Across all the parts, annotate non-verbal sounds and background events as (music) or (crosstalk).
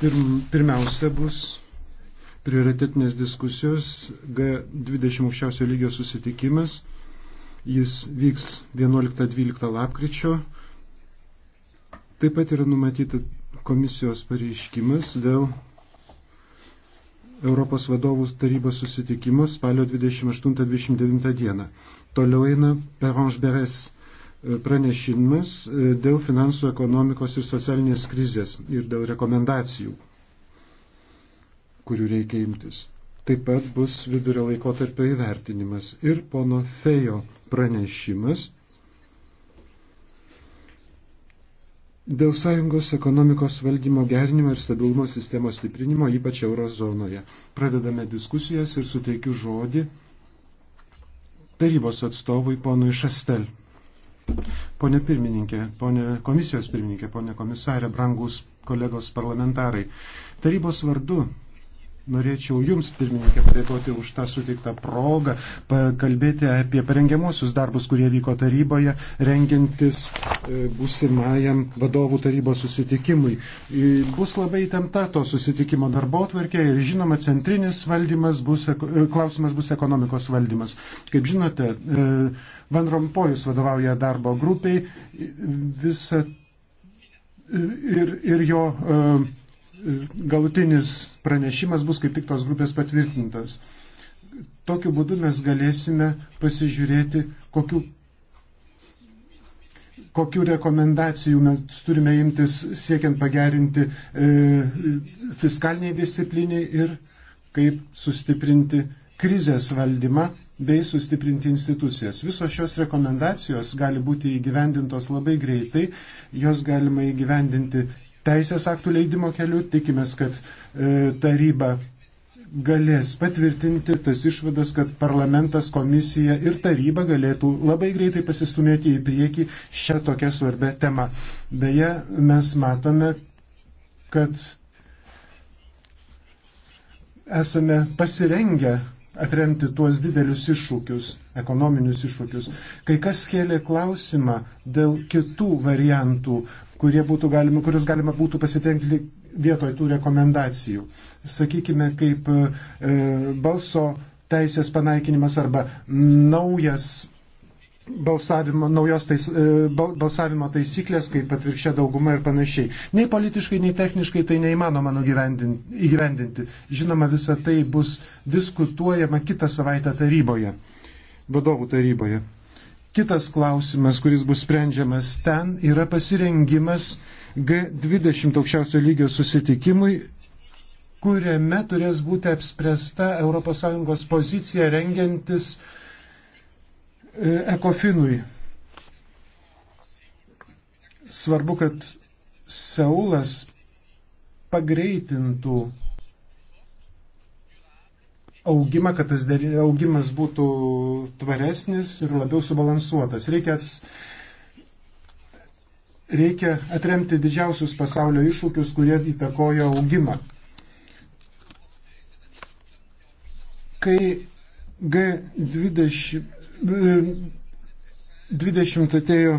Pirm, pirmiausia bus prioritetinės diskusijos G20 aukščiausio lygio susitikimas. Jis vyks 11-12 lapkričio. Taip pat yra numatyta komisijos pareiškimas dėl Europos vadovų tarybos susitikimus spalio 28-29 dieną. Toliau eina Peronge Beres E, pranešimas e, dėl finansų ekonomikos ir socialinės krizės ir dėl rekomendacijų, kurių reikia imtis. Taip pat bus vidurio laikotarpio įvertinimas ir pono Fejo pranešimas dėl sąjungos ekonomikos valdymo gerinimo ir stabilumo sistemos stiprinimo, ypač eurozonoje. Pradedame diskusijas ir suteikiu žodį tarybos atstovui ponui Šastel. Pone pirmininkė, pone komisijos pirmininkė, pone komisarė, brangus kolegos parlamentarai. Tarybos vardu Norėčiau Jums, pirmininkė, padėkoti už tą suteiktą progą, kalbėti apie parengiamuosius darbus, kurie vyko taryboje, rengiantis e, būsimajam vadovų tarybos susitikimui. E, bus labai įtempta to susitikimo darbo atvarkė ir, žinoma, centrinis valdymas bus, e, klausimas bus ekonomikos valdymas. Kaip žinote, Van Rompojus vadovauja darbo grupiai visą ir, ir jo galutinis pranešimas bus kaip tik tos grupės patvirtintas. Tokiu būdu mes galėsime pasižiūrėti, kokiu, kokiu rekomendacijų mes turime imtis siekiant pagerinti e, fiskaliniai discipliniai ir kaip sustiprinti krizės valdymą bei sustiprinti institucijas. Visos šios rekomendacijos gali būti įgyvendintos labai greitai, jos galima įgyvendinti teisės aktų leidimo keliu. Tikimės, kad e, taryba galės patvirtinti tas išvadas, kad parlamentas, komisija ir taryba galėtų labai greitai pasistumėti į priekį šią tokią svarbę temą. Beje, mes matome, kad esame pasirengę atremti tuos didelius iššūkius, ekonominius iššūkius. Kai kas kėlė klausimą dėl kitų variantų, kurie būtų galima, kurius galima būtų pasitenkti vietoj tų rekomendacijų. Sakykime, kaip e, balso teisės panaikinimas arba naujas balsavimo, naujos tais, e, balsavimo taisyklės, kaip atvirkščia dauguma ir panašiai. Nei politiškai, nei techniškai tai neįmanoma įgyvendinti. Žinoma, visa tai bus diskutuojama kitą savaitę taryboje, vadovų taryboje. Kitas klausimas, kuris bus sprendžiamas ten, yra pasirengimas G20 aukščiausio lygio susitikimui, kuriame turės būti apspręsta ES pozicija rengiantis e, ekofinui. Svarbu, kad Seulas pagreitintų augimą, kad tas augimas būtų tvaresnis ir labiau subalansuotas. Reikia, ats, reikia atremti didžiausius pasaulio iššūkius, kurie įtakojo augimą. Kai G20 20 atėjo,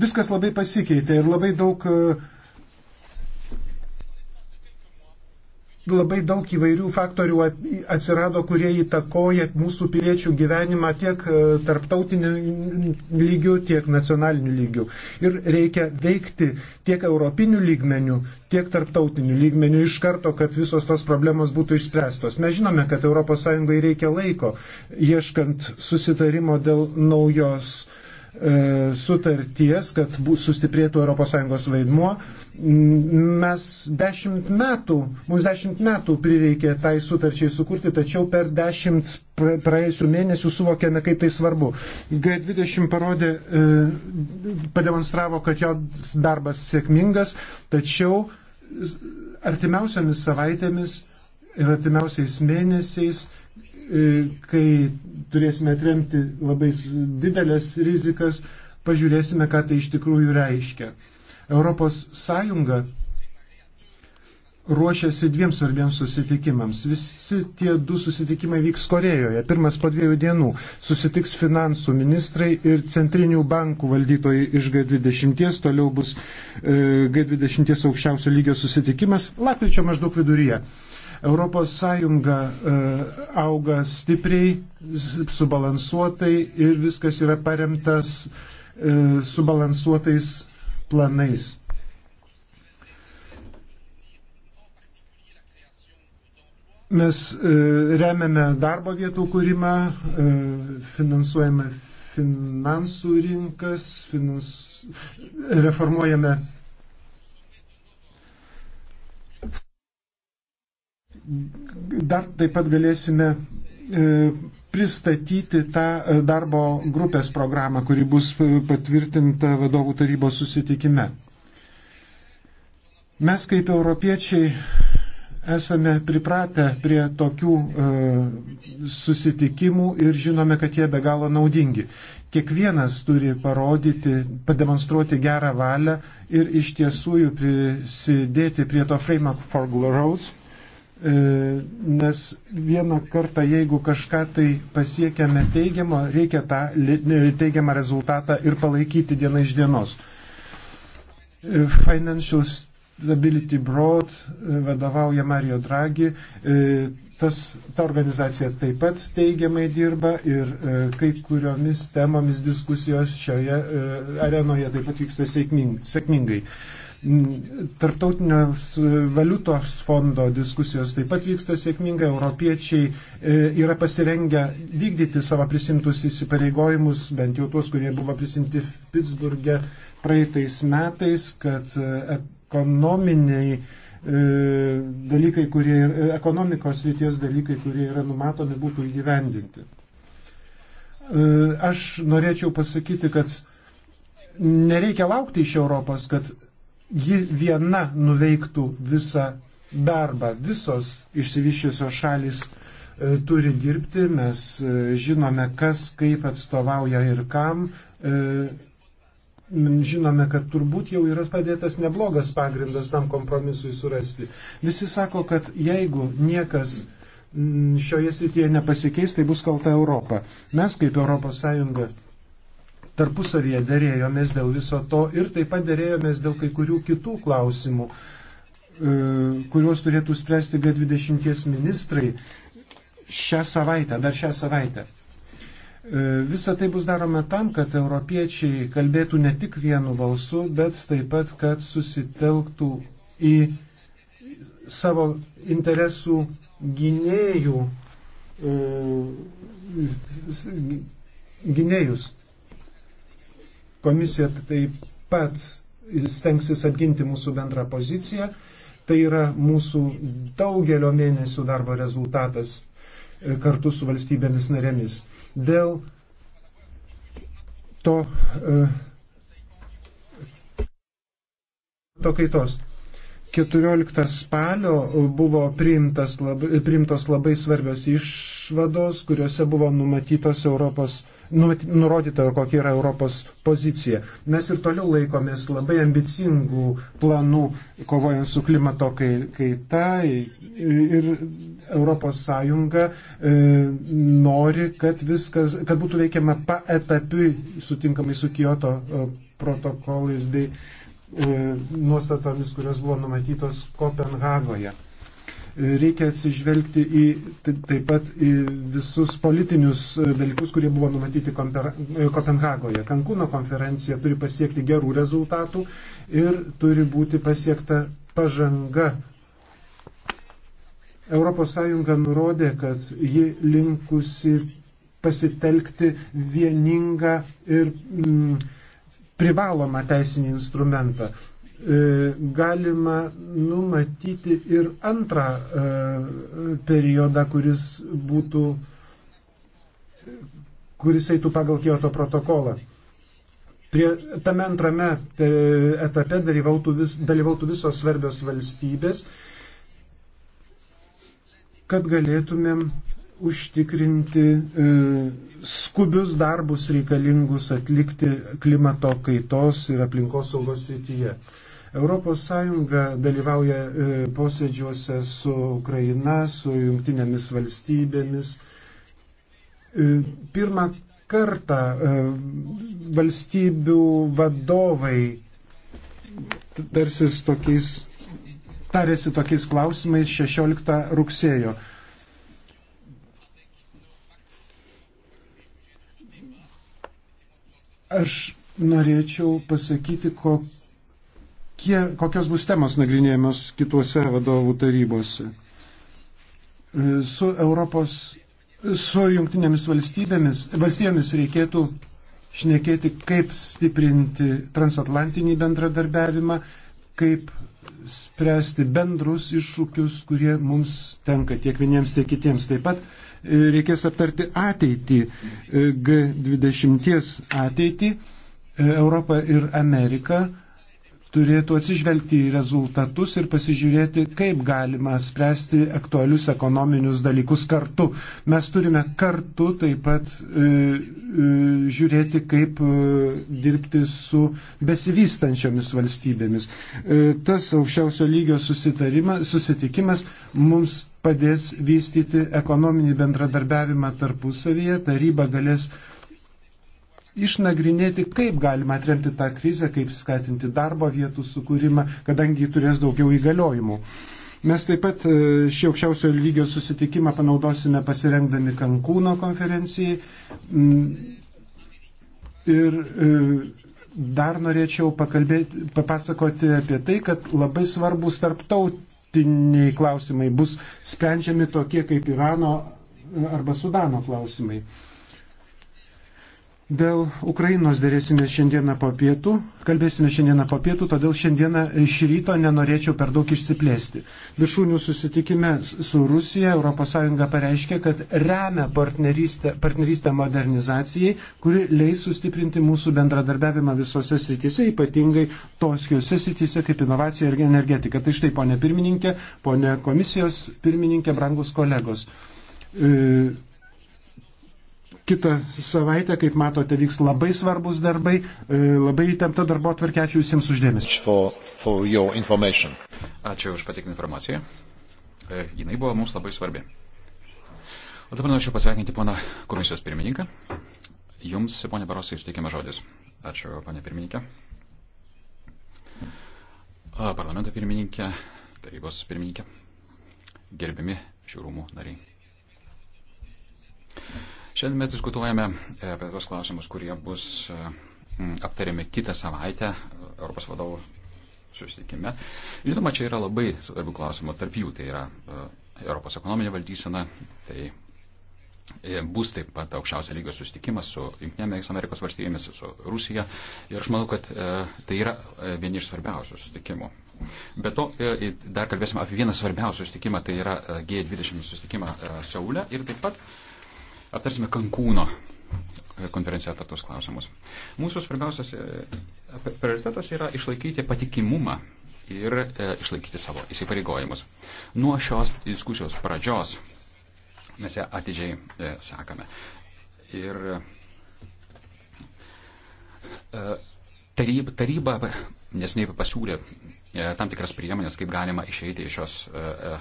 viskas labai pasikeitė ir labai daug uh, labai daug įvairių faktorių atsirado, kurie įtakoja mūsų piliečių gyvenimą tiek e, tarptautiniu lygiu, tiek nacionaliniu lygiu. Ir reikia veikti tiek europiniu lygmeniu, tiek tarptautiniu lygmeniu iš karto, kad visos tos problemos būtų išspręstos. Mes žinome, kad ES reikia laiko, ieškant susitarimo dėl naujos E, sutarties, kad sustiprėtų ES vaidmuo. Mes dešimt metų, mums dešimt metų prireikė tai sutarčiai sukurti, tačiau per dešimt praėjusių mėnesių suvokėme, kaip tai svarbu. G20 parodė, e, pademonstravo, kad jo darbas sėkmingas, tačiau artimiausiamis savaitėmis ir artimiausiais mėnesiais uh, E, kai turėsime atremti labai didelės rizikas, pažiūrėsime, ką tai iš tikrųjų reiškia. Europos Sąjunga ruošiasi dviem svarbiems susitikimams. Visi tie du susitikimai vyks Korejoje. Pirmas po dviejų dienų susitiks finansų ministrai ir centrinių bankų valdytojai iš G20. Toliau bus e, G20 aukščiausio lygio susitikimas lapkričio maždaug viduryje. Europos Sąjunga e, auga stipriai, subalansuotai ir viskas yra paremtas e, subalansuotais planais. Mes e, remiame darbo vietų kūrimą, finansuojame finansų rinkas, finans... reformuojame dar taip pat galėsime e, pristatyti tą e, darbo grupės programą, kuri bus e, patvirtinta vadovų tarybos susitikime. Mes kaip europiečiai esame pripratę prie tokių e, susitikimų ir žinome, kad jie be galo naudingi. Kiekvienas turi parodyti, pademonstruoti gerą valią ir iš tiesų jų prisidėti prie to Framework for Growth E, nes vieną kartą, jeigu kažką tai pasiekėme teigiamą, reikia tą e, teigiamą rezultatą ir palaikyti dieną iš dienos. E, Financial Stability Broad vadovauja Mario Draghi, tas, ta organizacija taip pat teigiamai dirba ir kai kuriomis temomis diskusijos šioje arenoje taip pat vyksta sėkmingai. Tartautinės valiutos fondo diskusijos taip pat vyksta sėkmingai, europiečiai e, yra pasirengę vykdyti savo prisimtus įsipareigojimus, bent jau tuos, kurie buvo prisimti Pittsburgė praeitais metais, kad e, ekonominiai e, dalykai, kurie, ekonomikos ryties dalykai, kurie yra numatomi, būtų įgyvendinti. Aš norėčiau pasakyti, kad nereikia laukti iš Europos, kad ji viena nuveiktų visą darbą. Visos išsivyščiusios šalis e, turi dirbti, mes e, žinome, kas kaip atstovauja ir kam. E, žinome, kad turbūt jau yra padėtas neblogas pagrindas tam kompromisui surasti. Visi sako, kad jeigu niekas šioje srityje nepasikeis, tai bus kalta Europa. Mes kaip ES tarpusavyje dėrėjomės dėl viso to ir taip pat dėrėjomės dėl kai kurių kitų klausimų, e, kuriuos turėtų spręsti G20 ministrai šią savaitę, dar šią savaitę. E, visa tai bus daroma tam, kad europiečiai kalbėtų ne tik vienu balsu, bet taip pat, kad susitelktų į savo interesų gynėjų, e, gynėjus. Komisija taip pat stengsis apginti mūsų bendrą poziciją. Tai yra mūsų daugelio mėnesių darbo rezultatas e, kartu su valstybėmis narėmis. Dėl to, e, to kaitos. 14 spalio buvo priimtas labai, priimtos labai svarbios išvados, kuriuose buvo numatytos Europos, numaty, nurodyta, kokia yra Europos pozicija. Mes ir toliau laikomės labai ambicingų planų kovojant su klimato kaita ir Europos Sąjunga e, nori, kad, viskas, kad būtų veikiama paetapiui sutinkamai su Kyoto e, protokolais bei E, nuostatomis, kurios buvo numatytos Kopenhagoje. E, reikia atsižvelgti į, taip pat į visus politinius e, dalykus, kurie buvo numatyti Kopenhagoje. Kankūno konferencija turi pasiekti gerų rezultatų ir turi būti pasiekta pažanga ES nurodė, kad ji linkusi pasitelkti vieningą ir mm, privalomą teisinį instrumentą. E, galima numatyti ir antrą e, periodą, kuris būtų, kuris eitų pagal Kyoto protokolą. Prie, tame antrame e, etape dalyvautų, vis, dalyvautų visos svarbios valstybės, kad galėtumėm užtikrinti e, skubius darbus reikalingus atlikti klimato kaitos ir aplinkos saugos srityje. ES dalyvauja e, posėdžiuose su Ukraina, su jungtinėmis valstybėmis. E, pirmą kartą e, valstybių vadovai tarsis tokiais, tarėsi tokiais klausimais 16 rugsėjo. Aš norėčiau pasakyti, kokie, kokios bus temos nagrinėjamos kituose vadovų tarybose. Su Europos, su jungtinėmis valstybėmis, valstybėmis reikėtų šnekėti, kaip stiprinti transatlantinį bendradarbiavimą, kaip spręsti bendrus iššūkius, kurie mums tenka tiek vieniems, tiek kitiems. Taip pat e, reikės aptarti ateitį, e, G20 ateitį, e, Europą ir Ameriką turėtų atsižvelgti į rezultatus ir pasižiūrėti, kaip galima spręsti aktualius ekonominius dalykus kartu. Mes turime kartu taip pat e, e, žiūrėti, kaip e, dirbti su besivystančiomis valstybėmis. E, tas aukščiausio lygio susitikimas mums padės vystyti ekonominį bendradarbiavimą tarpusavyje, taryba galės išnagrinėti, kaip galima atremti tą krizę, kaip skatinti darbo vietų sukūrimą, kadangi ji turės daugiau įgaliojimų. Mes taip pat e, šį aukščiausio lygio susitikimą panaudosime pasirengdami Kankūno konferencijai. Mm. Ir e, dar norėčiau papasakoti apie tai, kad labai svarbus tarptautiniai klausimai bus sprendžiami tokie kaip Irano e, arba Sudano klausimai. Dėl Ukrainos dėrėsime šiandieną po pietų, kalbėsime šiandieną po pietų, todėl šiandieną iš ryto nenorėčiau per daug išsiplėsti. Viršūnių susitikime su Rusija ES pareiškė, kad remia partnerystę, partnerystę modernizacijai, kuri leis sustiprinti mūsų bendradarbiavimą visose srityse, ypatingai toskiuose srityse kaip inovacija ir energetika. Tai štai, ponė pirmininkė, ponė komisijos pirmininkė, brangus kolegos. E, Kita savaitė, kaip matote, vyks labai svarbus darbai, e, labai įtempta darbo atvarkė. Ačiū visiems uždėmesi. Ačiū už patikinį informaciją. E, jinai buvo mums labai svarbi. O dabar norėčiau pasveikinti poną komisijos pirmininką. Jums, ponė Barosai, suteikiamas žodis. Ačiū, ponė pirmininkė. Parlamento pirmininkė, tarybos pirmininkė, gerbiami šių rūmų nariai. Šiandien mes diskutuojame e, apie tos klausimus, kurie bus e, aptariami kitą savaitę Europos vadovų susitikime. Žinoma, čia yra labai svarbių klausimų, tarp jų tai yra e, Europos ekonominė valdysena, tai bus taip pat aukščiausio lygio susitikimas su Junktinėmis Amerikos valstybėmis, su Rusija. Ir aš manau, kad tai yra vieni iš svarbiausių susitikimų. Be to, dar kalbėsim apie vieną svarbiausią susitikimą, tai yra G20 susitikimą Seule ir taip pat aptarsime Kankūno e, konferencijoje tartus klausimus. Mūsų svarbiausias e, prioritetas yra išlaikyti patikimumą ir e, išlaikyti savo įsipareigojimus. Nuo šios diskusijos pradžios mes ją atidžiai e, sakame. Ir e, taryb, taryba nesnei pasiūlė e, tam tikras priemonės, kaip galima išeiti iš šios. E, e,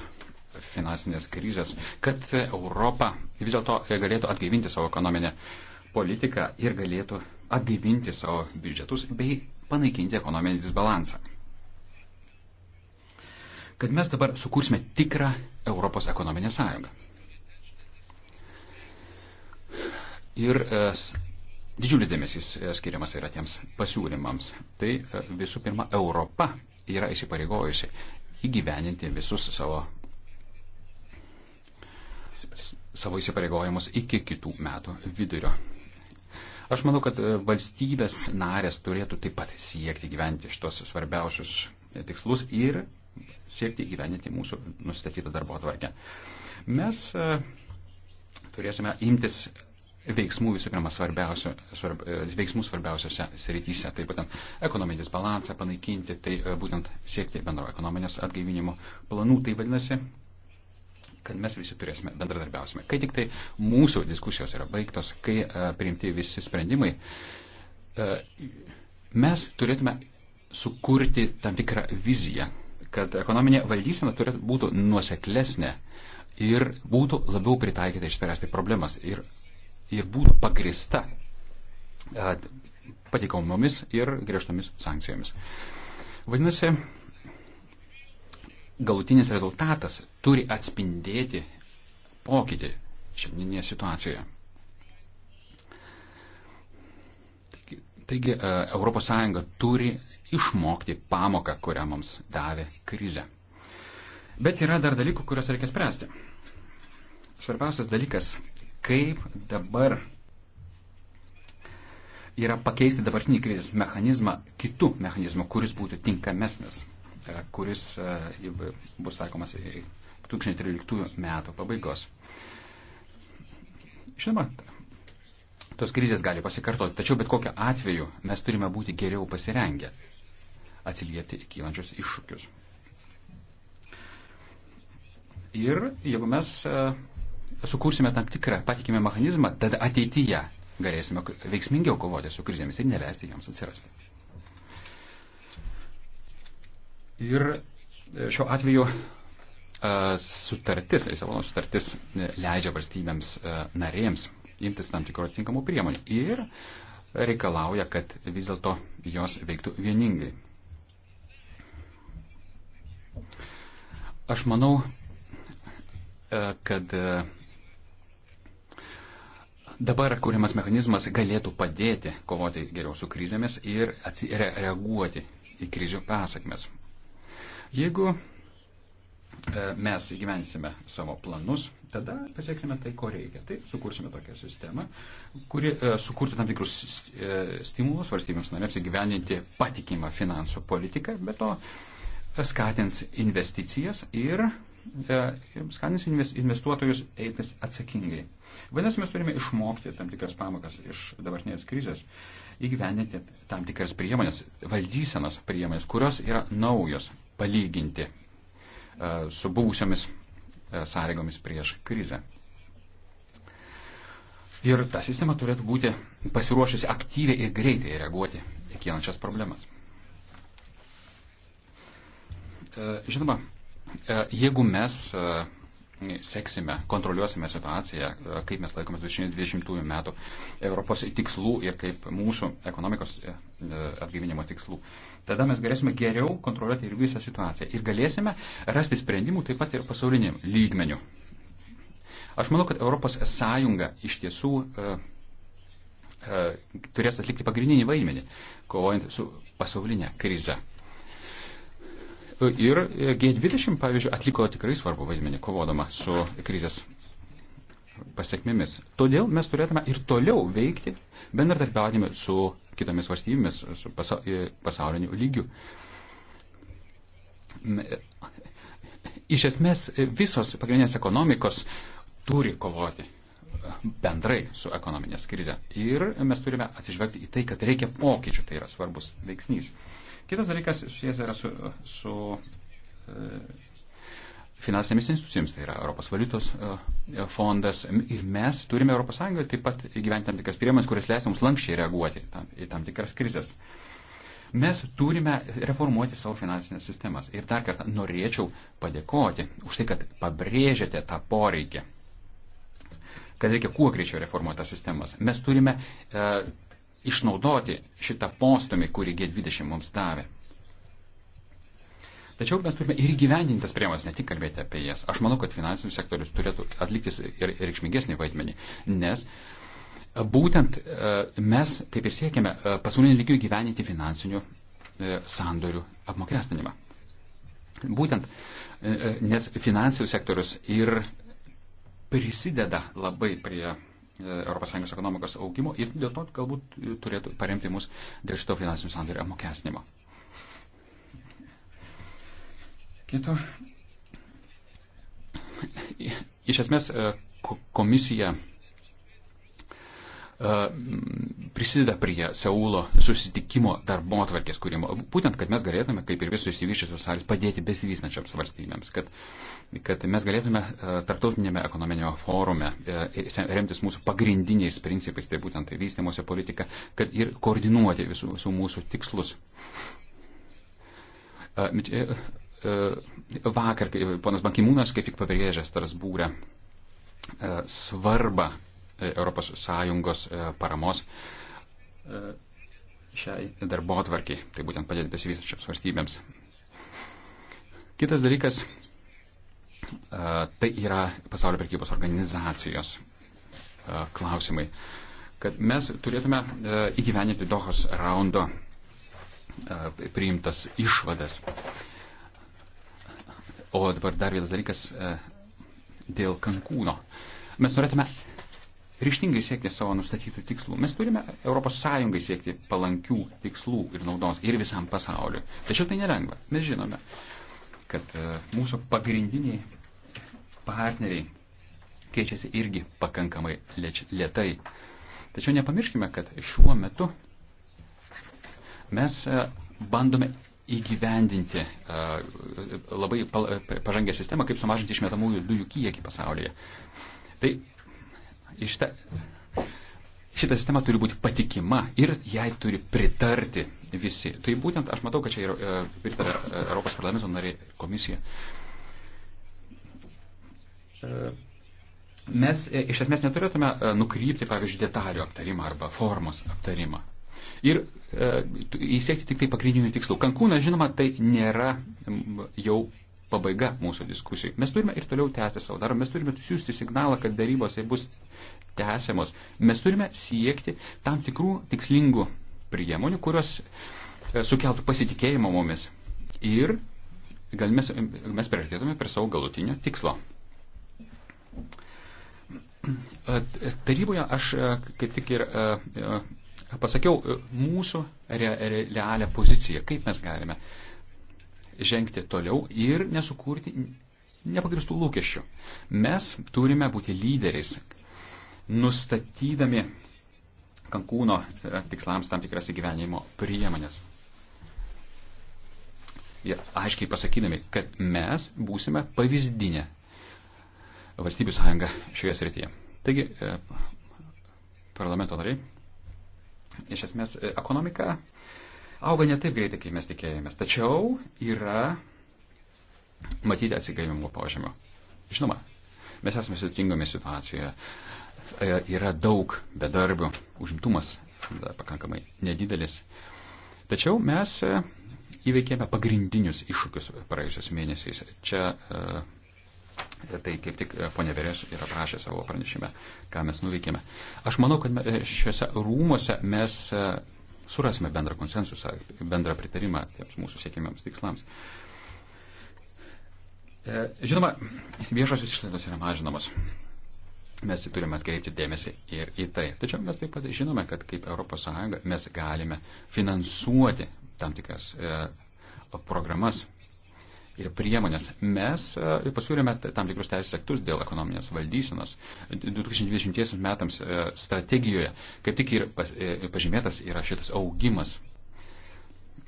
finansinės krizės, kad Europa vis dėlto galėtų atgaivinti savo ekonominę politiką ir galėtų atgaivinti savo biudžetus bei panaikinti ekonominį disbalansą. Kad mes dabar sukursime tikrą Europos ekonominę sąjungą. Ir e, didžiulis dėmesys e, skiriamas yra tiems pasiūlymams. Tai e, visų pirma, Europa yra įsipareigojusi įgyveninti visus savo savo įsipareigojimus iki kitų metų vidurio. Aš manau, kad e, valstybės narės turėtų taip pat siekti gyventi šitos svarbiausius e, tikslus ir siekti gyveninti mūsų nustatytą darbo atvarkę. Mes e, turėsime imtis veiksmų visų pirma svarbiausių, svarb, veiksmų svarbiausiose srityse, tai būtent ekonominis balansą panaikinti, tai būtent siekti bendro ekonominės atgaivinimo planų, tai vadinasi kad mes visi turėsime bendradarbiausime. Kai tik tai mūsų diskusijos yra baigtos, kai a, e, priimti visi sprendimai, a, e, mes turėtume sukurti tam tikrą viziją, kad ekonominė valdysena turėtų būti nuoseklesnė ir būtų labiau pritaikyta išspręsti problemas ir, ir būtų pagrista e, patikomomis ir griežtomis sankcijomis. Vadinasi, galutinis rezultatas turi atspindėti pokytį šiandieninėje situacijoje. Taigi, taigi ES turi išmokti pamoką, kurią mums davė krizė. Bet yra dar dalykų, kuriuos reikia spręsti. Svarbiausias dalykas, kaip dabar yra pakeisti dabartinį krizės mechanizmą kitų mechanizmų, kuris būtų tinkamesnis. E, kuris e, bus taikomas 2013 metų pabaigos. Žinoma, tos krizės gali pasikartoti, tačiau bet kokiu atveju mes turime būti geriau pasirengę atsiliepti į kylančius iššūkius. Ir jeigu mes e, sukursime tam tikrą patikimą mechanizmą, tada ateityje galėsime veiksmingiau kovoti su krizėmis ir neleisti joms atsirasti. Ir e, šiuo atveju e, sutartis, Lisabono sutartis e, leidžia valstybėms narėms imtis tam tikrų atitinkamų priemonių ir reikalauja, kad vis dėlto jos veiktų vieningai. Aš manau, kad dabar kūrimas mechanizmas galėtų padėti kovoti geriau su krizėmis ir reaguoti į krizių pasakmes. Jeigu e, mes įgyvensime savo planus, tada pasieksime tai, ko reikia. Tai sukursime tokią sistemą, kuri e, sukurtų tam tikrus e, stimulus valstybėms norėms įgyveninti patikimą finansų politiką, bet to skatins investicijas ir skatins investuotojus eitis atsakingai. Vadinasi, mes turime išmokti tam tikras pamokas iš dabartinės krizės, įgyveninti tam tikras priemonės, valdysenos priemonės, kurios yra naujos palyginti e, su buvusiomis e, sąlygomis prieš krizę. Ir ta sistema turėtų būti pasiruošusi aktyviai ir greitai reaguoti į kylančias problemas. E, žinoma, jeigu mes seksime, kontroliuosime situaciją, kaip mes laikomės 2020 metų Europos tikslų ir kaip mūsų ekonomikos e, atgyvinimo tikslų. Tada mes galėsime geriau kontroliuoti ir visą situaciją ir galėsime rasti sprendimų taip pat ir pasauliniam lygmeniu. Aš manau, kad Europos Sąjunga iš tiesų e, e, turės atlikti pagrindinį vaidmenį, kovojant su pasaulinė krize. Ir e, G20, pavyzdžiui, atliko tikrai svarbu vaidmenį kovodama su krizės pasiekmėmis. Todėl mes turėtume ir toliau veikti bendradarbiaudami su kitomis valstybėmis, su pasa, e, pasauliniu lygiu. E, Iš esmės visos pagrindinės ekonomikos turi kovoti bendrai su ekonominės krize. Ir mes turime atsižvelgti į tai, kad reikia pokyčių, tai yra svarbus veiksnys. Kitas dalykas susijęs yra su, su e, finansinėmis institucijomis, tai yra Europos valiutos e, e, fondas. Ir mes turime ES taip pat įgyventi tam tikras priemonės, kurias leis mums lankščiai reaguoti tam, į tam tikras krizės. Mes turime reformuoti savo finansinės sistemas. Ir dar kartą norėčiau padėkoti už tai, kad pabrėžėte tą poreikį, kad reikia kuo greičiau reformuoti tas sistemas. Mes turime e, išnaudoti šitą postumį, kurį G20 mums davė. Tačiau mes turime ir įgyvendinti tas priemonės, ne tik kalbėti apie jas. Aš manau, kad finansinis sektorius turėtų atlikti ir reikšmingesnį vaidmenį, nes e, būtent e, mes taip ir siekiame e, pasaulinį lygių įgyvendinti finansinių sandorių apmokestinimą. Būtent nes finansijų sektorius ir prisideda labai prie ES ekonomikos augimo ir dėl to galbūt turėtų paremti mus dėl šito finansinių sandorių apmokestinimo. Kito. Iš esmės komisija E, prisideda prie Seulo susitikimo darbo atvarkės kūrimo. Būtent, kad mes galėtume, kaip ir visos įsivyščiusios šalis, padėti besivystančiams valstybėms, kad, kad mes galėtume e, tarptautinėme ekonominėme forume e, remtis mūsų pagrindiniais principais, tai būtent tai vystimuose politika, kad ir koordinuoti visų, visų mūsų tikslus. Vakar ponas Bankimūnas kaip tik pabrėžė Strasbūrę svarbą ES e, paramos e, šiai darbo atvarkiai, tai būtent padėti besivystančiams valstybėms. Kitas dalykas, e, tai yra pasaulio prekybos organizacijos klausimai, kad mes turėtume įgyveninti Dohos raundo priimtas išvadas. O dabar dar vienas dalykas dėl Kankūno. Mes norėtume ryštingai siekti savo nustatytų tikslų. Mes turime ES siekti palankių tikslų ir naudos ir visam pasauliu. Tačiau tai nelengva. Mes žinome, kad e, mūsų pagrindiniai partneriai keičiasi irgi pakankamai lietai. Tačiau nepamirškime, kad šiuo metu mes e, bandome įgyvendinti e, labai pažangę sistemą, kaip sumažinti išmetamųjų dujų kiekį pasaulyje. Tai šita, šita sistema turi būti patikima ir jai turi pritarti visi. Tai būtent aš matau, kad čia ir e, pritarė e, Europos parlamento nariai komisija. E, mes e, iš esmės neturėtume e, nukrypti, pavyzdžiui, detalių aptarimą arba formos aptarimą. Ir e, įsiekti tik tai pagrindinių tikslų. Kankūnas, žinoma, tai nėra jau pabaiga mūsų diskusijų. Mes turime ir toliau tęsti savo darbą, mes turime siūsti signalą, kad darybos bus tęsiamos. Mes turime siekti tam tikrų tikslingų priemonių, kurios e, sukeltų pasitikėjimą mumis ir gal mes, mes priartėtume prie savo galutinio tikslo. E, taryboje aš e, kaip tik ir pasakiau mūsų re, re, realią poziciją, kaip mes galime uh, žengti toliau ir nesukurti nepagristų lūkesčių. Mes turime būti lyderiais, nustatydami Kankūno e, tikslams tam tikras įgyvenimo priemonės. Ir aiškiai pasakydami, kad mes būsime pavyzdinė valstybių sąjunga šioje srityje. Taigi, e, parlamento nariai, iš esmės, e, ekonomika auga ne taip greitai, kaip mes tikėjomės, tačiau yra matyti atsigavimo požymio. Žinoma, mes esame sudėtingame situacijoje, e, yra daug bedarbių, užimtumas pakankamai nedidelis. Tačiau mes e, įveikėme pagrindinius iššūkius praėjusios mėnesiais. Čia e, tai kaip tik ponė Verės yra prašę savo pranešime, ką mes nuveikėme. Aš manau, kad šiuose rūmose mes surasime bendrą konsensusą, bendrą pritarimą tiems mūsų siekiamiams tikslams. E, žinoma, viešosios išlaidos yra mažinamos. Mes turime atkreipti dėmesį ir į tai. Tačiau mes taip pat žinome, kad kaip ES mes galime finansuoti tam tikras e, programas ir priemonės. Mes e, pasiūlėme tam tikrus teisės aktus dėl ekonominės valdysenos. 2020 metams e, strategijoje kaip tik e, ir pažymėtas yra šitas augimas.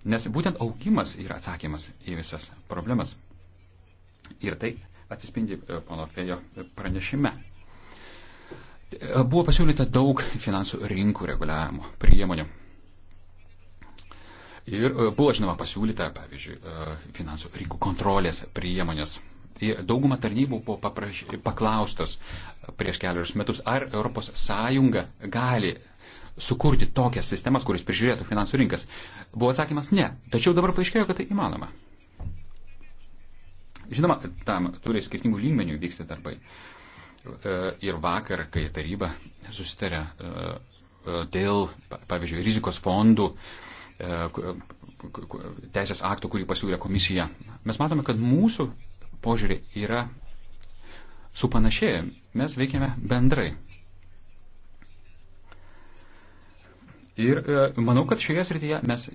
Nes būtent augimas yra atsakymas į visas problemas. Ir tai atsispindi pono Fejo pranešime. Buvo pasiūlyta daug finansų rinkų reguliavimo priemonių Ir e, buvo, žinoma, pasiūlyta, pavyzdžiui, e, finansų rinkų kontrolės priemonės. Ir dauguma tarnybų buvo papraš... paklaustos prieš keliarius metus, ar ES gali sukurti tokias sistemas, kuris prižiūrėtų finansų rinkas. Buvo atsakymas ne. Tačiau dabar paaiškėjo, kad tai įmanoma. Žinoma, tam turi skirtingų lygmenių vykti darbai. E, ir vakar, kai taryba susitarė dėl, pavyzdžiui, rizikos fondų, uh, E, teisės akto, kurį pasiūlė komisija. Mes matome, kad mūsų požiūrį yra supanašėję. Mes veikiame bendrai. Ir e, manau, kad šioje srityje mes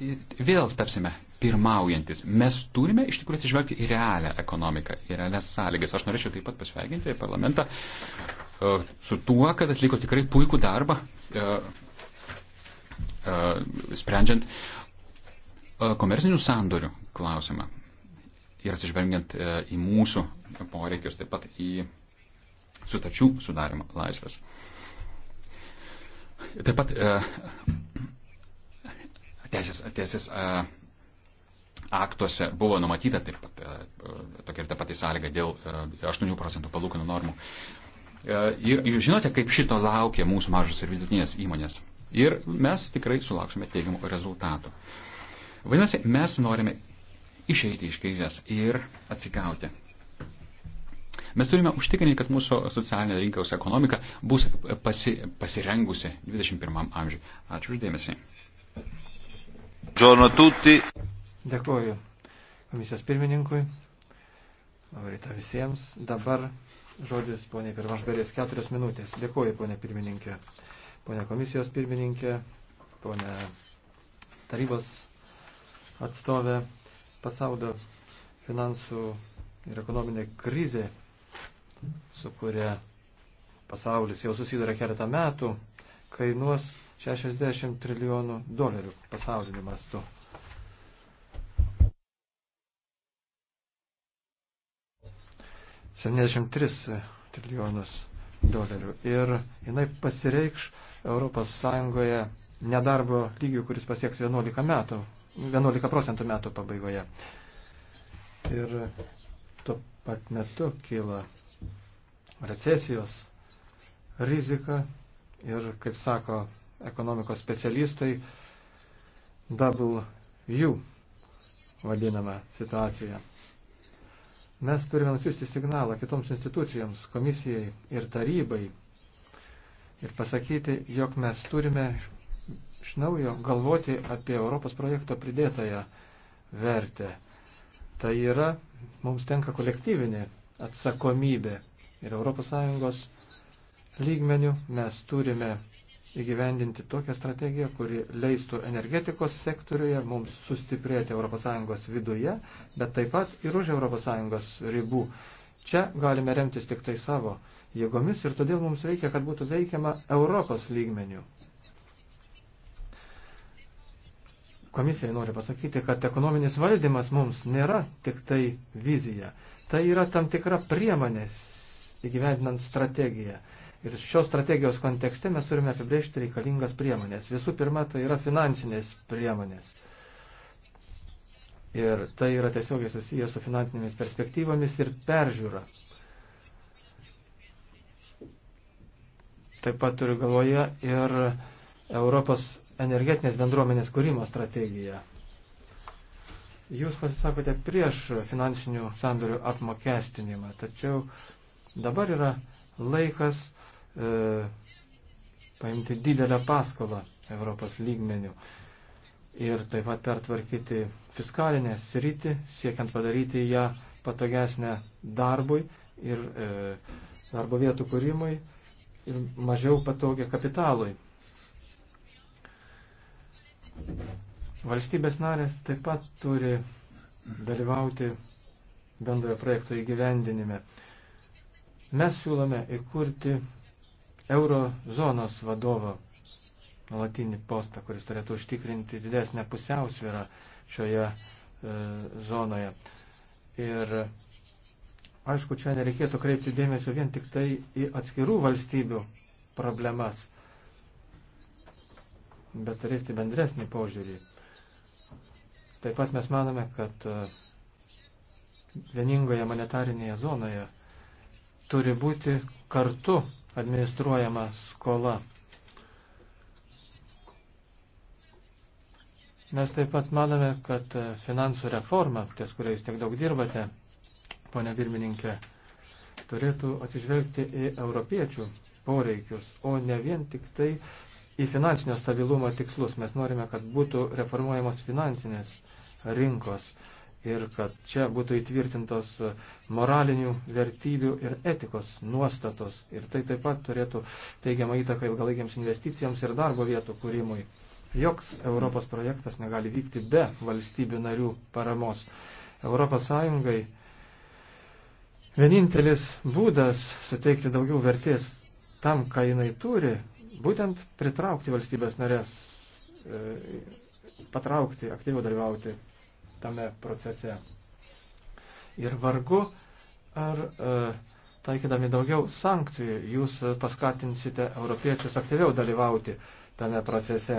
vėl tapsime pirmaujantis. Mes turime iš tikrųjų atsižvelgti į realią ekonomiką, į realias sąlygas. Aš norėčiau taip pat pasveikinti parlamentą e, su tuo, kad atliko tikrai puikų darbą E, sprendžiant e, komersinių sandorių klausimą ir atsižvelgiant e, į mūsų poreikius, taip pat į sutarčių sudarimo laisvės. Taip pat teisės, teisės aktuose buvo numatyta taip pat tokia ir ta pati sąlyga dėl 8 procentų palūkanų normų. Ir jūs žinote, kaip šito laukia mūsų mažos ir vidutinės įmonės. Ir mes tikrai sulauksime teigiamų rezultatų. Vadinasi, mes norime išeiti iš krizės ir atsigauti. Mes turime užtikrinti, kad mūsų socialinė rinkos ekonomika bus pasi, pasirengusi 21 amžiui. Ačiū uždėmesi. Džono Tutti. Dėkuoju komisijos pirmininkui. Labą rytą visiems. Dabar žodis poniai Pirmašberės keturios minutės. Dėkuoju, ponė pirmininkė ponė komisijos pirmininkė, ponė tarybos atstovė, pasaulio finansų ir ekonominė krizė, su kuria pasaulis jau susiduria keletą metų, kainuos 60 trilijonų dolerių pasauliniu mastu. ,73 trilijonus dolerių. Ir jinai pasireikš ES nedarbo lygių, kuris pasieks 11, metų, 11 procentų metų pabaigoje. Ir tuo pat metu kyla recesijos rizika ir, kaip sako ekonomikos specialistai, double U vadinama situacija. Mes turime nusiųsti signalą kitoms institucijoms, komisijai ir tarybai ir pasakyti, jog mes turime iš naujo galvoti apie Europos projekto pridėtąją vertę. Tai yra, mums tenka kolektyvinė atsakomybė ir ES lygmenių mes turime įgyvendinti tokią strategiją, kuri leistų energetikos sektoriuje mums sustiprėti ES viduje, bet taip pat ir už ES ribų. Čia galime remtis tik tai savo jėgomis ir todėl mums reikia, kad būtų veikiama Europos lygmenių. Komisija nori pasakyti, kad ekonominis valdymas mums nėra tik tai vizija. Tai yra tam tikra priemonės įgyvendinant strategiją. Ir šios strategijos kontekste mes turime apibrėžti reikalingas priemonės. Visų pirma, tai yra finansinės priemonės. Ir tai yra tiesiogiai susijęs su finansinėmis perspektyvomis ir peržiūra Taip pat turiu galvoje ir Europos energetinės bendruomenės kūrimo strategiją. Jūs pasisakote prieš finansinių sandorių apmokestinimą, tačiau dabar yra laikas e, paimti didelę paskolą Europos lygmenių ir taip pat pertvarkyti fiskalinę sritį, siekiant padaryti ją patogesnę darbui ir e, darbo vietų kūrimui ir mažiau patogią kapitalui. Valstybės narės taip pat turi dalyvauti bendrojo projekto įgyvendinime. Mes siūlome įkurti eurozonos vadovo nuolatinį postą, kuris turėtų užtikrinti didesnę pusiausvyrą šioje e, zonoje. Ir Aišku, čia nereikėtų kreipti dėmesio vien tik tai į atskirų valstybių problemas, bet turėti bendresnį požiūrį. Taip pat mes manome, kad e, vieningoje monetarinėje zonoje turi būti kartu administruojama skola. Mes taip pat manome, kad e, finansų reforma, ties kuriais tiek daug dirbate, ponia pirmininkė, turėtų atsižvelgti į europiečių poreikius, o ne vien tik tai į finansinio stabilumo tikslus. Mes norime, kad būtų reformuojamos finansinės rinkos ir kad čia būtų įtvirtintos moralinių vertybių ir etikos nuostatos. Ir tai taip pat turėtų teigiamą įtaką ilgalaikiams investicijoms ir darbo vietų kūrimui. Joks Europos projektas negali vykti be valstybių narių paramos. Europos Sąjungai Vienintelis būdas suteikti daugiau vertės tam, ką jinai turi, būtent pritraukti valstybės narės, e, patraukti, aktyviau dalyvauti tame procese. Ir vargu, ar e, taikydami daugiau sankcijų jūs paskatinsite europiečius aktyviau dalyvauti tame procese.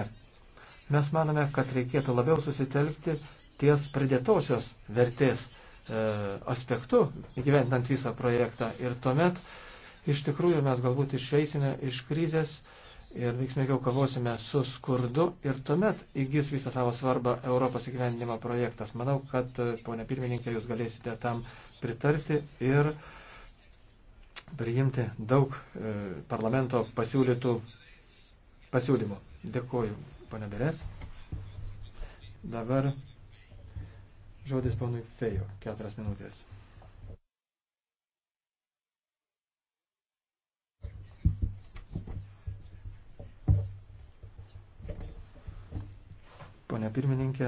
Mes manome, kad reikėtų labiau susitelkti ties pridėtosios vertės E, aspektu įgyventinant visą projektą. Ir tuomet iš tikrųjų mes galbūt išeisime iš krizės ir veiksmingiau kovosime su skurdu ir tuomet įgis visą savo svarbą Europos įgyvendinimo projektas. Manau, kad, e, ponė pirmininkė, jūs galėsite tam pritarti ir priimti daug e, parlamento pasiūlytų pasiūlymų. Dėkuoju, ponė Beres. Dabar Žodis ponui Fejo, keturias minutės. Pone pirmininkė,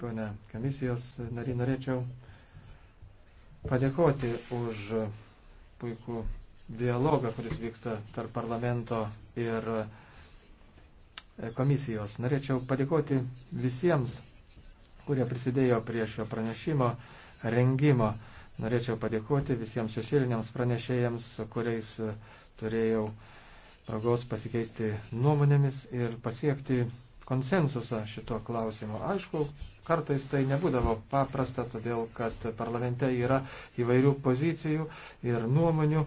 pone komisijos nariai, norėčiau padėkoti už puikų dialogą, kuris vyksta tarp parlamento ir komisijos. Norėčiau padėkoti visiems kurie prisidėjo prie šio pranešimo rengimo. Norėčiau padėkoti visiems šešėliniams pranešėjams, su kuriais turėjau progos pasikeisti nuomonėmis ir pasiekti konsensusą šito klausimo. Aišku, kartais tai nebūdavo paprasta, todėl kad parlamente yra įvairių pozicijų ir nuomonių.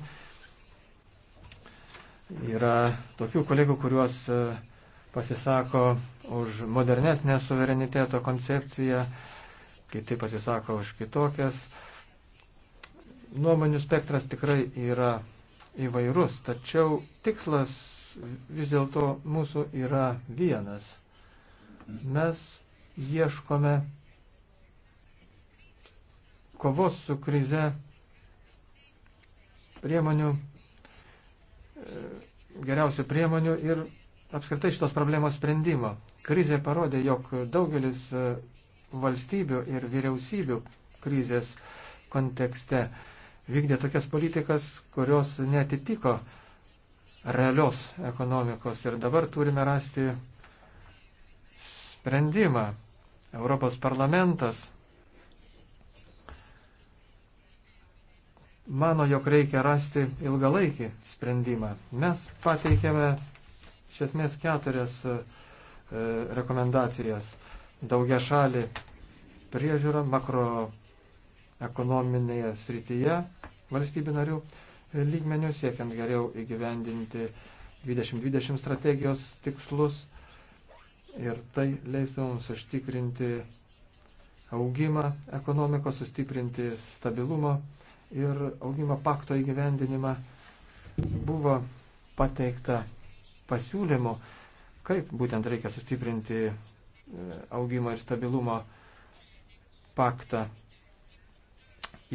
Yra tokių kolegų, kuriuos uh, pasisako už modernesnę suvereniteto koncepciją, kiti pasisako už kitokias. Nuomonių spektras tikrai yra įvairus, tačiau tikslas vis dėlto mūsų yra vienas. Mes ieškome kovos su krize priemonių, e, geriausių priemonių ir apskritai šitos problemos sprendimo. Krizė parodė, jog daugelis e, valstybių ir vyriausybių krizės kontekste vykdė tokias politikas, kurios netitiko realios ekonomikos. Ir dabar turime rasti sprendimą. Europos parlamentas mano, jog reikia rasti ilgalaikį sprendimą. Mes pateikėme iš esmės keturias e, e, rekomendacijas. Daugia šalį priežiūrą makroekonominėje srityje valstybių narių lygmenių, siekiant geriau įgyvendinti 2020 strategijos tikslus ir tai leistų mums užtikrinti augimą ekonomikos, sustiprinti stabilumą ir augimo pakto įgyvendinimą. Buvo pateikta pasiūlymų, kaip būtent reikia sustiprinti e, augimo ir stabilumo paktą,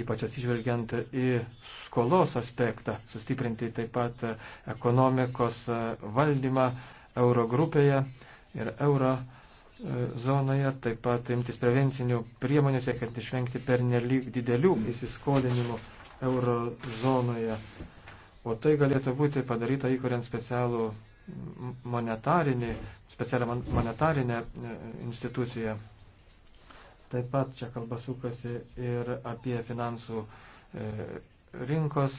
ypač atsižvelgiant į skolos aspektą, sustiprinti taip pat e, ekonomikos e, valdymą eurogrupėje ir euro zonoje, taip pat imtis prevencinių priemonių, siekiant išvengti pernelyg didelių įsiskolinimų euro zonoje. O tai galėtų būti padaryta įkuriant specialų monetarinį, specialią monetarinę e, instituciją. Taip pat čia kalba sukasi ir apie finansų e, rinkos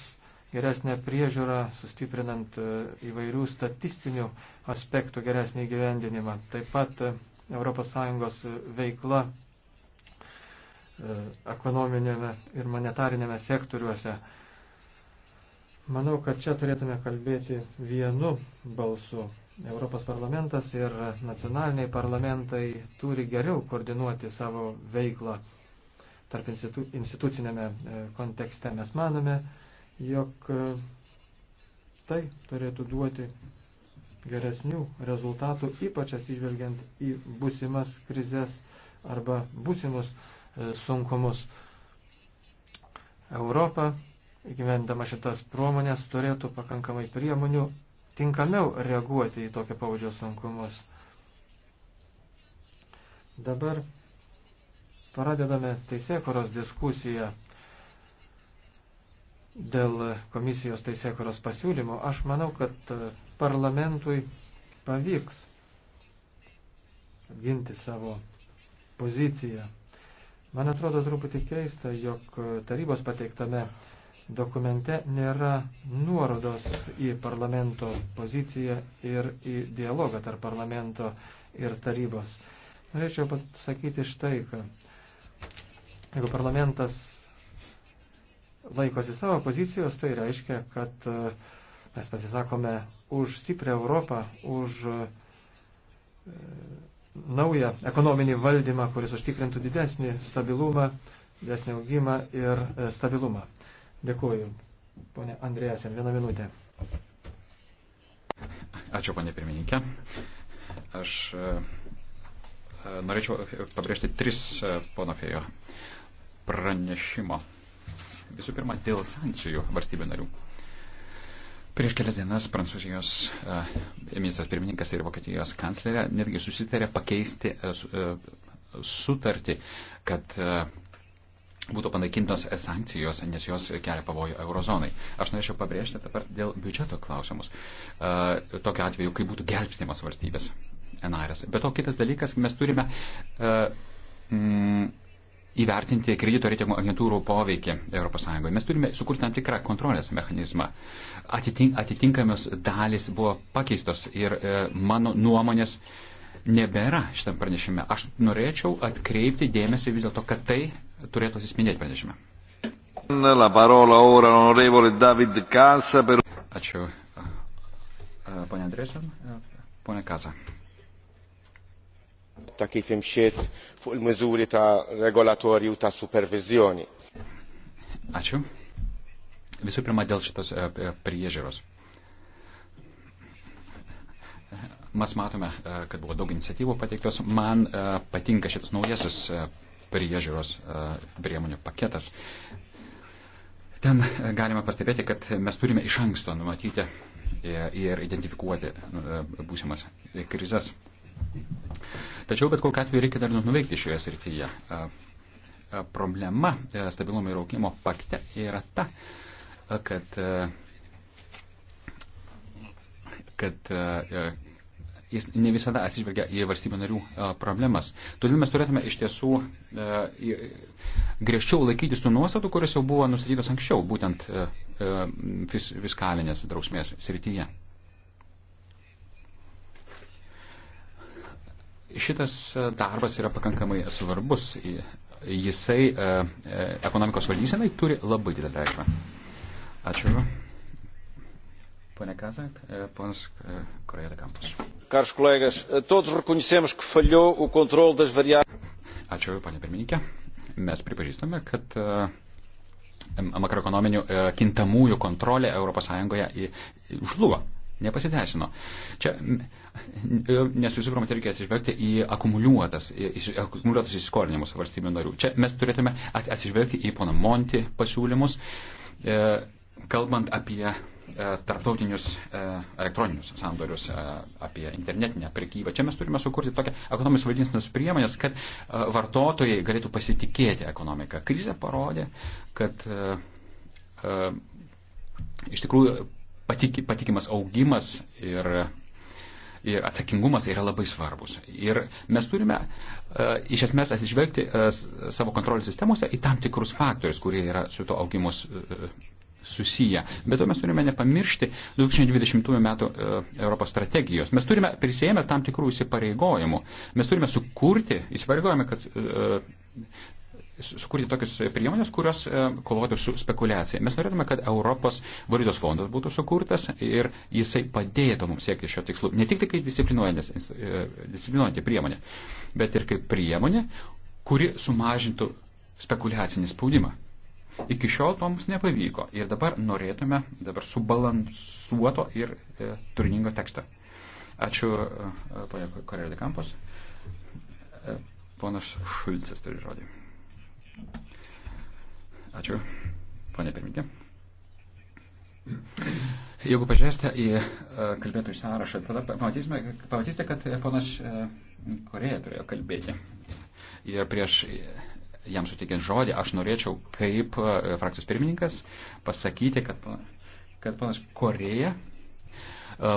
geresnę priežiūrą, sustiprinant e, įvairių statistinių aspektų geresnį gyvendinimą. Taip pat ES veikla ekonominėme ir monetarinėme sektoriuose Manau, kad čia turėtume kalbėti vienu balsu. Europos parlamentas ir nacionaliniai parlamentai turi geriau koordinuoti savo veiklą tarp institu, institucinėme e, kontekste. Mes manome, jog e, tai turėtų duoti geresnių rezultatų, ypač atsižvelgiant į būsimas krizės arba būsimus e, sunkumus. Europa įgyvendama šitas priemonės, turėtų pakankamai priemonių tinkamiau reaguoti į tokią paudžio sunkumus. Dabar pradedame teisėkuros diskusiją dėl komisijos teisėkuros pasiūlymo. Aš manau, kad parlamentui pavyks ginti savo poziciją. Man atrodo truputį keista, jog tarybos pateiktame Dokumente nėra nuorodos į parlamento poziciją ir į dialogą tarp parlamento ir tarybos. Norėčiau pasakyti štai, kad jeigu parlamentas laikosi savo pozicijos, tai reiškia, kad e, mes pasisakome už stiprią Europą, už e, naują ekonominį valdymą, kuris užtikrintų didesnį stabilumą, didesnį augimą ir e, stabilumą. Dėkuoju. Pone Andrėjasen, vieną minutę. Ačiū, ponė pirmininkė. Aš e, norėčiau pabrėžti tris e, pono Fejo pranešimo. Visų pirma, dėl sankcijų valstybių narių. Prieš kelias dienas Prancūzijos uh, ministras pirmininkas ir Vokietijos kanclerė netgi susitarė pakeisti uh, sutartį, kad uh, būtų panaikintos sankcijos, nes jos kelia pavojų eurozonai. Aš norėčiau pabrėžti dabar dėl biudžeto klausimus. E, tokiu atveju, kai būtų gelbstimas valstybės narės. Bet to kitas dalykas, mes turime e, mm, įvertinti kredito reitingų agentūrų poveikį ES. Mes turime sukurti tam tikrą kontrolės mechanizmą. Atitink, atitinkamios dalis buvo pakeistos ir e, mano nuomonės nebėra šitam pranešime. Aš norėčiau atkreipti dėmesį vis dėlto, kad tai turėtų atsispindėti pranešime. Ačiū. Pone Andrėsin, pone Kaza. Ta kif imxiet fuq il-miżuri ta' regolatorju ta' supervizjoni. Ačiū. Visų pirma, dėl šitos priežiūros. Mes matome, kad buvo daug iniciatyvų pateiktos. Man patinka šitas naujasis priežiūros e, priemonių paketas. Ten e, galima pastebėti, kad mes turime iš anksto numatyti e, ir identifikuoti būsimas krizės. Tačiau bet kokiu atveju reikia dar nu, nuveikti šioje srityje. Problema stabilumo ir augimo pakte yra ta, kad, kad jis ne visada atsižvelgia į valstybių narių e, problemas. Todėl mes turėtume iš tiesų e, griežčiau laikytis tų nuostatų, kurios jau buvo nustatytos anksčiau, būtent e, fiskalinės drausmės srityje. Šitas darbas yra pakankamai svarbus. Jisai ekonomikos valdysenai turi labai didelę reikšmę. Ačiū. Pone Kazak, eh, ponas Correia eh, da Campos. Caros kolegas, eh, todos reconhecemos que falhou o controle das variáveis. Ačiū, panė pirmininkė. Mes pripažįstame, kad makroekonominių kintamųjų kontrolė ES žlugo, nepasiteisino. Čia, e, nes visų pirma, tai reikia atsižvelgti į akumuliuotas, akumuliuotas įsiskolinimus valstybių narių. Čia mes turėtume atsižvelgti į pono Monti pasiūlymus, e, kalbant apie E, tarptautinius e, elektroninius sandorius, e, apie internetinę prekybą. Čia mes turime sukurti tokią ekonomijos valdysinos priemonės, kad vartotojai galėtų pasitikėti ekonomiką. Krize parodė, kad iš tikrųjų patik, patikimas augimas ir, ir atsakingumas yra labai svarbus. Ir mes turime uh, iš esmės atsižvelgti uh, savo kontrolės sistemose į tam tikrus faktorius, kurie yra su to augimus uh, susiję. Bet to mes turime nepamiršti 2020 m. E, Europos strategijos. Mes turime prisėmę tam tikrų įsipareigojimų. Mes turime sukurti, įsipareigojame, kad e, e, sukurti tokias priemonės, kurios kovotų su spekulacija. Mes norėtume, kad Europos valiutos fondas būtų sukurtas ir jisai padėtų mums siekti šio tikslu. Ne tik tai kaip disciplinuojanti priemonė, bet ir kaip priemonė, kuri sumažintų spekulacinį spaudimą. Iki šiol to mums nepavyko ir dabar norėtume dabar subalansuoto ir e, turiningo teksto. Ačiū, e, e ponia Korelė Kampos. E, ponas Šulcis turi žodį. Ačiū, ponia pirmininkė. Jeigu pažiūrėsite į e, kalbėtojų sąrašą, tada pamatysite, kad ponas Korėja e, turėjo kalbėti. Ir prieš jam suteikiant žodį, aš norėčiau kaip e, frakcijos pirmininkas pasakyti, kad, kad panas Koreja e,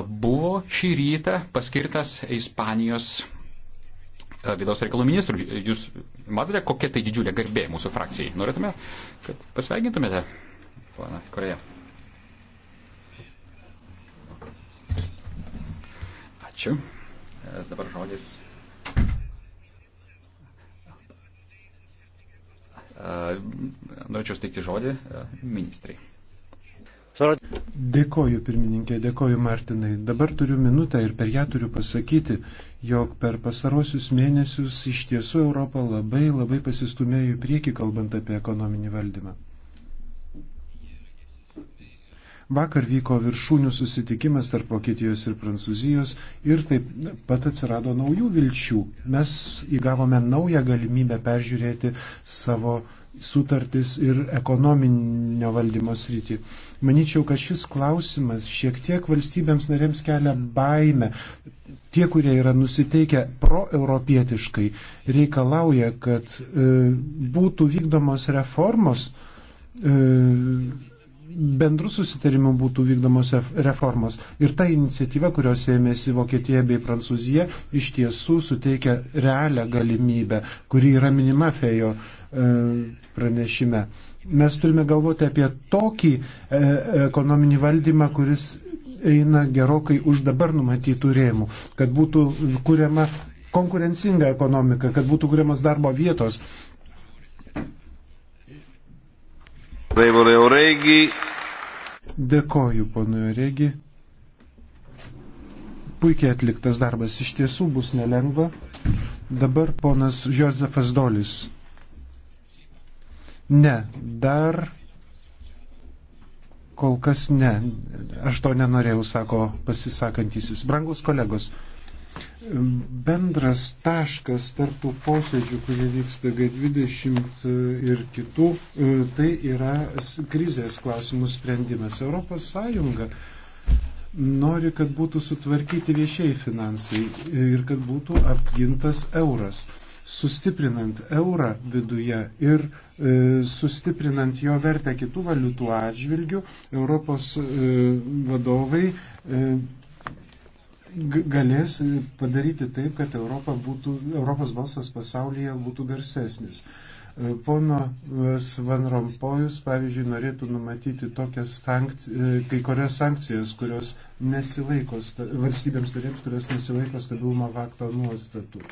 buvo šį rytą paskirtas Ispanijos e, vidaus reikalų ministrų. Jūs matote, kokia tai didžiulė garbė mūsų frakcijai. Norėtume, kad pasveikintumėte, pana Koreja. Ačiū. Dabar žodis Ehm, norėčiau steikti žodį ehm, ministrai. Dėkoju pirmininkė, dėkoju Martinai. Dabar turiu minutę ir per ją turiu pasakyti, jog per pasarosius mėnesius iš tiesų Europa labai labai pasistumėjo į priekį, kalbant apie ekonominį valdymą. Vakar vyko viršūnių susitikimas tarp Vokietijos ir Prancūzijos ir taip pat atsirado naujų vilčių. Mes įgavome naują galimybę peržiūrėti savo sutartis ir ekonominio valdymo srity. Maničiau, kad šis klausimas šiek tiek valstybėms narėms kelia baimę. Tie, kurie yra nusiteikę proeuropietiškai, reikalauja, kad e, būtų vykdomos reformos. E, bendrų susitarimų būtų vykdomos reformos. Ir ta iniciatyva, kurios ėmėsi Vokietija bei Prancūzija, iš tiesų suteikia realią galimybę, kuri yra minima fejo e, pranešime. Mes turime galvoti apie tokį e, ekonominį valdymą, kuris eina gerokai už dabar numatytų rėmų, kad būtų kuriama konkurencinga ekonomika, kad būtų kuriamas darbo vietos, Dėkoju, ponui Regi. Puikiai atliktas darbas iš tiesų bus nelengva. Dabar ponas Josefas Dolis. Ne, dar kol kas ne. Aš to nenorėjau, sako pasisakantysis. Brangus kolegos, bendras taškas tarp tų posėdžių, kurie vyksta G20 e, ir kitų, e, tai yra krizės klausimų sprendimas. Europos Sąjunga nori, kad būtų sutvarkyti viešiai finansai ir kad būtų apgintas euras. Sustiprinant eurą viduje ir e, sustiprinant jo vertę kitų valiutų atžvilgių, Europos e, vadovai e, galės e, padaryti taip, kad Europa būtų, Europos balsas pasaulyje būtų garsesnis. E, Ponas e, Van Rompojus, pavyzdžiui, norėtų numatyti tokias sankcijas, kai kurias sankcijas, kurios nesilaiko, valstybėms tarėms, kurios nesilaiko stabilumo vakto nuostatų.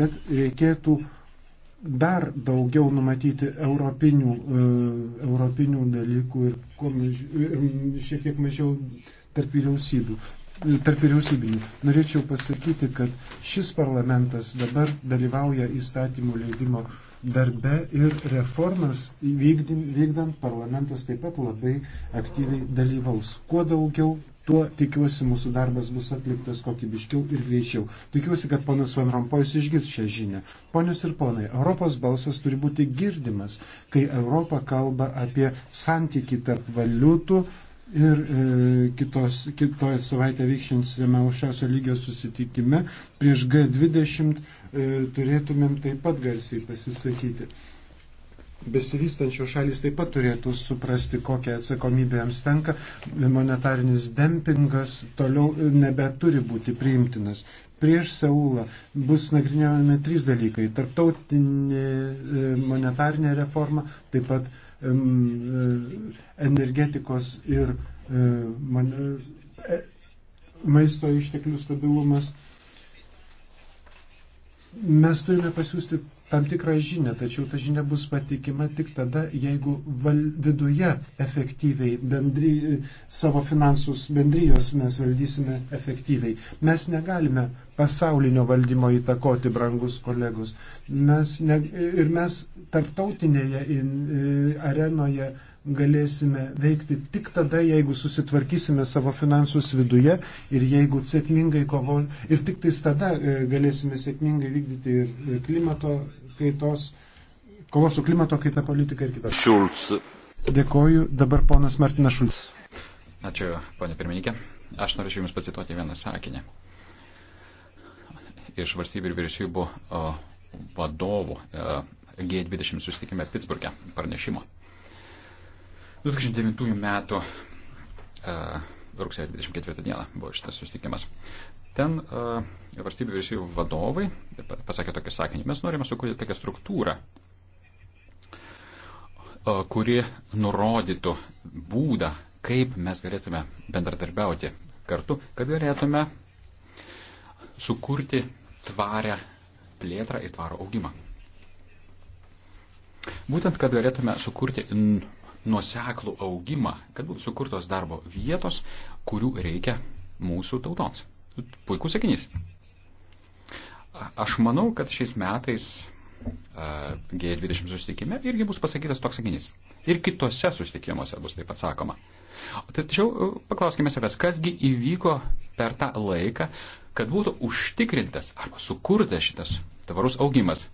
Bet reikėtų dar daugiau numatyti europinių, e, europinių dalykų ir, maž, ir šiek tiek mažiau tarp vyriausybių tarp vyriausybinių. Norėčiau pasakyti, kad šis parlamentas dabar dalyvauja įstatymų leidimo darbe ir reformas vykdant parlamentas taip pat labai aktyviai dalyvaus. Kuo daugiau, tuo tikiuosi mūsų darbas bus atliktas kokybiškiau ir greičiau. Tikiuosi, kad ponas Van Rompojus išgirs šią žinią. Ponius ir ponai, Europos balsas turi būti girdimas, kai Europa kalba apie santyki tarp valiutų, Ir e, kitos, kitoje savaitę vykšinsiame aukščiausio lygio susitikime prieš G20 e, turėtumėm taip pat garsiai pasisakyti. Besivystančių šalis taip pat turėtų suprasti, kokią atsakomybę jiems tenka. Monetarinis dempingas toliau nebeturi būti priimtinas prieš Seulą bus nagrinėjami trys dalykai - tarptautinė e, monetarinė reforma, taip pat E, energetikos ir e, e, maisto išteklių stabilumas. Mes turime pasiūsti tam tikrą žinę, tačiau ta žinia bus patikima tik tada, jeigu val, viduje efektyviai bendry, savo finansus bendrijos mes valdysime efektyviai. Mes negalime pasaulinio valdymo įtakoti, brangus kolegus. Mes ne, ir mes tarptautinėje in, e, arenoje galėsime veikti tik tada, jeigu susitvarkysime savo finansus viduje ir jeigu sėkmingai kovosime. Ir tik tais tada e, galėsime sėkmingai vykdyti ir klimato kaitos, kovos su klimato kaita politika ir kitas. Šulc. Dėkoju. Dabar ponas Martinas Šulc. Ačiū, ponė pirmininkė. Aš norėčiau Jums pacituoti vieną sakinį. Iš valstybių ir vyriausybių vadovų e, G20 susitikime Pittsburgė pranešimo. 2009 metų e, rugsėjo 24 dieną buvo šitas susitikimas. Ten e, valstybių vyriausybių vadovai pasakė tokį sakinį, mes norime sukurti tokią struktūrą, e, kuri nurodytų būdą, kaip mes galėtume bendradarbiauti kartu, kad galėtume sukurti tvarę plėtrą ir tvarų augimą. Būtent, kad galėtume sukurti nuoseklų augimą, kad būtų sukurtos darbo vietos, kurių reikia mūsų tautoms. Puikus sakinys. Aš manau, kad šiais metais G20 susitikime irgi bus pasakytas toks sakinys. Ir kitose susitikimuose bus taip pat sakoma. Tačiau paklauskime savęs, kasgi įvyko per tą laiką, kad būtų užtikrintas arba sukurtas šitas tvarus augimas,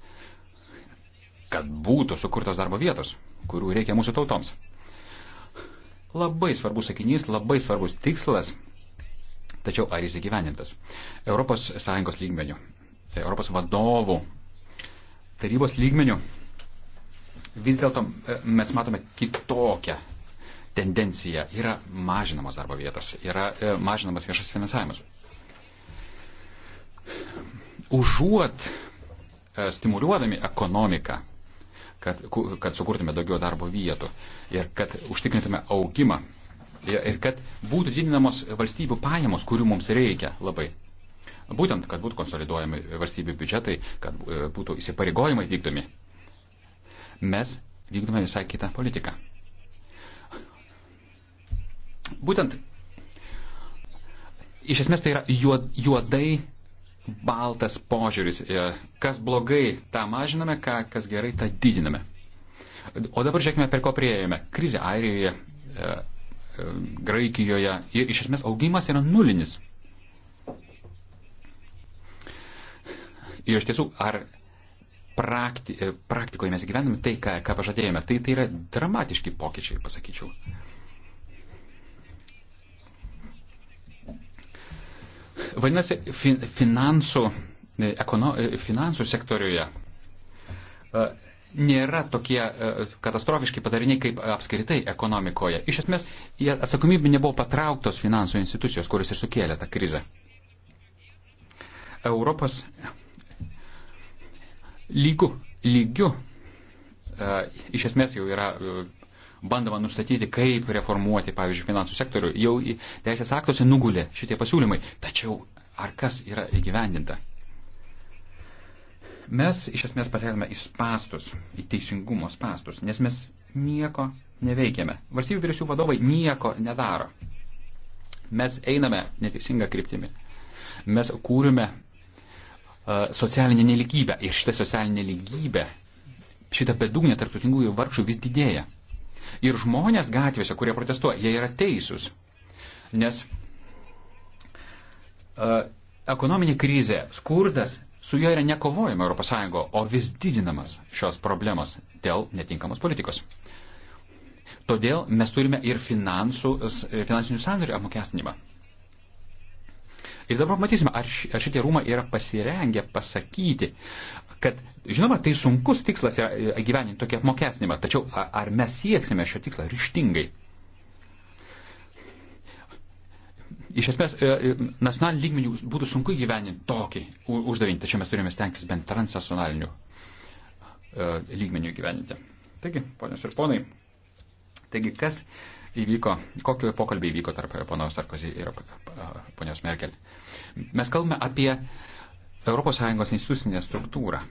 kad būtų sukurtas darbo vietos, kurių reikia mūsų tautoms. Labai svarbus sakinys, labai svarbus tikslas Tačiau ar jis įgyvenintas? ES lygmenių, tai ES vadovų tarybos lygmenių vis dėlto e, mes matome kitokią tendenciją. Yra mažinamos darbo vietos, yra e, mažinamas viešas finansavimas. Užuot e, stimuliuodami ekonomiką, kad, kad sukurtume daugiau darbo vietų ir kad užtikrintume augimą, ir kad būtų didinamos valstybių pajamos, kurių mums reikia labai. Būtent, kad būtų konsoliduojami valstybių biudžetai, kad e, būtų įsipareigojimai vykdomi. Mes vykdome visai kitą politiką. Būtent, iš esmės tai yra juodai baltas požiūris. E, kas blogai, tą mažiname, kas gerai, tą didiname. O dabar žiūrėkime, per ko prieėjome. Krizė Airijoje e, Graikijoje ir iš esmės augimas yra nulinis. Ir iš tiesų, ar prakti, e, praktikoje mes gyvename tai, ką, ką pažadėjome, tai tai yra dramatiški pokyčiai, pasakyčiau. Vadinasi, fin, finansų, e, ekono, e, finansų sektoriuje nėra tokie e, katastrofiški padariniai kaip apskritai ekonomikoje. Iš esmės, atsakomybė nebuvo patrauktos finansų institucijos, kuris ir sukėlė tą krizę. Europos lygių, lygių e, iš esmės jau yra e, bandoma nustatyti, kaip reformuoti, pavyzdžiui, finansų sektorių. Jau teisės aktuose nugulė šitie pasiūlymai. Tačiau ar kas yra įgyvendinta? Mes iš esmės patekome į spastus, į teisingumo spastus, nes mes nieko neveikiame. Valstybių vyriausybių vadovai nieko nedaro. Mes einame neteisinga kryptimi. Mes kūrime uh, socialinę neligybę ir šitą socialinę lygybę, šitą bedugnę tarptautiniųjų vargšų vis didėja. Ir žmonės gatvėse, kurie protestuoja, jie yra teisūs. Nes uh, ekonominė krizė, skurdas Su juo yra nekovojama ES, o vis didinamas šios problemos dėl netinkamos politikos. Todėl mes turime ir finansų, finansinių sandorių apmokestinimą. Ir dabar matysime, ar, ar šitie rūmai yra pasirengę pasakyti, kad, žinoma, tai sunkus tikslas yra e, gyveninti tokį apmokestinimą, tačiau ar mes sieksime šio tikslo ryštingai. iš esmės e, e, nacionalinių lygmenių būtų sunku gyveninti tokį uždavinį, tačiau mes turime stengtis bent transnacionalinių e, lygmenių gyveninti. Taigi, ponios ir ponai, taigi kas įvyko, kokie pokalbiai įvyko tarp ponios Sarkozy ir ponios Merkel? Mes kalbame apie ES institucinę struktūrą.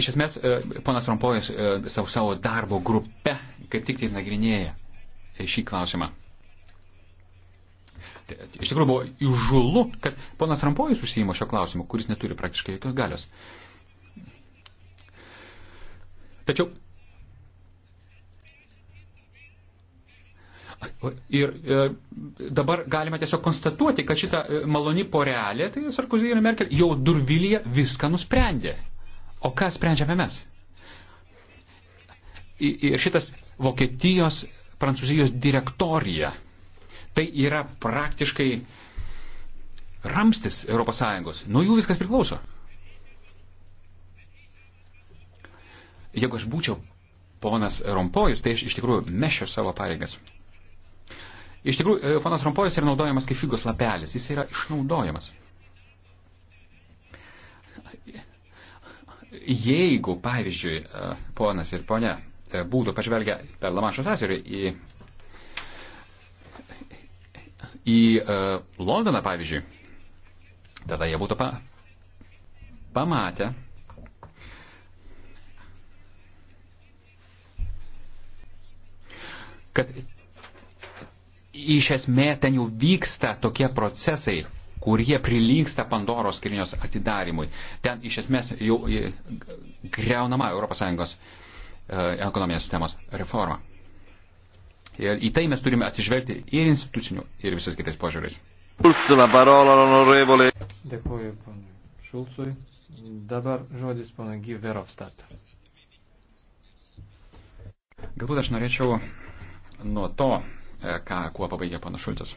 Iš esmės, ponas Rompojas savo, savo darbo grupe kaip tik tai nagrinėja šį klausimą. Tai, iš tikrųjų buvo įžulu, kad ponas Rampojus užsijimo šio klausimu, kuris neturi praktiškai jokios galios. Tačiau Ir e, dabar galime tiesiog konstatuoti, kad šita e, maloni porelė, tai Sarkozy ir Merkel, jau durvilyje viską nusprendė. O ką sprendžiame mes? Ir šitas Vokietijos Prancūzijos direktorija. Tai yra praktiškai ramstis ES. Nuo jų viskas priklauso. Jeigu aš būčiau ponas Rompojus, tai aš iš tikrųjų mešiu savo pareigas. Iš tikrųjų, e, ponas Rompojus yra naudojamas kaip figos lapelis, jis yra išnaudojamas. Jeigu, pavyzdžiui, e, ponas ir ponia būtų pažvelgę per Lamanšo sąsiaurį į, į uh, Londoną, pavyzdžiui, tada jie būtų pa, pamatę, kad iš esmės ten jau vyksta tokie procesai, kurie prilyksta Pandoros skrinės atidarimui. Ten iš esmės jau e, greunama ES E, ekonominės sistemos reformą. Ir į tai mes turime atsižvelgti ir institucinių, ir visais kitais požiūriais. Dėkuoju, ponui Šulcui. Dabar žodis pana Giverovstat. Galbūt aš norėčiau nuo to, e, ką, kuo pabaigė pana Šulcis.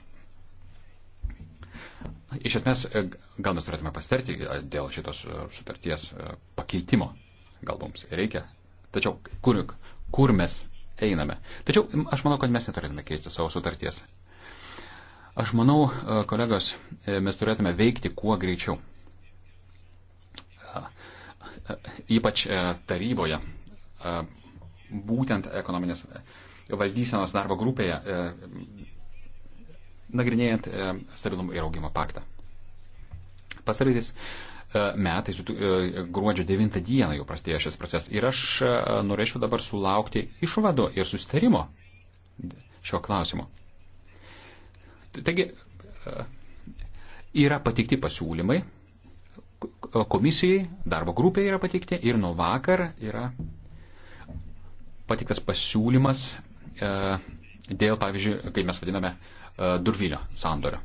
Iš esmės, e, gal mes turėtume pastarti dėl šitos sutarties pakeitimo. Gal mums reikia Tačiau kur, kur mes einame? Tačiau aš manau, kad mes neturėtume keisti savo sutarties. Aš manau, e, kolegos, e, mes turėtume veikti kuo greičiau. E, ypač taryboje, būtent ekonominės valdysenos darbo grupėje, nagrinėjant stabilumo ir augimo paktą. Pasarytis E, metais, e, gruodžio 9 dieną jau prasidėjo šis procesas. Ir aš e, norėčiau dabar sulaukti išvado ir susitarimo šio klausimo. Taigi, yra patikti pasiūlymai, komisijai, darbo grupė yra patikti ir nuo vakar yra patiktas pasiūlymas dėl, pavyzdžiui, kaip mes vadiname, durvilio sandorio.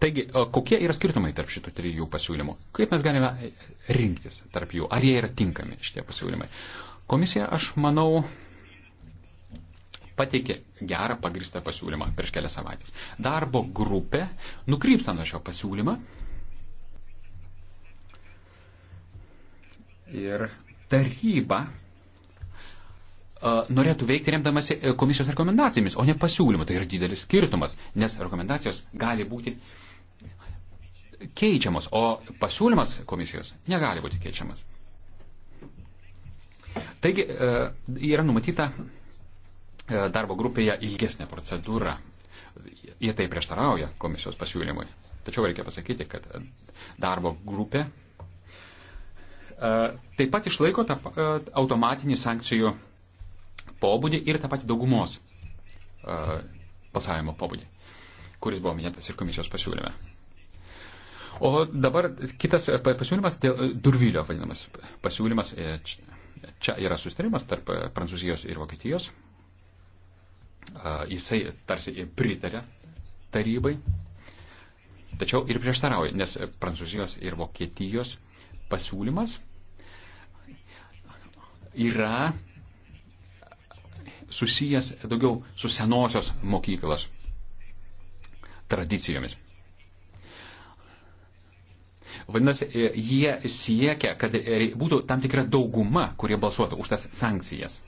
Taigi, kokie yra skirtumai tarp šitų trijų pasiūlymų? Kaip mes galime rinktis tarp jų? Ar jie yra tinkami šitie pasiūlymai? Komisija, aš manau, pateikė gerą pagristą pasiūlymą prieš kelias savaitės. Darbo grupė nukrypsta nuo šio pasiūlymą ir taryba norėtų veikti remdamasi e, komisijos rekomendacijomis, o ne pasiūlymu. Tai yra didelis skirtumas, nes rekomendacijos gali būti uh, keičiamos, o pasiūlymas komisijos negali būti keičiamas. Taigi e, yra numatyta e, darbo grupėje ilgesnė procedūra. Jie tai prieštarauja komisijos pasiūlymui. Tačiau reikia pasakyti, kad darbo grupė e, taip pat išlaiko tą automatinį sankcijų pobūdį ir tą patį daugumos balsavimo pobūdį, kuris buvo minėtas ir komisijos pasiūlyme. O dabar kitas pasiūlymas, dėl e, Durvilio vadinamas pasiūlymas, e, čia yra sustarimas tarp e, Prancūzijos ir Vokietijos. Jisai tarsi pritarė tarybai, tačiau ir prieštarauja, nes Prancūzijos ir Vokietijos pasiūlymas yra susijęs daugiau su senosios mokyklos tradicijomis. Vadinasi, e, jie siekia, kad e, būtų tam tikra dauguma, kurie balsuotų už tas sankcijas.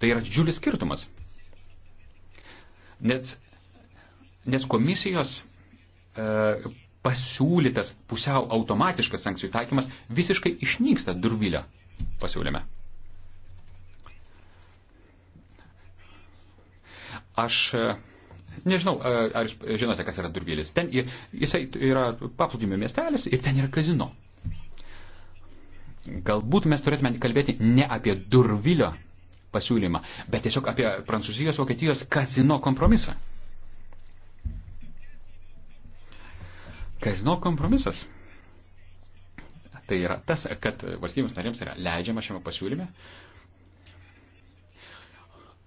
Tai yra didžiulis skirtumas. Nes, nes komisijos e, pasiūlytas pusiau automatiškas sankcijų taikymas visiškai išnyksta durvilio pasiūlyme. Aš e, Nežinau, ar jūs žinote, kas yra Durvilis. Ten jisai yra paplūdimio miestelis ir ten yra kazino. Galbūt mes turėtume kalbėti ne apie Durvilio pasiūlymą, bet tiesiog apie Prancūzijos, Vokietijos kazino kompromisą. Kazino kompromisas. Tai yra tas, kad valstybėms narėms yra leidžiama šiame pasiūlyme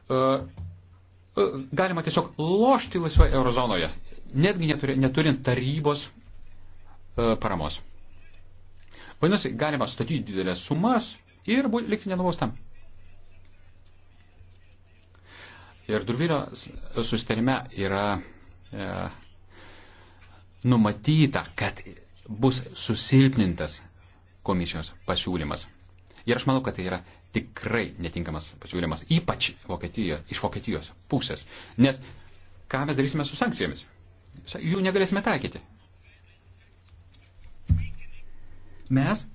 uh, E, galima tiesiog lošti laisvai eurozonoje, netgi neturi, neturint tarybos e, paramos. Vadinasi, galima statyti didelės sumas ir likti nenubaustam. Ir Durvyro susitarime yra e, numatyta, kad bus susilpnintas komisijos pasiūlymas. Ir aš manau, kad tai yra tikrai netinkamas pasiūlymas, ypač Vokietijo, iš Vokietijos pusės. Nes ką mes darysime su sankcijomis? Jų negalėsime taikyti. Mes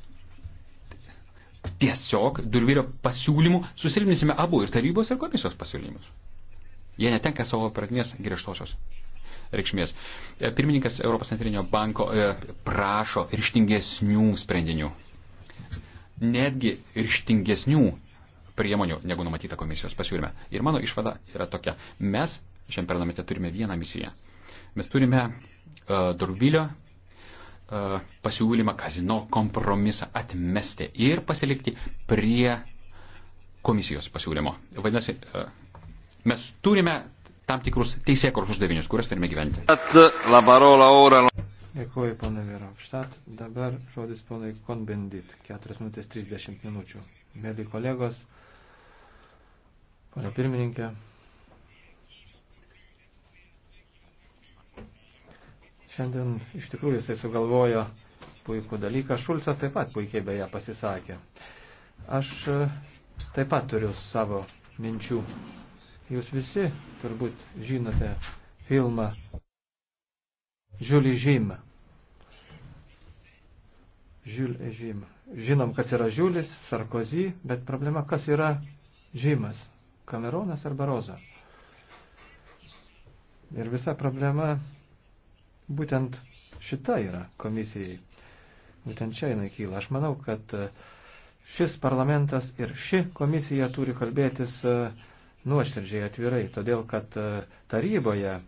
tiesiog Durvyrio pasiūlymų susilpnysime abu ir tarybos ir komisijos pasiūlymus. Jie netenka savo pradinės griežtosios reikšmės. E, pirmininkas Europos centrinio banko e, prašo ryštingesnių sprendinių netgi irštingesnių priemonių, negu numatyta komisijos pasiūlyme. Ir mano išvada yra tokia. Mes šiame parlamente turime vieną misiją. Mes turime uh, e, Durvilio uh, e, pasiūlymą kazino kompromisą atmesti ir pasilikti prie komisijos pasiūlymo. Vadinasi, uh, mes turime tam tikrus teisėkurus uždavinius, kuriuos turime gyventi. Dėkuoju, ponai Virovštat. Dabar žodis ponai Konbendit, 4 minutės 30 minučių. Mėly kolegos, ponio pirmininkė. Šiandien iš tikrųjų jisai sugalvojo puikų dalyką. Šulcas taip pat puikiai beje pasisakė. Aš e, taip pat turiu savo minčių. Jūs visi turbūt žinote filmą Žiulį žymą. Žiulį žymą. Žinom, kas yra Žiulis, Sarkozy, bet problema, kas yra žymas. Kameronas ar Baroza. Ir visa problema būtent šita yra komisijai. Būtent čia jinai kyla. Aš manau, kad e, šis parlamentas ir ši komisija turi kalbėtis e, nuoširdžiai atvirai, todėl kad e, taryboje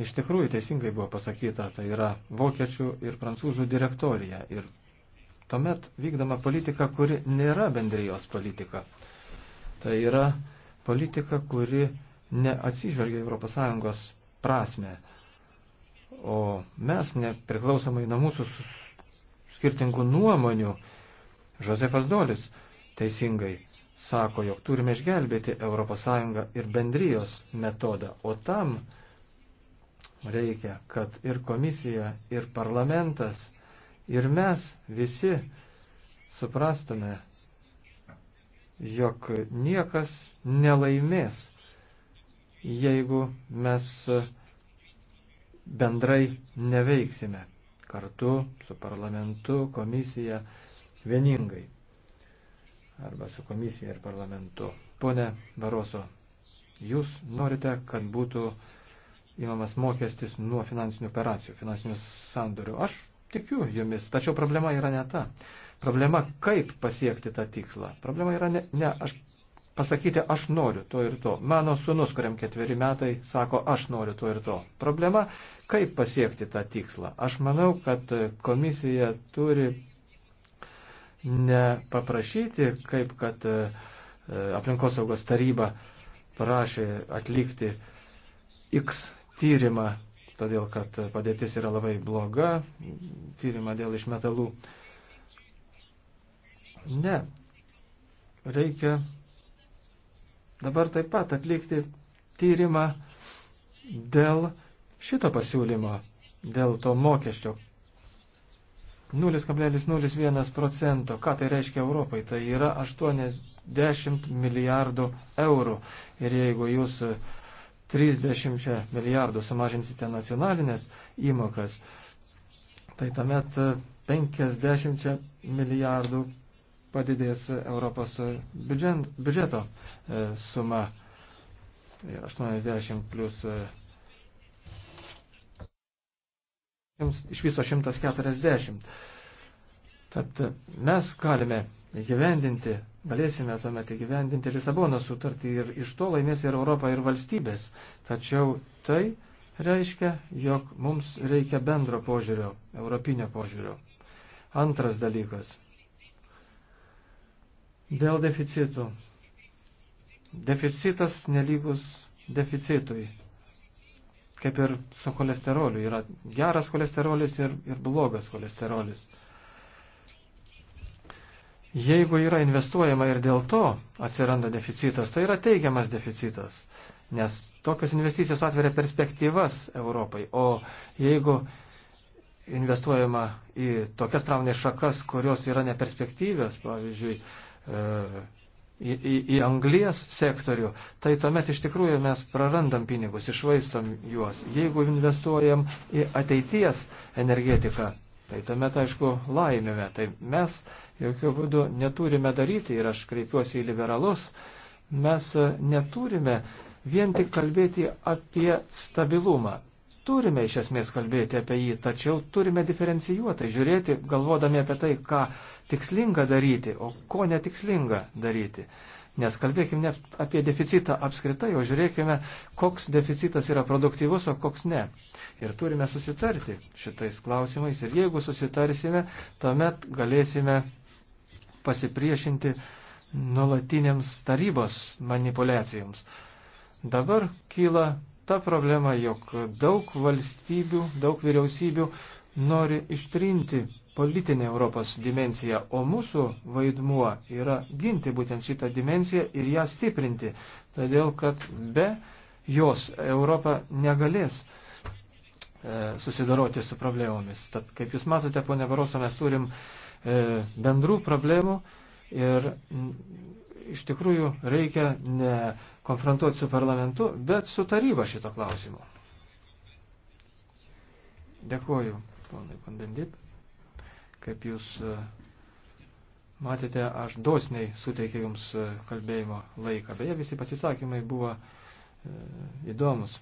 Iš tikrųjų, teisingai buvo pasakyta, tai yra vokiečių ir prancūzų direktorija. Ir tuomet vykdama politika, kuri nėra bendrijos politika. Tai yra politika, kuri neatsižvelgia ES prasme. O mes, nepriklausomai nuo mūsų skirtingų nuomonių, Josefas Dolis teisingai sako, jog turime išgelbėti ES ir bendrijos metodą. O tam reikia, kad ir komisija, ir parlamentas, ir mes visi suprastume, jog niekas nelaimės, jeigu mes bendrai neveiksime kartu su parlamentu, komisija vieningai. Arba su komisija ir parlamentu. Pone Baroso, jūs norite, kad būtų įmamas mokestis nuo finansinių operacijų, finansinių sandorių. Aš tikiu jumis, tačiau problema yra ne ta. Problema, kaip pasiekti tą tikslą. Problema yra ne, ne aš pasakyti, aš noriu to ir to. Mano sunus, kuriam ketveri metai, sako, aš noriu to ir to. Problema, kaip pasiekti tą tikslą. Aš manau, kad komisija turi ne paprašyti, kaip kad e, e, aplinkosaugos taryba prašė atlikti X tyrimą, todėl kad padėtis yra labai bloga, tyrimą dėl išmetalų. Ne, reikia dabar taip pat atlikti tyrimą dėl šito pasiūlymo, dėl to mokesčio. 0,01 procento, ką tai reiškia Europai, tai yra 80 milijardų eurų. Ir jeigu jūs uh, 30 milijardų sumažinsite nacionalinės įmokas, tai tuomet 50 e, milijardų padidės Europos biudžeto e, suma. 80 plus e, iš viso 140. Tad mes galime įgyvendinti Galėsime tuomet įgyvendinti Lisabono sutartį ir iš to laimės ir Europą, ir valstybės. Tačiau tai reiškia, jog mums reikia bendro požiūrio, europinio požiūrio. Antras dalykas. Dėl deficitų. Deficitas nelygus deficitui. Kaip ir su cholesteroliu. Yra geras holesterolis ir, ir blogas holesterolis. Jeigu yra investuojama ir dėl to atsiranda deficitas, tai yra teigiamas deficitas, nes tokios investicijos atveria perspektyvas Europai. O jeigu investuojama į tokias pramonės šakas, kurios yra neperspektyvios, pavyzdžiui, e, į, į, į anglies sektorių, tai tuomet iš tikrųjų mes prarandam pinigus, išvaistom juos. Jeigu investuojam į ateities energetiką, tai tuomet, aišku, laimime. Tai mes jokių būdų neturime daryti ir aš kreipiuosi į liberalus. Mes e, neturime vien tik kalbėti apie stabilumą. Turime iš esmės kalbėti apie jį, tačiau turime diferencijuotai žiūrėti, galvodami apie tai, ką tikslinga daryti, o ko netikslinga daryti. Nes kalbėkime ne apie deficitą apskritai, o žiūrėkime, koks deficitas yra produktyvus, o koks ne. Ir turime susitarti šitais klausimais. Ir jeigu susitarsime, tuomet galėsime pasipriešinti nuolatinėms tarybos manipulacijoms. Dabar kyla ta problema, jog daug valstybių, daug vyriausybių nori ištrinti politinė Europos dimencija, o mūsų vaidmuo yra ginti būtent šitą dimenciją ir ją stiprinti, todėl kad be jos Europa negalės e, susidaroti su problemomis. Tad, kaip jūs matote, ponė Baroso, mes turim e, bendrų problemų ir m, iš tikrųjų reikia ne konfrontuoti su parlamentu, bet su taryba šito klausimu. Dėkuoju, ponai Kondendit. Kaip jūs e, matėte, aš dosniai suteikiau jums e, kalbėjimo laiką. Beje, visi pasisakymai buvo e, įdomus.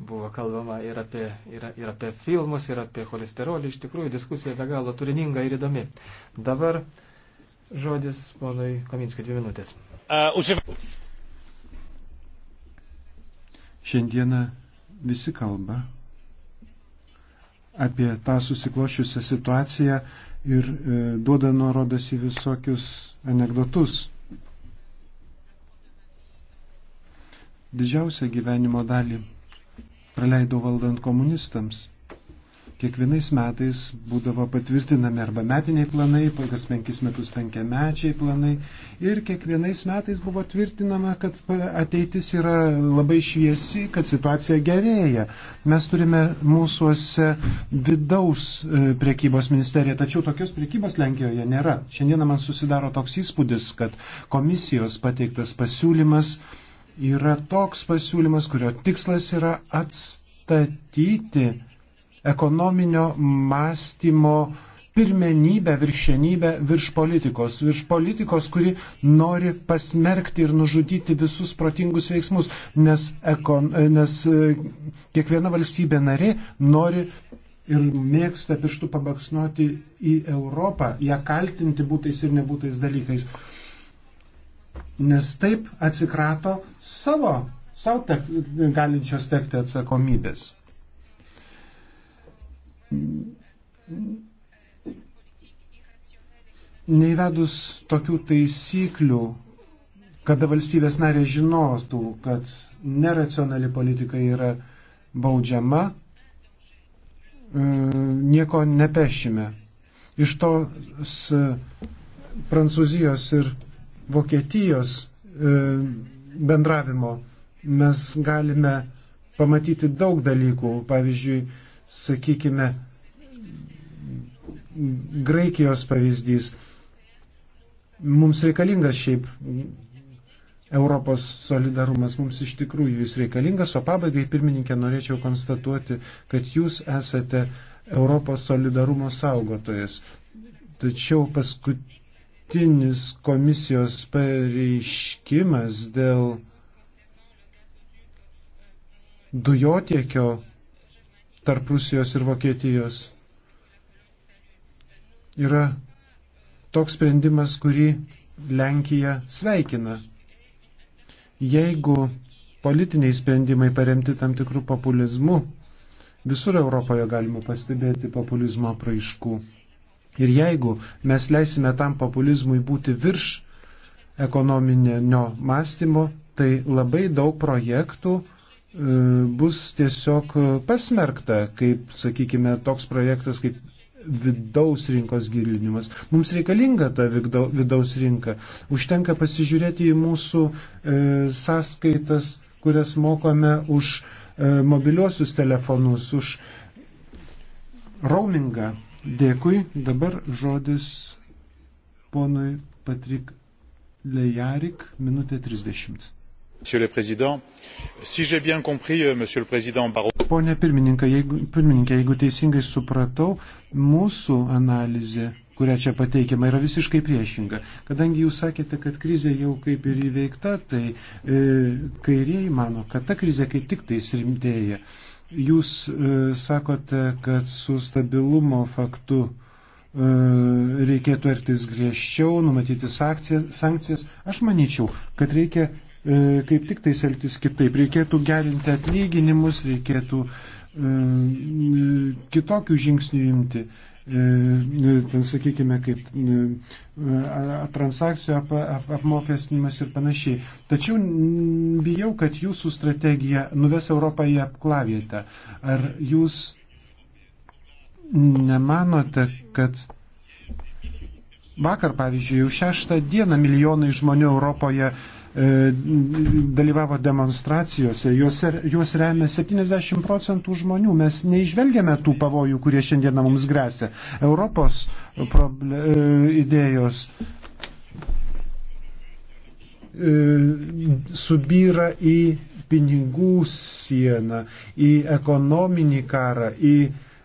Buvo kalbama ir apie, ir, ir apie filmus, ir apie cholesterolį. Iš tikrųjų, diskusija be galo turininga ir įdomi. Dabar žodis ponui Kaminskiui dvi minutės. Šiandieną visi kalba apie tą susiklošiusią situaciją ir e, duoda nuorodas į visokius anegdotus. Didžiausią gyvenimo dalį praleido valdant komunistams. Kiekvienais metais būdavo patvirtinami arba metiniai planai, kas penkis metus penkiamečiai planai. Ir kiekvienais metais buvo tvirtinama, kad ateitis yra labai šviesi, kad situacija gerėja. Mes turime mūsųose vidaus e, priekybos ministeriją, tačiau tokios priekybos Lenkijoje nėra. Šiandieną man susidaro toks įspūdis, kad komisijos pateiktas pasiūlymas yra toks pasiūlymas, kurio tikslas yra atstatyti ekonominio mąstymo pirmenybę, viršienybę virš politikos. Virš politikos, kuri nori pasmerkti ir nužudyti visus protingus veiksmus, nes, ekon, nes e, kiekviena valstybė narė nori ir mėgsta pirštų pabaksnuoti į Europą, ją kaltinti būtais ir nebūtais dalykais. Nes taip atsikrato savo, savo tek, galinčios tekti atsakomybės. Neįvedus tokių taisyklių, kada valstybės narė žinotų, kad neracionali politika yra baudžiama, e, nieko nepešime. Iš tos e, Prancūzijos ir Vokietijos e, bendravimo mes galime pamatyti daug dalykų. Pavyzdžiui, sakykime, Graikijos pavyzdys. Mums reikalingas šiaip Europos solidarumas, mums iš tikrųjų jis reikalingas, o pabaigai, pirmininkė, norėčiau konstatuoti, kad jūs esate Europos solidarumo saugotojas. Tačiau paskutinis komisijos pareiškimas dėl dujotiekio tarp Rusijos ir Vokietijos yra toks sprendimas, kurį Lenkija sveikina. Jeigu politiniai sprendimai paremti tam tikrų populizmų, visur Europoje galima pastebėti populizmo praiškų. Ir jeigu mes leisime tam populizmui būti virš ekonominio mąstymo, tai labai daug projektų bus tiesiog pasmerkta, kaip, sakykime, toks projektas kaip vidaus rinkos gilinimas. Mums reikalinga ta vidaus rinka. Užtenka pasižiūrėti į mūsų e, sąskaitas, kurias mokame už e, mobiliuosius telefonus, už roamingą. Dėkui. Dabar žodis ponui Patrik Lejarik, minutė 30. Euh, Pone pirmininkė jeigu, pirmininkė, jeigu teisingai supratau, mūsų analizė, kurią čia pateikiama, yra visiškai priešinga. Kadangi jūs sakėte, kad krizė jau kaip ir įveikta, tai e, kairieji mano, kad ta krizė kaip tik tai rimtėja. Jūs e, sakote, kad su stabilumo faktu e, reikėtų elgtis griežčiau, numatyti sankcijas. Aš manyčiau, kad reikia E, kaip tik tai elgtis kitaip. Reikėtų gerinti atlyginimus, reikėtų e, kitokių žingsnių imti. E, ten, sakykime, kaip transakcijų ap, ap, apmokestinimas ir panašiai. Tačiau bijau, kad jūsų strategija nuves Europą į apklavietę. Ar jūs nemanote, kad vakar, pavyzdžiui, jau šeštą dieną milijonai žmonių Europoje uh, E, dalyvavo demonstracijose, juos, juos remia 70 procentų žmonių. Mes neižvelgiame tų pavojų, kurie šiandieną mums grėsia. Europos proble, e, idėjos e, subyra į pinigų sieną, į ekonominį karą, į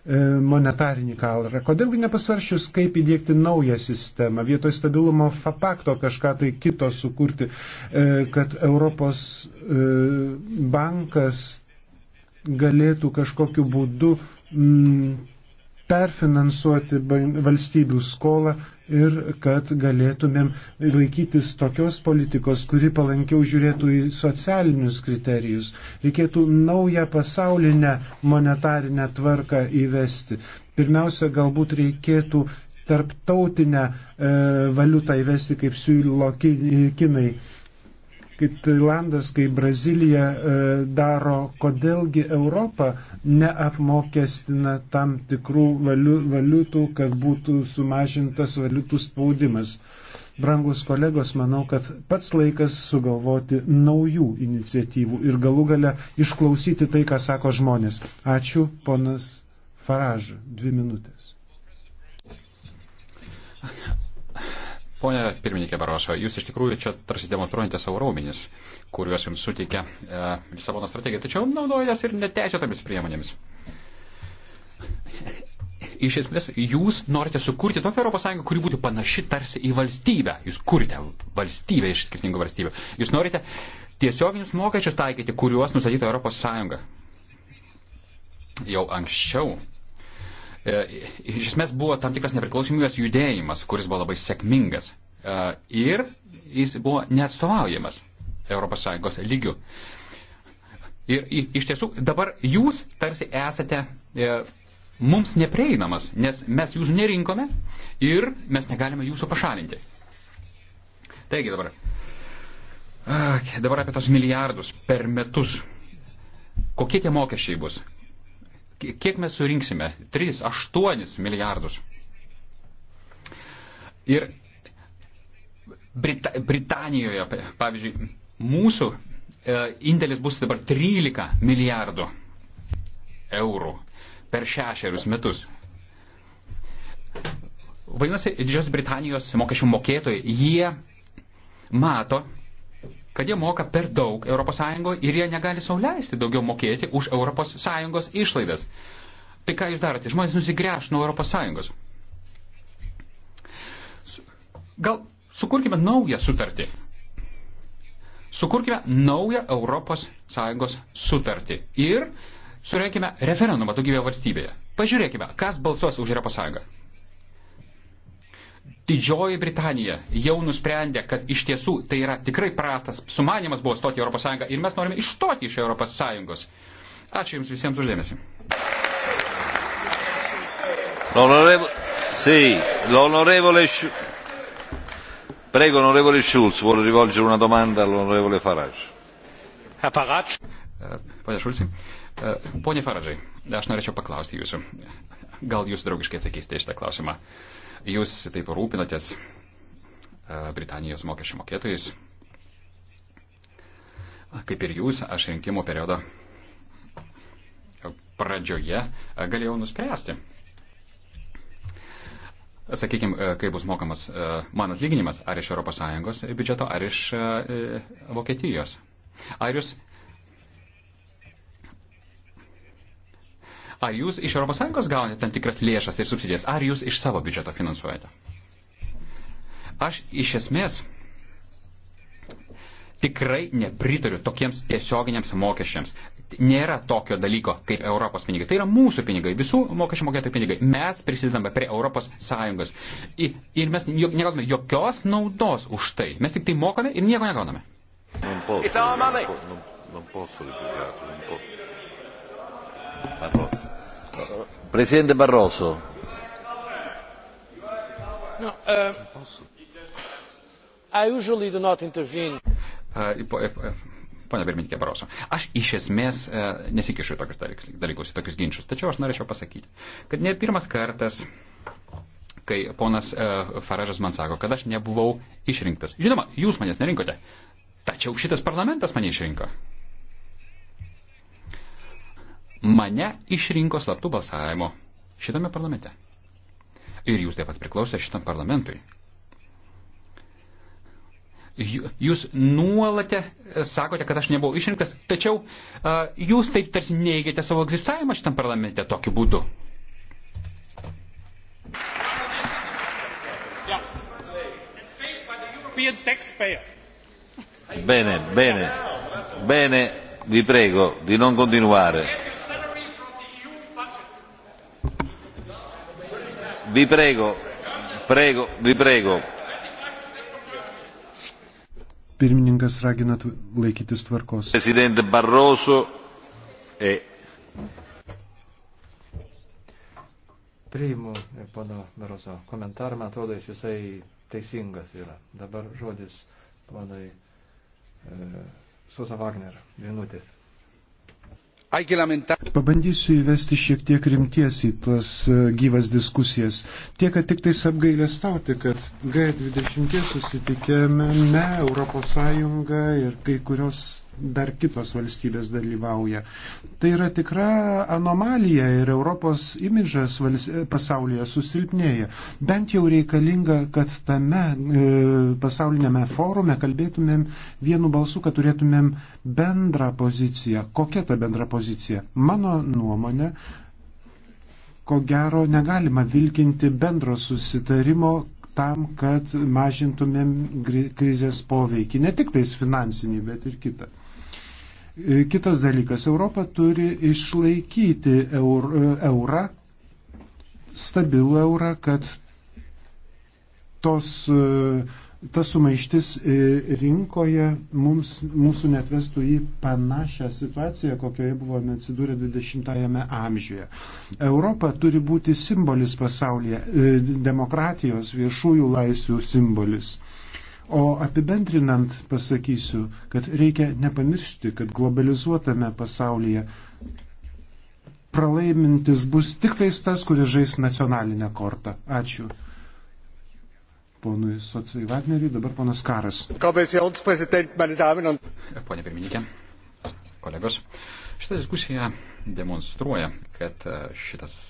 E, monetarinį kalrą. Kodėlgi nepasvaršius, kaip įdėkti naują sistemą, vietoj stabilumo fakto kažką tai kito sukurti, e, kad Europos e, bankas galėtų kažkokiu būdu mm, perfinansuoti valstybių skolą ir kad galėtumėm laikytis tokios politikos, kuri palankiau žiūrėtų į socialinius kriterijus. Reikėtų naują pasaulinę monetarinę tvarką įvesti. Pirmiausia, galbūt reikėtų tarptautinę e, valiutą įvesti, kaip siūlo kinai kaip Tailandas, kaip Brazilija e, daro, kodėlgi Europa neapmokestina tam tikrų valiutų, kad būtų sumažintas valiutų spaudimas. Brangus kolegos, manau, kad pats laikas sugalvoti naujų iniciatyvų ir galų gale išklausyti tai, ką sako žmonės. Ačiū, ponas Faraž, dvi minutės. Pone pirmininkė Baroso, jūs iš tikrųjų čia tarsi demonstruojate savo raumenis, kuriuos jums suteikia e, Lisabono strategija, tačiau naudojatės ir neteisėtomis priemonėmis. Iš esmės, jūs norite sukurti tokią ES, kuri būtų panaši tarsi į valstybę. Jūs kurite valstybę iš skirtingų valstybių. Jūs norite tiesioginius mokesčius taikyti, kuriuos nustatytų ES. Jau anksčiau E, iš esmės buvo tam tikras nepriklausomybės judėjimas, kuris buvo labai sėkmingas e, ir jis buvo neatstovaujamas ES lygių. Ir iš tiesų dabar jūs tarsi esate e, mums neprieinamas, nes mes jūsų nerinkome ir mes negalime jūsų pašalinti. Taigi dabar, dabar apie tos milijardus per metus. Kokie tie mokesčiai bus? kiek mes surinksime? 3, 8 milijardus. Ir Brit Britanijoje, pavyzdžiui, mūsų e, indėlis bus dabar 13 milijardų eurų per šešerius metus. Vadinasi, Didžiosios Britanijos mokesčių mokėtojai, jie mato, kad jie moka per daug ES ir jie negali sauliaisti daugiau mokėti už ES išlaidas. Tai ką jūs darote? Žmonės nusigręš nuo ES. Gal sukurkime naują sutartį. Sukurkime naują ES sutartį ir surenkime referendumą daugybėje valstybėje. Pažiūrėkime, kas balsuos už ES. Didžioji Britanija jau nusprendė, kad iš tiesų tai yra tikrai prastas sumanimas buvo stoti į ES ir mes norime išstoti iš ES. Ačiū Jums visiems uždėmesi. L'onorevole sì, Prego, onorevole Schulz, vuole rivolgere una domanda all'onorevole Farage. Herr Farage. Eh, pone Šulcai, eh, ponė Faradžai, aš norėčiau paklausti jūsų. Gal jūs draugiškai atsakysite šitą klausimą? Uh, Jūs taip rūpinatės e, Britanijos mokesčių mokėtojais. Kaip ir jūs, aš rinkimo periodo pradžioje e, galėjau nuspręsti. Sakykime, kai bus mokamas e, man atlyginimas, ar iš ES biudžeto, ar iš Vokietijos. Ar jūs Ar jūs iš ES gaunate tam tikras lėšas ir subsidijas, ar jūs iš savo biudžeto finansuojate? Aš iš esmės tikrai nepritariu tokiems tiesioginiams mokesčiams. Nėra tokio dalyko kaip Europos pinigai. Tai yra mūsų pinigai, visų mokesčių mokėtojų pinigai. Mes prisidedame prie Europos Sąjungos. Ir mes negauname jokios naudos už tai. Mes tik tai mokame ir nieko negauname. Non posso, non posso, non posso, non posso. Barroso. Presidente Barroso. No, uh, I usually do not intervene. Uh, eh, eh, Pone pirmininkė Baroso, aš iš esmės e, nesikišiu į tokius dalykus, į tokius ginčius. Tačiau aš norėčiau pasakyti, kad ne pirmas kartas kai ponas uh, Faražas man sako, kad aš nebuvau išrinktas. Žinoma, jūs manęs nerinkote, tačiau šitas parlamentas mane išrinko mane išrinko slaptų balsavimo šitame parlamente. Ir jūs taip pat priklausė šitam parlamentui. Jūs nuolatė e, sakote, kad aš nebuvau išrinktas, tačiau uh, jūs taip tarsi neigėte savo egzistavimą šitam parlamente tokiu būdu. Bene, bene, bene, vi prego di non continuare. Vi prego, prego, vi prego. Pirmininkas ragina laikytis tvarkos. Prezidentė Barroso. E. Priimu pono Baroso komentarą, man atrodo, jis visai teisingas yra. Dabar žodis ponai e, Susa Wagner, minutės. Pabandysiu įvesti šiek tiek rimties į tas e, gyvas diskusijas. Tiek, kad tik tais apgailestauti, kad G20 susitikėme ES ir kai kurios dar kitos valstybės dalyvauja. Tai yra tikra anomalija ir Europos imidžas pasaulyje susilpnėja. Bent jau reikalinga, kad tame e, pasaulinėme forume kalbėtumėm vienu balsu, kad turėtumėm bendrą poziciją. Kokia ta bendra pozicija? Mano nuomonė, ko gero negalima vilkinti bendro susitarimo tam, kad mažintumėm krizės poveikį, ne tik tais finansinį, bet ir kitą. E, kitas dalykas, Europa turi išlaikyti eur, e, eurą, stabilų eurą, kad tos, e, ta sumaištis rinkoje mums, mūsų netvestų į panašią situaciją, kokioje buvome atsidūrę 20-ame amžiuje. Europa turi būti simbolis pasaulyje, demokratijos viešųjų laisvių simbolis. O apibendrinant pasakysiu, kad reikia nepamiršti, kad globalizuotame pasaulyje pralaimintis bus tik tais tas, kuris žais nacionalinę kortą. Ačiū. Ponui Socijai Vagneriui, dabar ponas Karas. Pone pirmininkė, kolegos, šitą diskusiją demonstruoja, kad šitas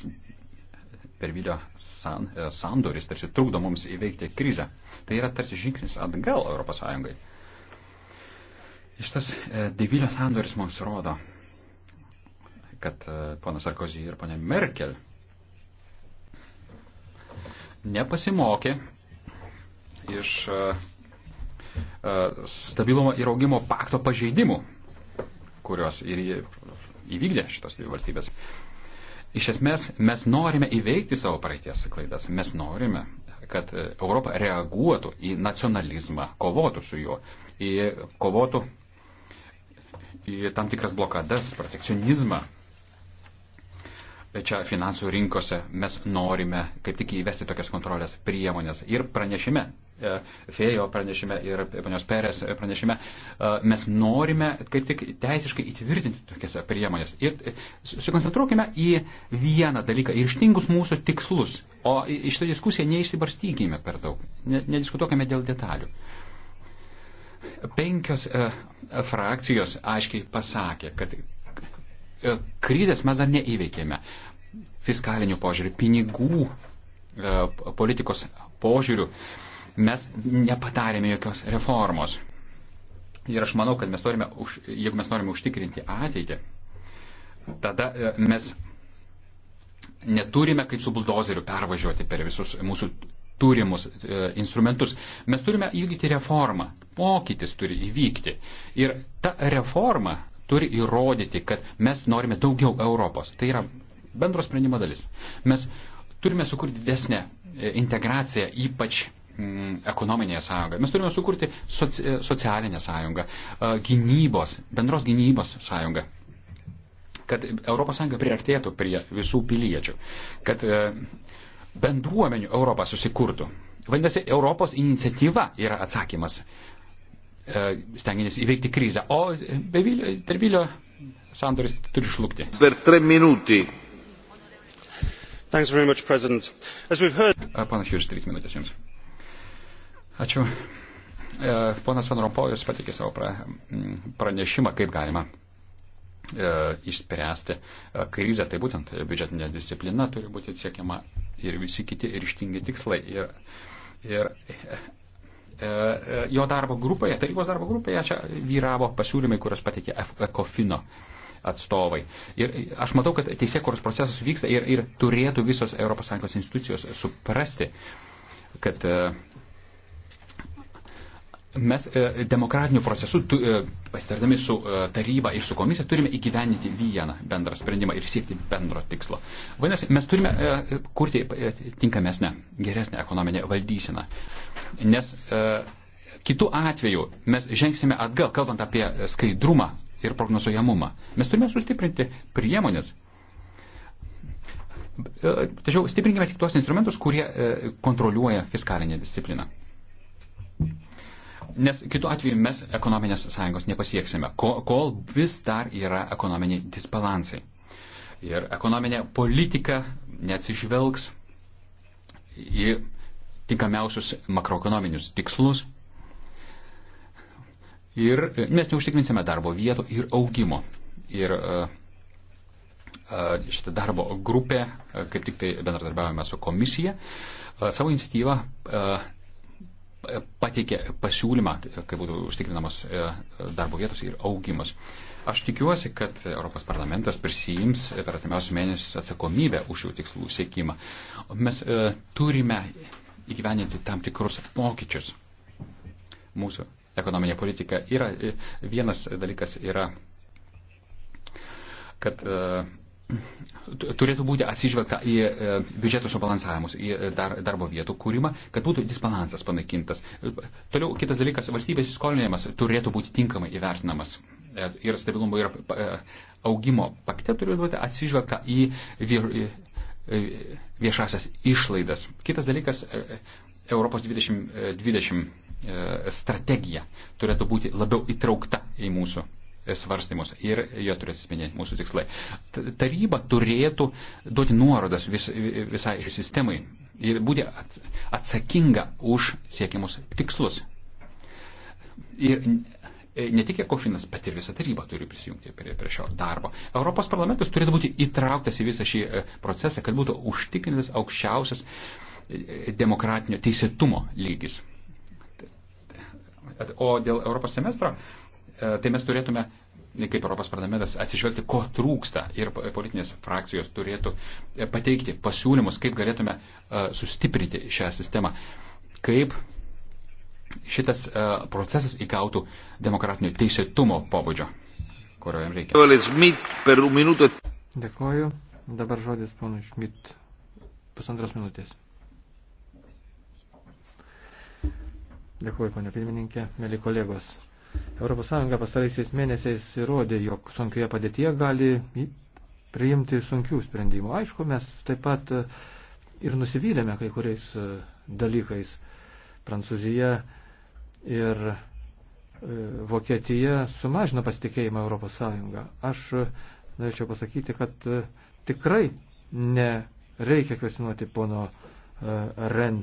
per video san, e, sandoris tarsi trukdo mums įveikti krizę. Tai yra tarsi žingsnis atgal ES. Šitas e, devilio sandoris mums rodo, kad e, ponas Sarkozy ir ponė Merkel nepasimokė iš stabilumo ir augimo pakto pažeidimų, kurios ir įvykdė šitos dvi valstybės. Iš esmės, mes norime įveikti savo praeities klaidas. Mes norime, kad e, Europa reaguotų į nacionalizmą, kovotų su juo, į kovotų į tam tikras blokadas, protekcionizmą. Čia finansų rinkose mes norime kaip tik įvesti tokias kontrolės priemonės. Ir pranešime E, fėjo pranešime ir panios Perės pranešime, e, mes norime kaip tik teisiškai įtvirtinti tokias priemonės. Ir e, susikoncentruokime į vieną dalyką ir ištingus mūsų tikslus, o iš tą diskusiją neišsibarstykime per daug, nediskutuokime dėl detalių. Penkios e, frakcijos aiškiai pasakė, kad e, krizės mes dar neįveikėme. Fiskalinių požiūrių, pinigų e, politikos požiūrių. E, mes nepatarėme jokios reformos. Ir aš manau, kad mes turime, už, jeigu mes norime užtikrinti ateitį, tada e, mes neturime kaip su buldozeriu pervažiuoti per visus mūsų turimus e, instrumentus. Mes turime įvykdyti reformą. Pokytis turi įvykti. Ir ta reforma turi įrodyti, kad mes norime daugiau Europos. Tai yra bendro sprendimo dalis. Mes turime sukurti didesnę e, integraciją, ypač Mm, ekonominėje sąjungoje. Mes turime sukurti soci, socialinę sąjungą, gynybos, bendros gynybos sąjungą kad ES priartėtų prie visų piliečių, kad e, bendruomenių Europą susikurtų. Vadinasi, Europos iniciatyva yra atsakymas e, stengiantis įveikti krizę, o Tervilio sandoris turi šlukti. Per tre minutį. Panas Jūris, trys minutės jums. Ačiū. E, ponas Van Rompojus patikė savo pranešimą, kaip galima e, išspręsti e, krizę. Tai būtent biudžetinė disciplina turi būti siekiama ir visi kiti ryštingi tikslai. Ir, ir jo darbo grupėje, tarybos darbo grupėje čia vyravo pasiūlymai, kuriuos pateikė Ekofino atstovai. Ir aš matau, kad teisėkuros procesas vyksta ir, ir turėtų visos ES institucijos suprasti, kad uh, mes e, demokratiniu procesu, e, pasitardami su e, taryba ir su komisija, turime įgyveninti vieną bendrą sprendimą ir siekti bendro tikslo. Vadinasi, mes turime kurti tinkamesnę, geresnę ekonominę valdyseną. Nes kitų atveju mes žengsime atgal, kalbant apie skaidrumą ir prognozuojamumą. Mes turime sustiprinti priemonės. Tačiau stiprinkime tik tuos instrumentus, kurie kontroliuoja fiskalinę discipliną nes kitu atveju mes ekonominės sąjungos nepasieksime, kol, kol vis dar yra ekonominiai disbalansai. Ir ekonominė politika neatsižvelgs į tinkamiausius makroekonominius tikslus. Ir mes neužtikrinsime darbo vietų ir augimo. Ir e, e, šitą darbo grupę, e, kaip tik tai bendradarbiavame su komisija, savo iniciatyvą pateikė pasiūlymą, kaip būtų užtikrinamos e, darbo vietos ir augimas. Aš tikiuosi, kad Europos parlamentas prisijims per atimiausius mėnesius atsakomybę už jų tikslų siekimą. Mes e, turime įgyveninti tam tikrus pokyčius. Mūsų ekonominė politika yra, e, vienas dalykas yra, kad e, turėtų būti atsižvelgta į e, biudžeto subalansavimus, į e, dar, darbo vietų kūrimą, kad būtų disbalansas panaikintas. Toliau kitas dalykas, valstybės skolinimas turėtų būti tinkamai įvertinamas. E, ir stabilumo ir augimo pakte turėtų būti atsižvelgta į viešasias išlaidas. Kitas dalykas, Europos 2020 strategija turėtų būti labiau įtraukta į mūsų svarstymus ir jie turės atspindėti mūsų tikslai. Taryba turėtų duoti nuorodas vis, visai sistemai ir būti atsakinga už siekiamus tikslus. Ir ne tik Ekofinas, bet ir visa taryba turi prisijungti prie, prie šio darbo. Europos parlamentas turėtų būti įtrauktas į visą šį e, procesą, kad būtų užtikrintas aukščiausias e, demokratinio teisėtumo lygis. O dėl Europos semestro E, tai mes turėtume, kaip Europos parlamentas, atsižvelgti, ko trūksta ir politinės frakcijos turėtų e, pateikti pasiūlymus, kaip galėtume e, sustiprinti šią sistemą, kaip šitas procesas įgautų demokratinio teisėtumo pobūdžio, kurio jam reikia. Dėkoju. Dabar žodis ponui Šmit. Pusantros minutės. Dėkuoju, ponė pirmininkė, mėly kolegos. ES pastaraisiais mėnesiais įrodė, jog sunkioje padėtyje gali priimti sunkių sprendimų. Aišku, mes taip pat e, ir nusivylėme kai kuriais e, dalykais. Prancūzija ir e, Vokietija sumažino pasitikėjimą ES. Aš norėčiau pasakyti, kad tikrai nereikia kvestinuoti pono Ren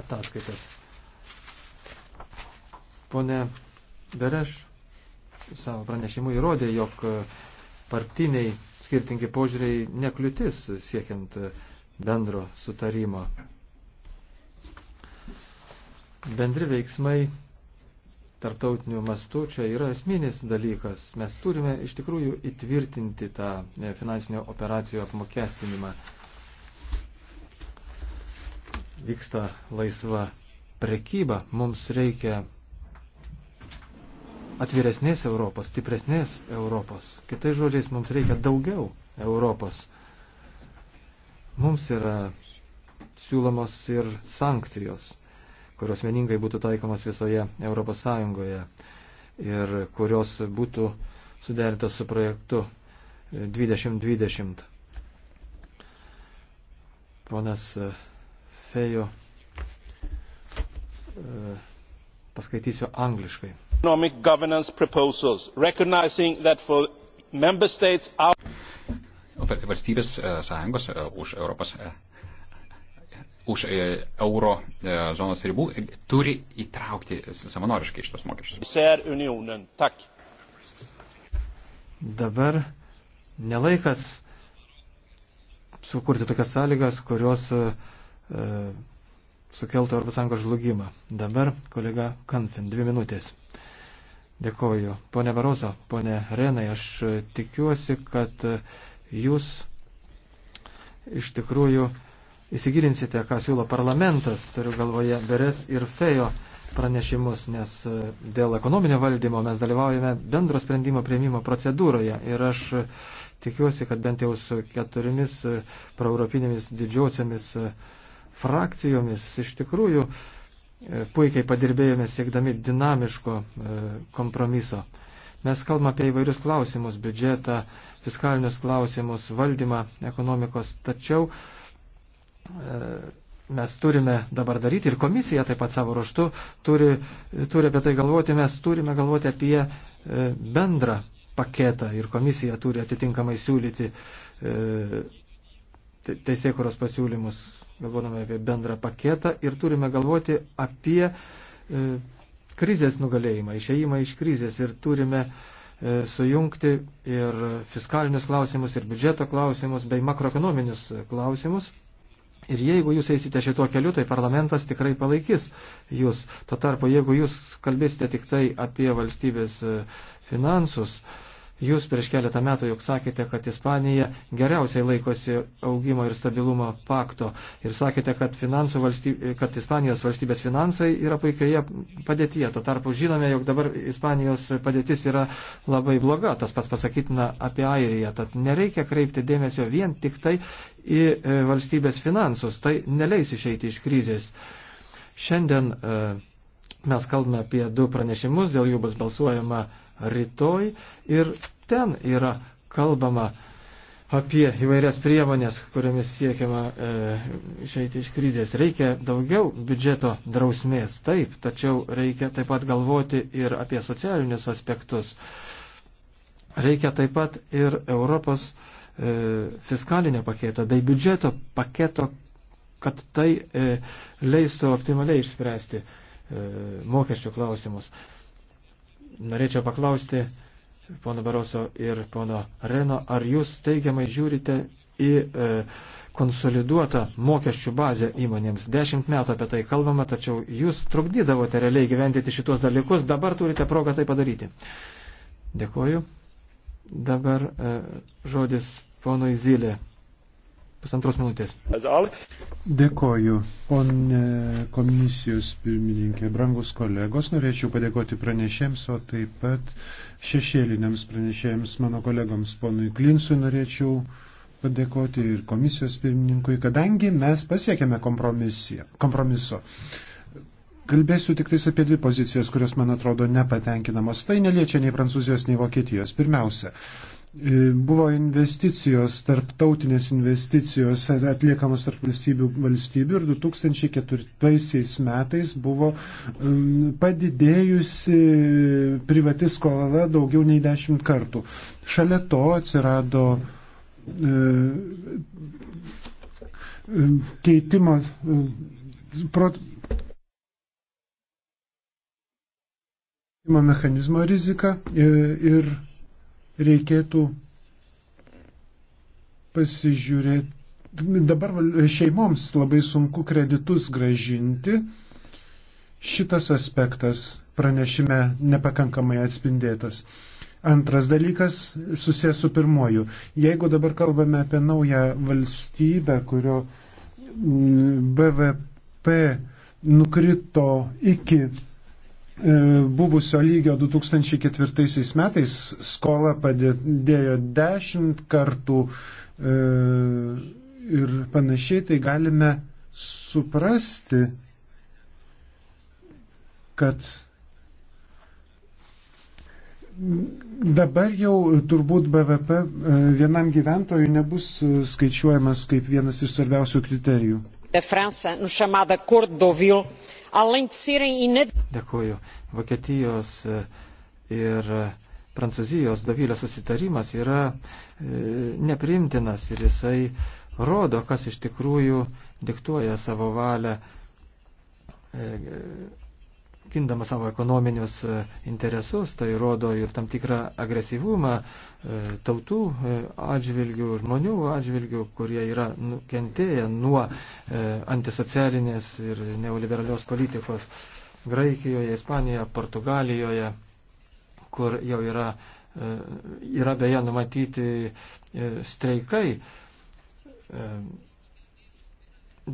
ataskaitas. Pone Bereš savo pranešimu įrodė, jog partiniai skirtingi požiūriai nekliūtis siekiant bendro sutarimo. Bendri veiksmai tarptautinių mastų čia yra esminis dalykas. Mes turime iš tikrųjų įtvirtinti tą finansinio operacijų apmokestinimą. Vyksta laisva prekyba. Mums reikia atviresnės Europos, stipresnės Europos. Kitais žodžiais, mums reikia daugiau Europos. Mums yra siūlomos ir sankcijos, kurios vieningai būtų taikomas visoje Europos Sąjungoje ir kurios būtų suderintos su projektu 2020. Ponas e, Fejo, e, paskaitysiu angliškai economic governance proposals, recognizing that for member states our valstybės e, sąjungos e, už Europos e, už euro zonos ribų turi įtraukti savanoriškai šitos mokesčius. Dabar nelaikas sukurti tokias sąlygas, kurios e, sukeltų Europos Sąjungos žlugimą. Dabar kolega Kanfin, dvi minutės. Dėkoju. Pone Barozo, pone Renai, aš tikiuosi, kad jūs iš tikrųjų įsigilinsite, ką siūlo parlamentas, turiu galvoje Beres ir Fejo pranešimus, nes dėl ekonominio valdymo mes dalyvaujame bendro sprendimo prieimimo procedūroje. Ir aš tikiuosi, kad bent jau su keturiomis proeuropinėmis didžiosiamis frakcijomis iš tikrųjų uh, E, puikiai padirbėjome siekdami dinamiško e, kompromiso. Mes kalbame apie įvairius klausimus - biudžetą, fiskalinius klausimus, valdymą ekonomikos, tačiau e, mes turime dabar daryti ir komisija taip pat savo ruoštu turi, turi apie tai galvoti, mes turime galvoti apie bendrą paketą ir komisija turi atitinkamai siūlyti teisėkuros pasiūlymus galvodami apie bendrą paketą ir turime galvoti apie e, krizės nugalėjimą, išeimą iš krizės ir turime e, sujungti ir fiskalinius klausimus, ir biudžeto klausimus, bei makroekonominius klausimus. Ir jeigu jūs eisite šituo keliu, tai parlamentas tikrai palaikys jūs. Tuo tarpu, jeigu jūs kalbėsite tik tai apie valstybės e, finansus, e, Jūs prieš keletą metų juk sakėte, kad Ispanija geriausiai laikosi augimo ir stabilumo pakto ir sakėte, kad, valstybė, kad Ispanijos valstybės finansai yra puikioje padėtyje. Tuo tarpu žinome, jog dabar Ispanijos padėtis yra labai bloga, tas pats pasakytina apie Airiją. Tad nereikia kreipti dėmesio vien tik tai į e, valstybės finansus, tai neleis išeiti iš krizės. Šiandien uh, Mes kalbame apie du pranešimus, dėl jų bus balsuojama rytoj ir ten yra kalbama apie įvairias priemonės, kuriamis siekiama e, išeiti iš krizės. Reikia daugiau biudžeto drausmės, taip, tačiau reikia taip pat galvoti ir apie socialinius aspektus. Reikia taip pat ir Europos e, fiskalinio paketo bei biudžeto paketo, kad tai e, leistų optimaliai išspręsti E, mokesčių klausimus. Norėčiau paklausti pono Baroso ir pono Reno, ar jūs teigiamai žiūrite į e, konsoliduotą mokesčių bazę įmonėms. Dešimt metų apie tai kalbama, tačiau jūs trukdydavote realiai gyventyti šitos dalykus, dabar turite progą tai padaryti. Dėkoju. Dabar e, žodis ponui Zylė pusantros minutės. Dėkoju, ponė komisijos pirmininkė, brangus kolegos, norėčiau padėkoti pranešėjams, o taip pat šešėliniams pranešėjams, mano kolegoms, ponui Klinsui norėčiau padėkoti ir komisijos pirmininkui, kadangi mes pasiekėme kompromiso. Kalbėsiu tik tais apie dvi pozicijas, kurios man atrodo nepatenkinamos. Tai neliečia nei Prancūzijos, nei Vokietijos. Pirmiausia, E, buvo investicijos, tarptautinės investicijos atliekamos tarp valstybių, valstybių ir 2004 metais buvo padidėjusi privati skola daugiau nei 10 kartų. Šalia to atsirado e, e, keitimo mechanizmo rizika ir reikėtų pasižiūrėti. Dabar šeimoms labai sunku kreditus gražinti. Šitas aspektas pranešime nepakankamai atspindėtas. Antras dalykas susijęs su pirmoju. Jeigu dabar kalbame apie naują valstybę, kurio BVP nukrito iki E, buvusio lygio 2004 metais skola padidėjo 10 kartų e, ir panašiai, tai galime suprasti, kad dabar jau turbūt BVP e, vienam gyventojui nebus skaičiuojamas kaip vienas iš svarbiausių kriterijų. De França, no nu, chamado Acordo de Deauville, além de serem inadmissíveis. Dėkuoju. Vokietijos eh, ir eh, Prancūzijos davylio susitarimas yra eh, nepriimtinas ir jisai rodo, kas iš tikrųjų diktuoja savo valią, gindama savo ekonominius interesus, tai rodo ir tam tikrą agresyvumą E, tautų e, atžvilgių, žmonių atžvilgių, kurie yra nukentėję nuo e, antisocialinės ir neoliberalios politikos Graikijoje, Ispanijoje, Portugalijoje, kur jau yra, yra beje numatyti streikai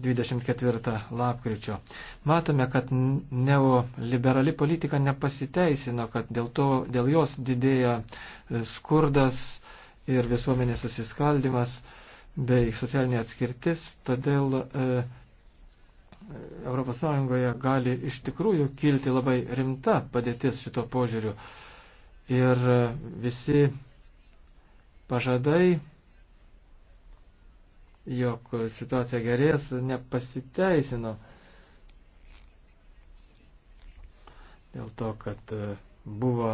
24 lapkričio. Matome, kad neoliberali politika nepasiteisino, kad dėl, to, dėl jos didėja e, skurdas ir visuomenės susiskaldimas bei socialinė atskirtis, todėl e, ES gali iš tikrųjų kilti labai rimta padėtis šito požiūriu. Ir e, visi pažadai jog situacija gerės, nepasiteisino. Dėl to, kad e, buvo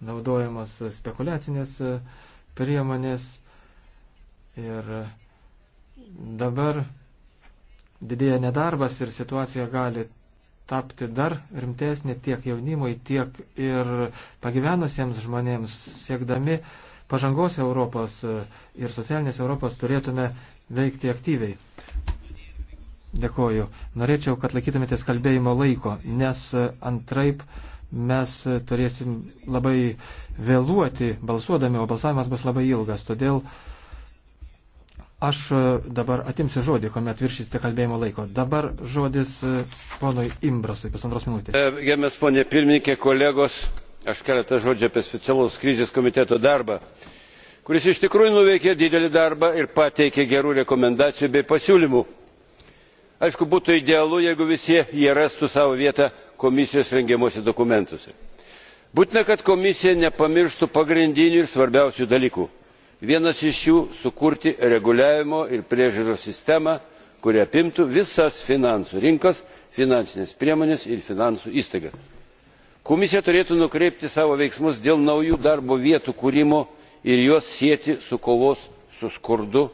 naudojamos spekulacinės e, priemonės ir dabar didėja nedarbas ir situacija gali tapti dar rimtesnė tiek jaunimui, tiek ir pagyvenusiems žmonėms siekdami pažangos Europos e, ir socialinės Europos turėtume veikti aktyviai. Dėkoju. Norėčiau, kad laikytumėtės kalbėjimo laiko, nes e, antraip mes turėsim labai vėluoti balsuodami, o balsavimas bus labai ilgas. Todėl aš e, dabar atimsiu žodį, kuomet viršysite kalbėjimo laiko. Dabar žodis e, ponui Imbrasui, pusantros minutės. Gerbiamas ponė pirmininkė, kolegos, aš keletą žodžių apie specialaus krizės komiteto darbą kuris iš tikrųjų nuveikė didelį darbą ir pateikė gerų rekomendacijų bei pasiūlymų. aišku būtų idealu jeigu visi jie rastų savo vietą komisijos rengiamuose dokumentuose. būtina kad komisija nepamirštų pagrindinių ir svarbiausių dalykų. vienas iš jų sukurti reguliavimo ir priežiūros sistemą kuri apimtų visas finansų rinkas finansines priemones ir finansų įstaigas. komisija turėtų nukreipti savo veiksmus dėl naujų darbo vietų kūrimo ir juos sieti su kovos su skurdu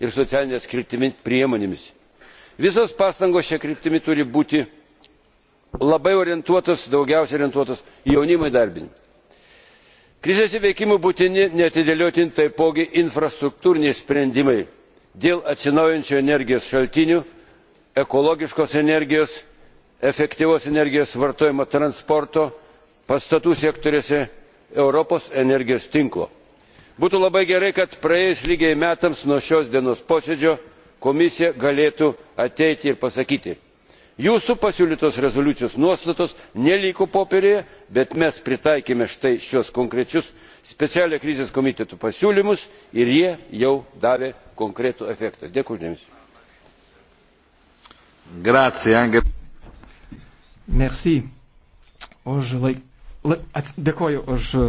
ir socialine atskirtimi priemonėmis. visos pastangos šia kryptimi turi būti labai orientuotos daugiausiai orientuotos į jaunimo įdarbinimą. krizės įveikimui būtini neatidėliotini taipogi infrastruktūriniai sprendimai dėl atsinaujinančių energijos šaltinių ekologiškos energijos efektyvaus energijos vartojimo transporto pastatų sektoriuose europos energijos tinklo būtų labai gerai kad praėjus lygiai metams nuo šios dienos posėdžio komisija galėtų ateiti ir pasakyti jūsų pasiūlytos rezoliucijos nuostatos neliko popieriuje bet mes pritaikėme štai šiuos konkrečius specialiojo krizės komiteto pasiūlymus ir jie jau davė konkretų efektą. dėkui už dėmesį. Merci už laik, Dėkoju už e,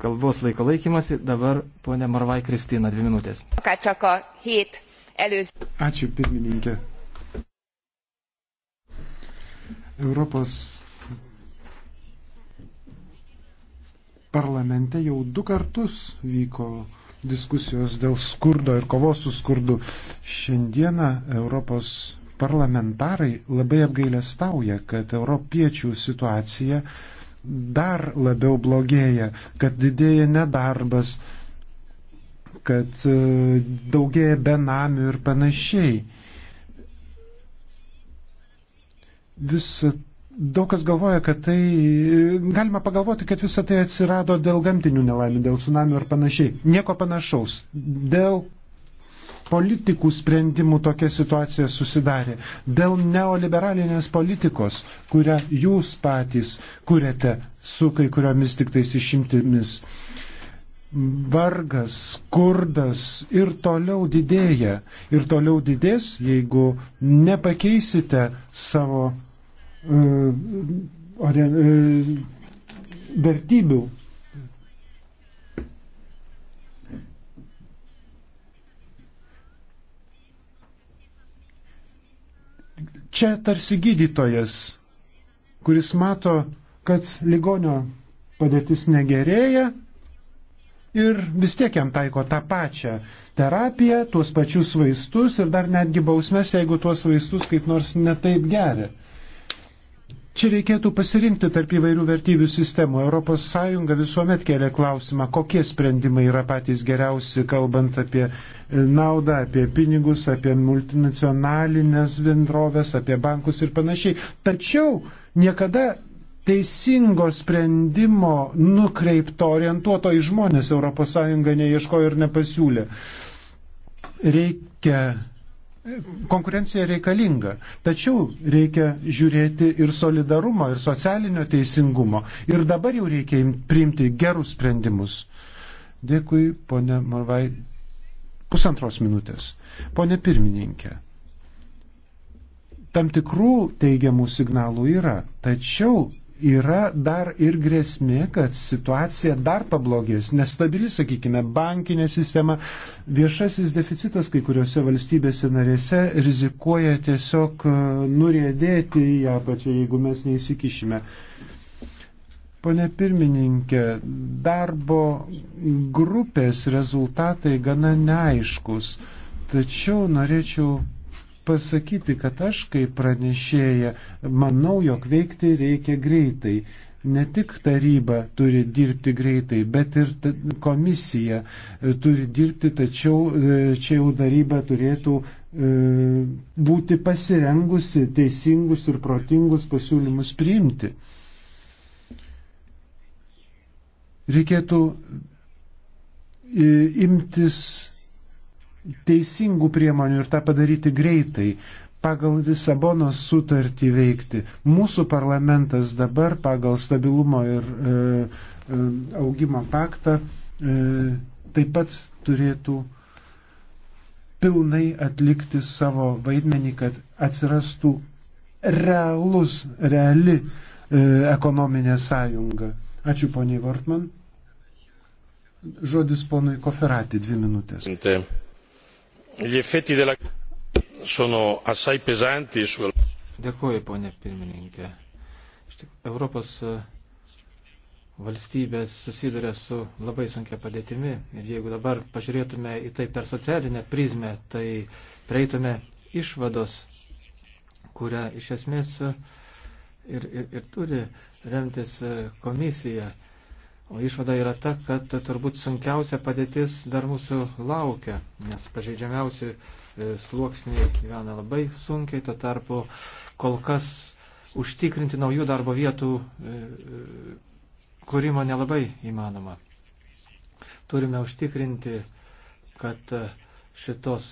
kalbos laiko laikymasi. Dabar ponė Marvai Kristina, dvi minutės. Ačiū, pirmininkė. Europos parlamente jau du kartus vyko diskusijos dėl skurdo ir kovos su skurdu. Šiandieną Europos parlamentarai labai apgailestauja, kad europiečių situacija dar labiau blogėja, kad didėja nedarbas, kad e, daugėja benamių ir panašiai. Visa, daug kas galvoja, kad tai, galima pagalvoti, kad visa tai atsirado dėl gamtinių nelaimių, dėl tsunamių ir panašiai. Nieko panašaus. Dėl politikų sprendimų tokia situacija susidarė. Dėl neoliberalinės politikos, kurią jūs patys kuriate su kai kuriomis tik tais išimtimis. Vargas, skurdas ir toliau didėja. Ir toliau didės, jeigu nepakeisite savo uh, e, orien, uh, e, vertybių Čia tarsi gydytojas, kuris mato, kad ligonio padėtis negerėja ir vis tiek jam taiko tą pačią terapiją, tuos pačius vaistus ir dar netgi bausmes, jeigu tuos vaistus kaip nors netaip geria. Čia reikėtų pasirinkti tarp įvairių vertybių sistemų. ES visuomet kelia klausimą, kokie sprendimai yra patys geriausi, kalbant apie e, naudą, apie pinigus, apie multinacionalinės bendrovės, apie bankus ir panašiai. Tačiau niekada teisingo sprendimo nukreipto, orientuoto į žmonės ES neieškojo ir nepasiūlė. Reikia konkurencija reikalinga. Tačiau reikia žiūrėti ir solidarumo, ir socialinio teisingumo. Ir dabar jau reikia priimti gerus sprendimus. Dėkui, ponė Marvai. Pusantros minutės. Pone pirmininkė. Tam tikrų teigiamų signalų yra, tačiau yra dar ir grėsmė, kad situacija dar pablogės, nestabili, sakykime, bankinė sistema, viešasis deficitas kai kuriuose valstybėse narėse rizikuoja tiesiog e, nurėdėti į apačią, jeigu mes neįsikišime. Pone pirmininkė, darbo grupės rezultatai gana neaiškus, tačiau norėčiau pasakyti, kad aš kaip pranešėja manau, jog veikti reikia greitai. Ne tik taryba turi dirbti greitai, bet ir komisija e, turi dirbti, tačiau e, čia jau taryba turėtų e, būti pasirengusi teisingus ir protingus pasiūlymus priimti. Reikėtų imtis teisingų priemonių ir tą padaryti greitai, pagal Lisabonos sutartį veikti. Mūsų parlamentas dabar pagal stabilumo ir e, e, augimo paktą e, taip pat turėtų pilnai atlikti savo vaidmenį, kad atsirastų realus, reali e, ekonominė sąjunga. Ačiū poniai Vartman. Žodis ponui Koferati, dvi minutės. Taip gli effetti della sono assai pesanti sulla. Dėkuoju, ponė pirmininkė. Europos e, valstybės susiduria su labai sunkia padėtimi ir jeigu dabar pažiūrėtume į tai per socialinę prizmę, tai prieitume išvados, kurią iš esmės e, ir, ir, ir turi remtis e, komisija. O išvada yra ta, kad turbūt sunkiausia padėtis dar mūsų laukia, nes pažeidžiamiausi e, sluoksniai gyvena labai sunkiai, tuo tarpu kol kas užtikrinti naujų darbo vietų e, e, kūrimo nelabai įmanoma. Turime užtikrinti, kad šitos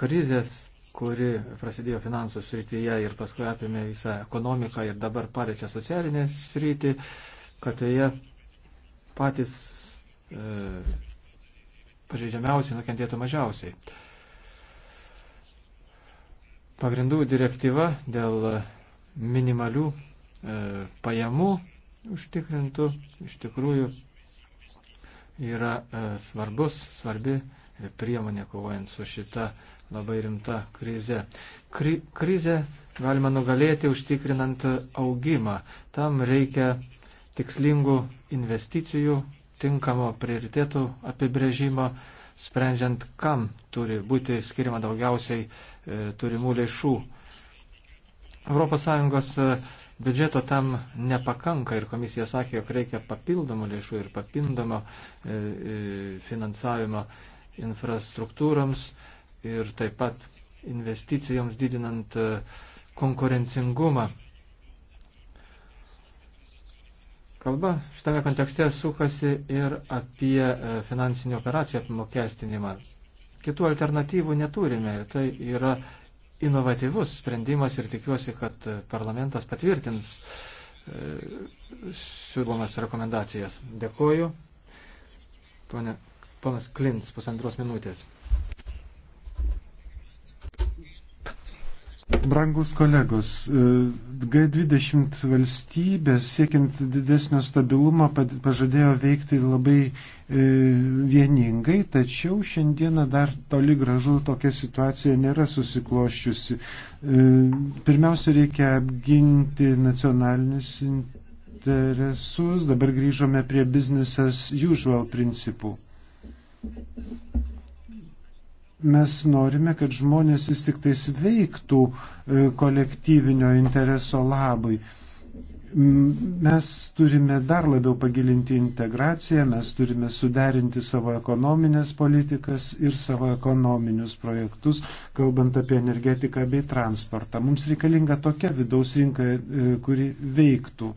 krizės, kuri prasidėjo finansų srityje ir paskui apėmė visą ekonomiką ir dabar paliečia socialinę sritį, kad jie patys e, pažeidžiamiausiai nukentėtų mažiausiai. Pagrindų direktyva dėl minimalių e, pajamų užtikrintų iš tikrųjų yra e, svarbus, svarbi priemonė kovojant su šita labai rimta krize. Kri, krizę galima nugalėti užtikrinant augimą. Tam reikia tikslingų investicijų, tinkamo prioritėtų apibrėžimo, sprendžiant, kam turi būti skiriama daugiausiai e, turimų lėšų. ES e, biudžeto tam nepakanka ir komisija sakė, jog reikia papildomų lėšų ir papildomo e, e finansavimo infrastruktūrams ir taip pat investicijoms didinant e, konkurencingumą Kalba šitame kontekste sukasi ir apie e, finansinių operacijų apmokestinimą. Kitų alternatyvų neturime ir tai yra inovatyvus sprendimas ir tikiuosi, kad e, parlamentas patvirtins e, siūlomas rekomendacijas. Dėkoju. Pone, ponas Klins, pusantros minutės. Brangus kolegos, e, G20 valstybės siekiant didesnio stabilumo pažadėjo veikti labai e, vieningai, tačiau šiandieną dar toli gražu tokia situacija nėra susikloščiusi. E, pirmiausia, reikia apginti nacionalinius interesus, dabar grįžome prie business as usual principų. Mes norime, kad žmonės vis tik tais veiktų e, kolektyvinio intereso labui. Mm, mes turime dar labiau pagilinti integraciją, mes turime suderinti savo ekonominės politikas ir savo ekonominius projektus, kalbant apie energetiką bei transportą. Mums reikalinga tokia vidaus rinka, e, kuri veiktų.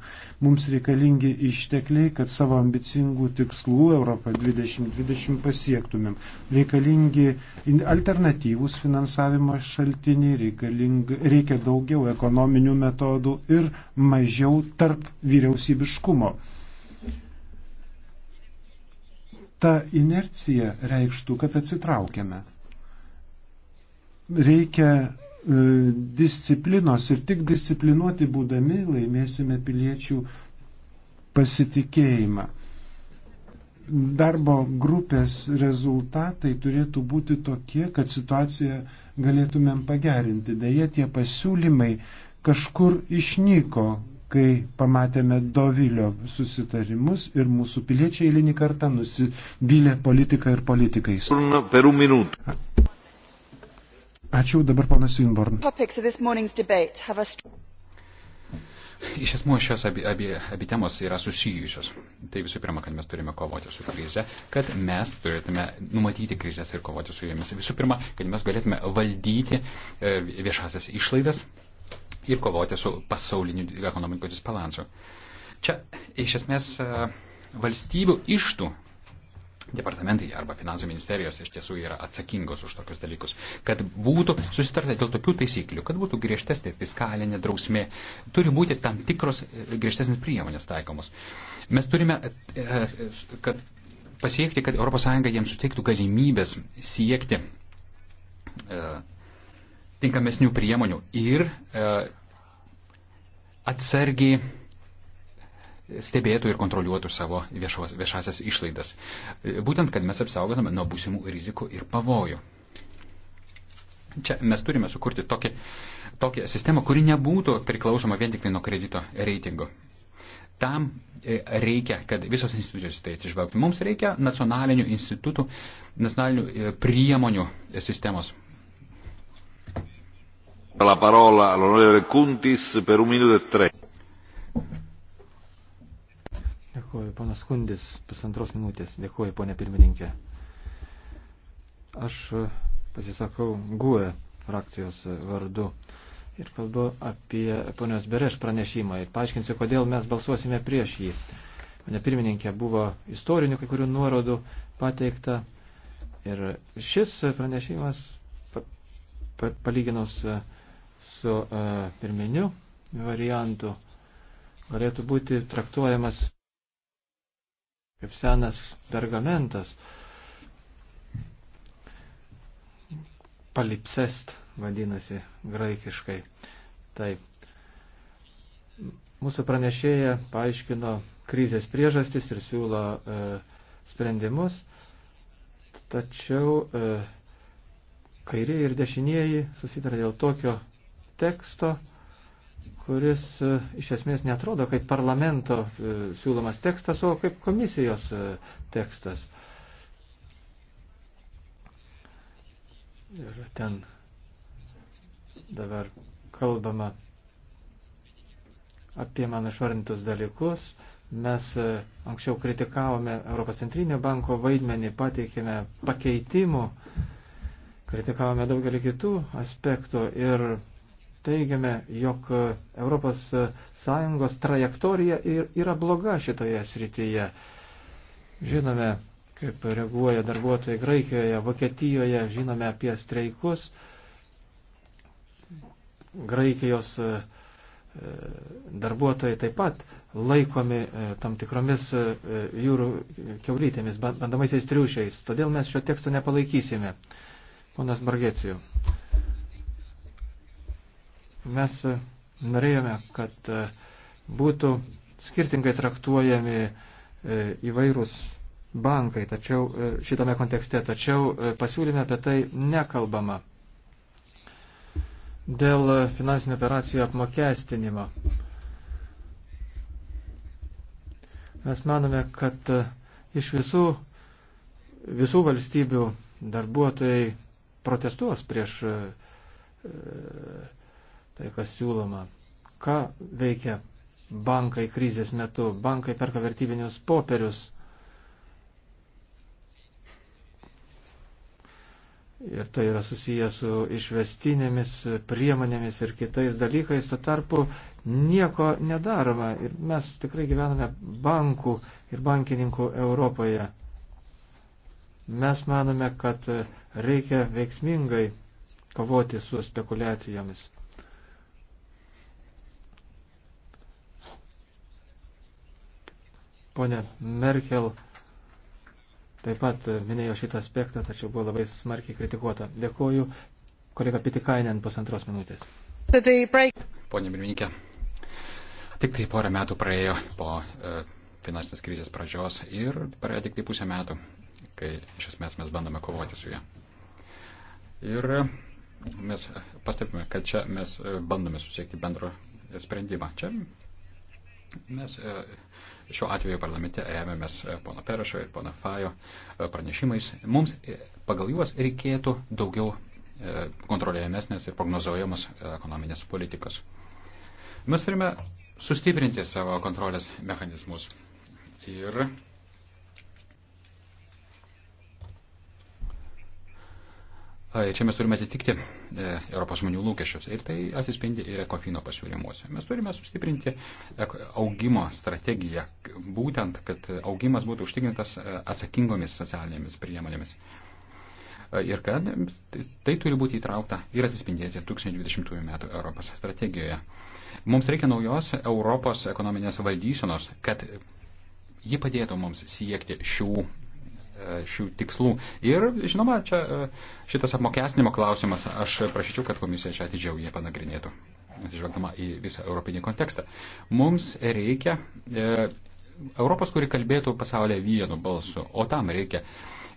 Mums reikalingi ištekliai, kad savo ambicingų tikslų Europą 2020 pasiektumėm. Reikalingi alternatyvūs finansavimo šaltiniai, reikaling, reikia daugiau ekonominių metodų ir mažiau tarp vyriausybiškumo. Ta inercija reikštų, kad atsitraukiame. Reikia e, disciplinos ir tik disciplinuoti būdami laimėsime piliečių pasitikėjimą. Darbo grupės rezultatai turėtų būti tokie, kad situaciją galėtumėm pagerinti. Deja, tie pasiūlymai kažkur išnyko, kai pamatėme Dovilio susitarimus ir mūsų piliečiai eilinį kartą nusivylė politiką ir politikais. Per un minutą. Ačiū, dabar ponas Winborn. Iš esmės šios abi, abi, abi temos yra susijusios. Tai visų pirma, kad mes turime kovoti su krize, kad mes turėtume numatyti krizės ir kovoti su jomis. Visų pirma, kad mes galėtume valdyti e, viešasias išlaidas ir kovoti su pasauliniu ekonomikos disbalansu. Čia iš esmės e, valstybių ištų departamentai arba finansų ministerijos iš tiesų yra atsakingos už tokius dalykus, kad būtų susitarta dėl tokių taisyklių, kad būtų griežtesnė fiskalinė drausmė, turi būti tam tikros e, griežtesnės priemonės taikomos. Mes turime, e, kad pasiekti, kad ES jiems suteiktų galimybės siekti tinkamesnių priemonių ir e, atsargiai stebėtų ir kontroliuotų savo viešos, viešasias išlaidas. E, būtent, kad mes apsaugotume nuo būsimų rizikų ir pavojų. Čia mes turime sukurti tokią, tokią sistemą, kuri nebūtų priklausoma vien tik tai nuo kredito reitingo. Tam e, reikia, kad visos institucijos tai atsižvelgtų. Mums reikia nacionalinių institutų, nacionalinių priemonių sistemos La parola all'onorevole Kuntis per un minuto e tre. Dėkuoju, panas Kundis, pusantros minutės. Dėkuoju, ponė pirmininkė. Aš e, pasisakau GUE frakcijos e, vardu ir kalbu apie ponios Bereš pranešimą ir paaiškinsiu, kodėl mes balsuosime prieš jį. Pane pirmininkė, buvo istorinių kai kurių nuorodų pateikta ir šis pranešimas palyginus. Pa, e, su e, pirminiu variantu galėtų būti traktuojamas kaip senas pergamentas, palipsest vadinasi graikiškai. Taip. Mūsų pranešėja paaiškino krizės priežastis ir siūlo e, sprendimus, tačiau e, kairieji ir dešinieji susitarė dėl tokio teksto, kuris e, iš esmės netrodo kaip parlamento e, siūlomas tekstas, o kaip komisijos e, tekstas. Ir ten dabar kalbama apie mano išvardintus dalykus. Mes anksčiau kritikavome Europos centrinio banko vaidmenį, pateikėme pakeitimų, kritikavome daugelį kitų aspektų ir teigiame, jog ES e, trajektorija yra bloga šitoje srityje. Žinome, kaip reaguoja darbuotojai Graikijoje, Vokietijoje, žinome apie streikus. Graikijos e, e, darbuotojai taip pat laikomi tam tikromis jūrų keulytėmis, bandamaisiais triušiais. Todėl mes šio teksto nepalaikysime. Ponas Bargecijų. Mes norėjome, kad e, būtų skirtingai traktuojami e, įvairūs bankai tačiau, e, šitame kontekste, tačiau pasiūlyme apie tai nekalbama. Dėl finansinių operacijų apmokestinimo. Mes manome, kad iš visų, visų valstybių darbuotojai protestuos prieš tai, kas siūloma. Ką veikia bankai krizės metu? Bankai perka vertybinius popierius. Ir tai yra susiję su išvestinėmis priemonėmis ir kitais dalykais. Tuo tarpu nieko nedaroma. Ir mes tikrai gyvename bankų ir bankininkų Europoje. Mes manome, kad reikia veiksmingai kovoti su spekulacijomis. Pone Merkel taip pat minėjo šitą aspektą, tačiau buvo labai smarkiai kritikuota. Dėkuoju. Kolega Pitikainen pusantros minutės. Pone Birminkė, tik tai porą metų praėjo po e, finansinės krizės pradžios ir praėjo tik tai pusę metų, kai iš esmės mes bandome kovoti su ją. Ir mes pastebime, kad čia mes bandome susiekti bendro sprendimą. Čia mes e, Šiuo atveju parlamente remiamės e, pono Perešo ir pono Fajo e, pranešimais. Mums e, pagal juos reikėtų daugiau kontroliuojamesnės ir prognozuojamos ekonominės politikos. Mes turime sustiprinti savo kontrolės mechanizmus ir Čia mes turime atitikti e, Europos žmonių lūkesčius ir tai atsispindi ir ekofino pasiūlymuose. Mes turime sustiprinti augimo strategiją, būtent, kad augimas būtų užtikrintas e, atsakingomis socialinėmis priemonėmis. E, ir kad tai turi būti įtraukta ir atsispindėti 2020 m. Europos strategijoje. Mums reikia naujos Europos ekonominės valdysenos, kad ji padėtų mums siekti šių šių tikslų. Ir, žinoma, čia e, šitas apmokestinimo klausimas, aš prašyčiau, kad komisija čia atidžiau jie panagrinėtų, atsižvelgdama į visą europinį kontekstą. Mums reikia e, Europos, kuri kalbėtų pasaulyje vienu balsu, o tam reikia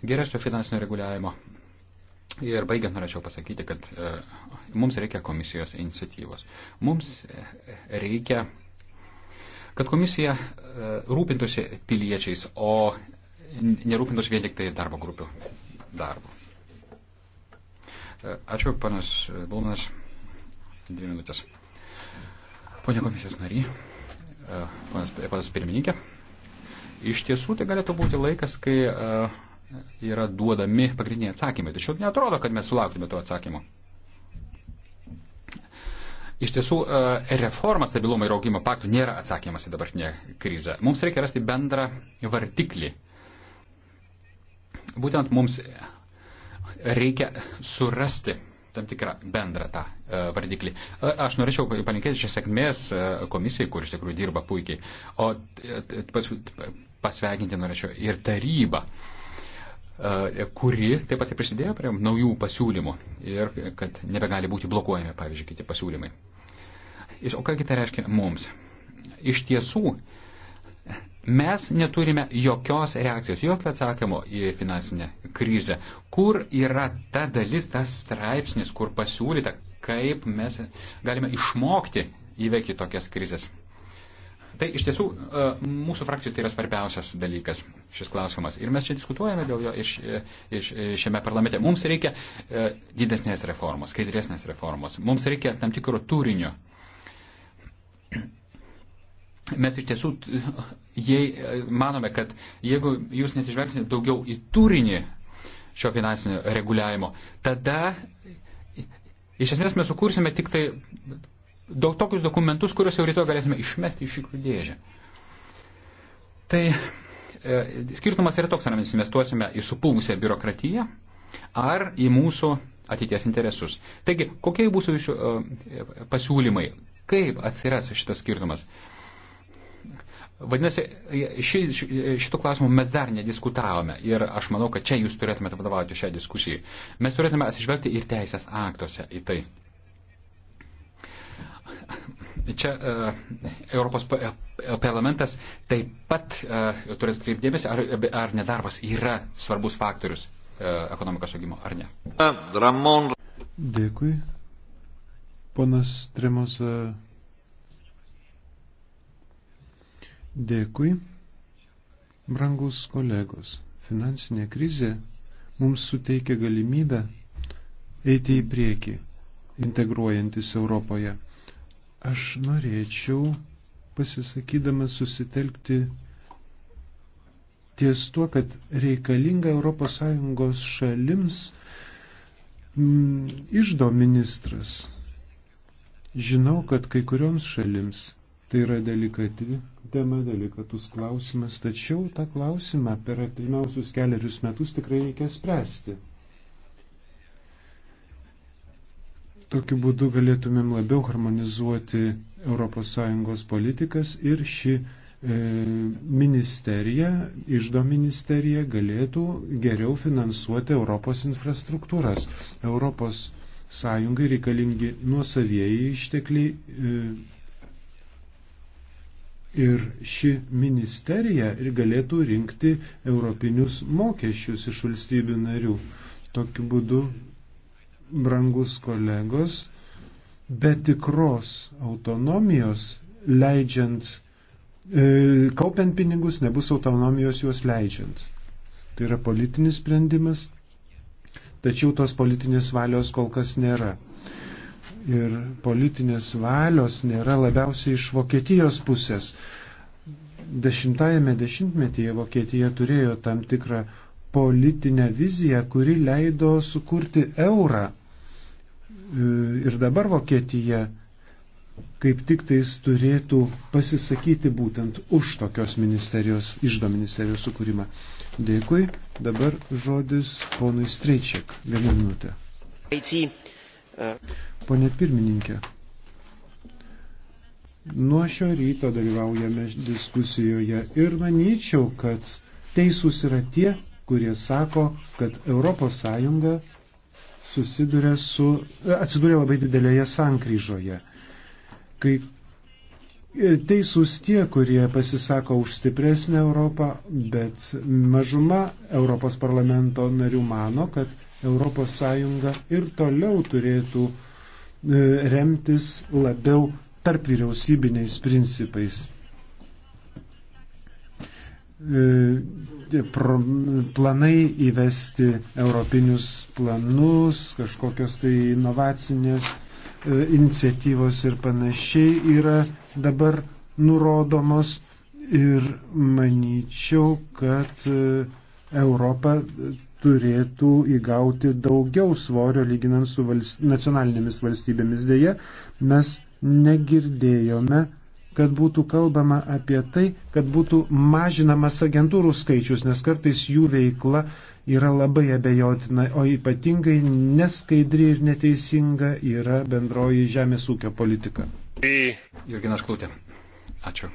geresnio finansinio reguliavimo. Ir baigiant norėčiau pasakyti, kad e, mums reikia komisijos iniciatyvos. Mums e, reikia, kad komisija e, rūpintųsi piliečiais, o nerūpintus vien tik tai darbo grupių darbu. Ačiū, panas Bulmanas. Dvi minutės. Pone komisijos nary, panas, panas pirmininkė, iš tiesų tai galėtų būti laikas, kai e, yra duodami pagrindiniai atsakymai. Tačiau netrodo, kad mes sulauktume to atsakymo. Iš tiesų, e, reforma stabilumo ir augimo paktų nėra atsakymas į dabartinę krizę. Mums reikia rasti bendrą vardiklį būtent mums reikia surasti tam tikrą bendrą tą e, vardiklį. E, aš norėčiau palinkėti čia sėkmės e, komisijai, kur iš tikrųjų dirba puikiai, o pasveikinti norėčiau ir tarybą kuri taip pat ir prisidėjo prie naujų pasiūlymų ir kad nebegali būti blokuojami, pavyzdžiui, kiti pasiūlymai. O kągi tai reiškia mums? Iš tiesų, Mes neturime jokios reakcijos, jokio atsakymo į finansinę krizę. Kur yra ta dalis, tas straipsnis, kur pasiūlyta, kaip mes galime išmokti įveikti tokias krizės? Tai iš tiesų e, mūsų frakcijų tai yra svarbiausias dalykas šis klausimas. Ir mes čia diskutuojame dėl jo iš, e, iš, e, šiame parlamente. Mums reikia didesnės reformos, skaidresnės reformos. Mums reikia tam tikro turinio mes iš tiesų, jei manome, kad jeigu jūs nesižvelgsite daugiau į turinį šio finansinio reguliavimo, tada iš esmės mes sukursime tik tai daug tokius dokumentus, kuriuos jau rytoj galėsime išmesti iš šiukšlių dėžę. Tai e, skirtumas yra toks, ar mes investuosime į supūvusią biurokratiją ar į mūsų ateities interesus. Taigi, kokie bus jūsų e, pasiūlymai? Kaip atsiras šitas skirtumas? E, Vadinasi, e, ši, ši, e, šitų klausimų mes dar nediskutavome ir aš manau, kad čia jūs turėtumėte vadovauti šią diskusiją. Mes turėtume atsižvelgti ir teisės aktuose į tai. Čia uh, Europos parlamentas taip pat uh, turėtų kreipdėmėsi, ar, ar nedarbas yra svarbus faktorius uh, ekonomikos augimo, ar ne. Ramon. Dėkui. Ponas Tremos. Uh... Dėkui. Brangus kolegos, finansinė krizė mums suteikia galimybę eiti į priekį, integruojantis Europoje. Aš norėčiau pasisakydamas susitelkti ties tuo, kad reikalinga ES šalims m, mm, išdo ministras. Žinau, kad kai kurioms šalims tai yra delikatvi tema, delikatus klausimas, tačiau tą klausimą per artimiausius keliarius metus tikrai reikia spręsti. Tokiu būdu galėtumėm labiau harmonizuoti ES politikas ir ši e, ministerija, išdo ministerija galėtų geriau finansuoti Europos infrastruktūras. Europos sąjungai reikalingi nuosavieji ištekliai, e, Ir ši ministerija ir galėtų rinkti europinius mokesčius iš valstybių narių. Tokiu būdu, brangus kolegos, be tikros autonomijos leidžiant, e, kaupiant pinigus, nebus autonomijos juos leidžiant. Tai yra politinis sprendimas, tačiau tos politinės valios kol kas nėra ir politinės valios nėra labiausiai iš Vokietijos pusės. Dešimtajame dešimtmetyje Vokietija turėjo tam tikrą politinę viziją, kuri leido sukurti eurą. E, ir dabar Vokietija kaip tik tais turėtų pasisakyti būtent už tokios ministerijos, išdo ministerijos sukūrimą. Dėkui. Dabar žodis ponui Streičiak. Vieną minutę. IT Pone pirmininkė, nuo šio ryto dalyvaujame diskusijoje ir manyčiau, kad teisūs yra tie, kurie sako, kad ES susiduria su, atsiduria labai didelėje sankryžoje. Kai e, teisūs tie, kurie pasisako už stipresnę Europą, bet mažuma Europos parlamento narių mano, kad ES ir toliau turėtų e, remtis labiau tarp vyriausybiniais principais. E, planai įvesti europinius planus, kažkokios tai inovacinės e, iniciatyvos ir panašiai yra dabar nurodomos ir manyčiau, kad Europa turėtų įgauti daugiau svorio lyginant su valst... nacionalinėmis valstybėmis. Deja, mes negirdėjome, kad būtų kalbama apie tai, kad būtų mažinamas agentūrų skaičius, nes kartais jų veikla yra labai abejotina, o ypatingai neskaidri ir neteisinga yra bendroji žemės ūkio politika. Jurginas Klūtė. Ačiū.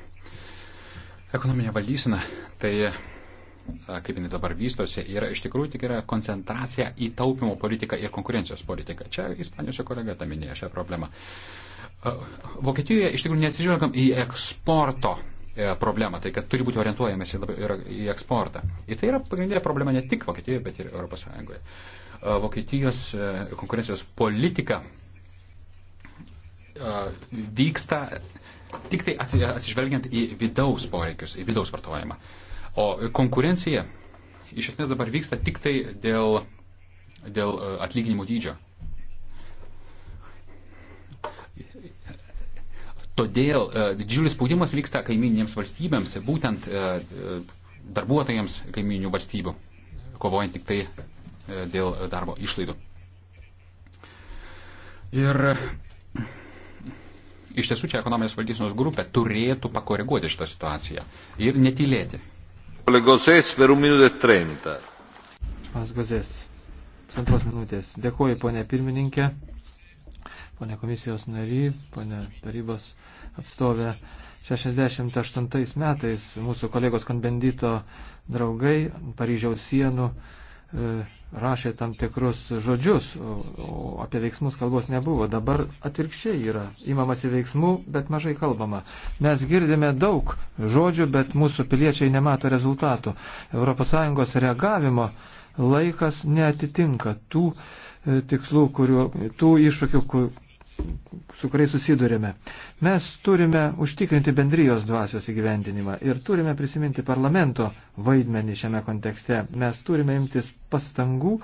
Ekonominė valdysena tai kaip jinai dabar vystosi, yra iš tikrųjų tik yra koncentracija į taupimo politiką ir konkurencijos politiką. Čia Ispanijos kolega tą minėjo šią problemą. Vokietijoje iš tikrųjų neatsižvelgiam į eksporto e, problemą, tai kad turi būti orientuojamasi labiau į eksportą. Ir tai yra pagrindinė problema ne tik Vokietijoje, bet ir Europos Sąjungoje. Vokietijos e, konkurencijos politika vyksta tik tai atsižvelgiant į vidaus poreikius, į vidaus vartojimą. Uh, O konkurencija iš esmės dabar vyksta tik tai dėl, dėl e, atlyginimų dydžio. Todėl e, didžiulis spaudimas vyksta kaimininėms valstybėms, būtent e, darbuotojams kaimininių valstybių, kovojant tik tai dėl darbo išlaidų. Ir iš tiesų čia ekonominės valdysenos grupė turėtų pakoreguoti šitą situaciją ir netylėti. Gozės, per 1 minutę 30. Pas Gozės, pusantros minutės. Dėkuoju, ponė pirmininkė, ponė komisijos nary, ponė tarybos atstovė. 68 metais mūsų kolegos konbendito draugai Paryžiaus sienų E, rašė tam tikrus žodžius, o apie veiksmus kalbos nebuvo. Dabar atvirkščiai yra įmamasi veiksmų, bet mažai kalbama. Mes girdime daug žodžių, bet mūsų piliečiai nemato rezultatų. ES reagavimo laikas neatitinka tų e, tikslų, kuriuo, tų iššūkių, su kuriais susidurime. Mes turime užtikrinti bendrijos dvasios įgyvendinimą ir turime prisiminti parlamento vaidmenį šiame kontekste. Mes turime imtis pastangų,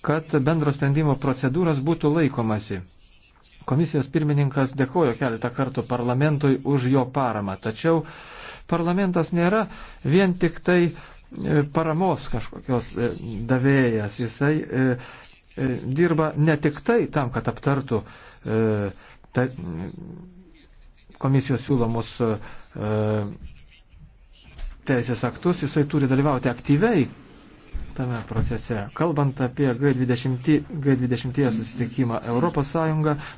kad bendro sprendimo procedūros būtų laikomasi. Komisijos pirmininkas dėkojo keletą kartų parlamentui už jo paramą, tačiau parlamentas nėra vien tik tai e, paramos kažkokios e, davėjas. Jisai e, E, dirba ne tik tai tam, kad aptartų e, ta, komisijos siūlomus e, teisės aktus, jisai turi dalyvauti aktyviai tame procese. Kalbant apie G20, G20 susitikimą, ES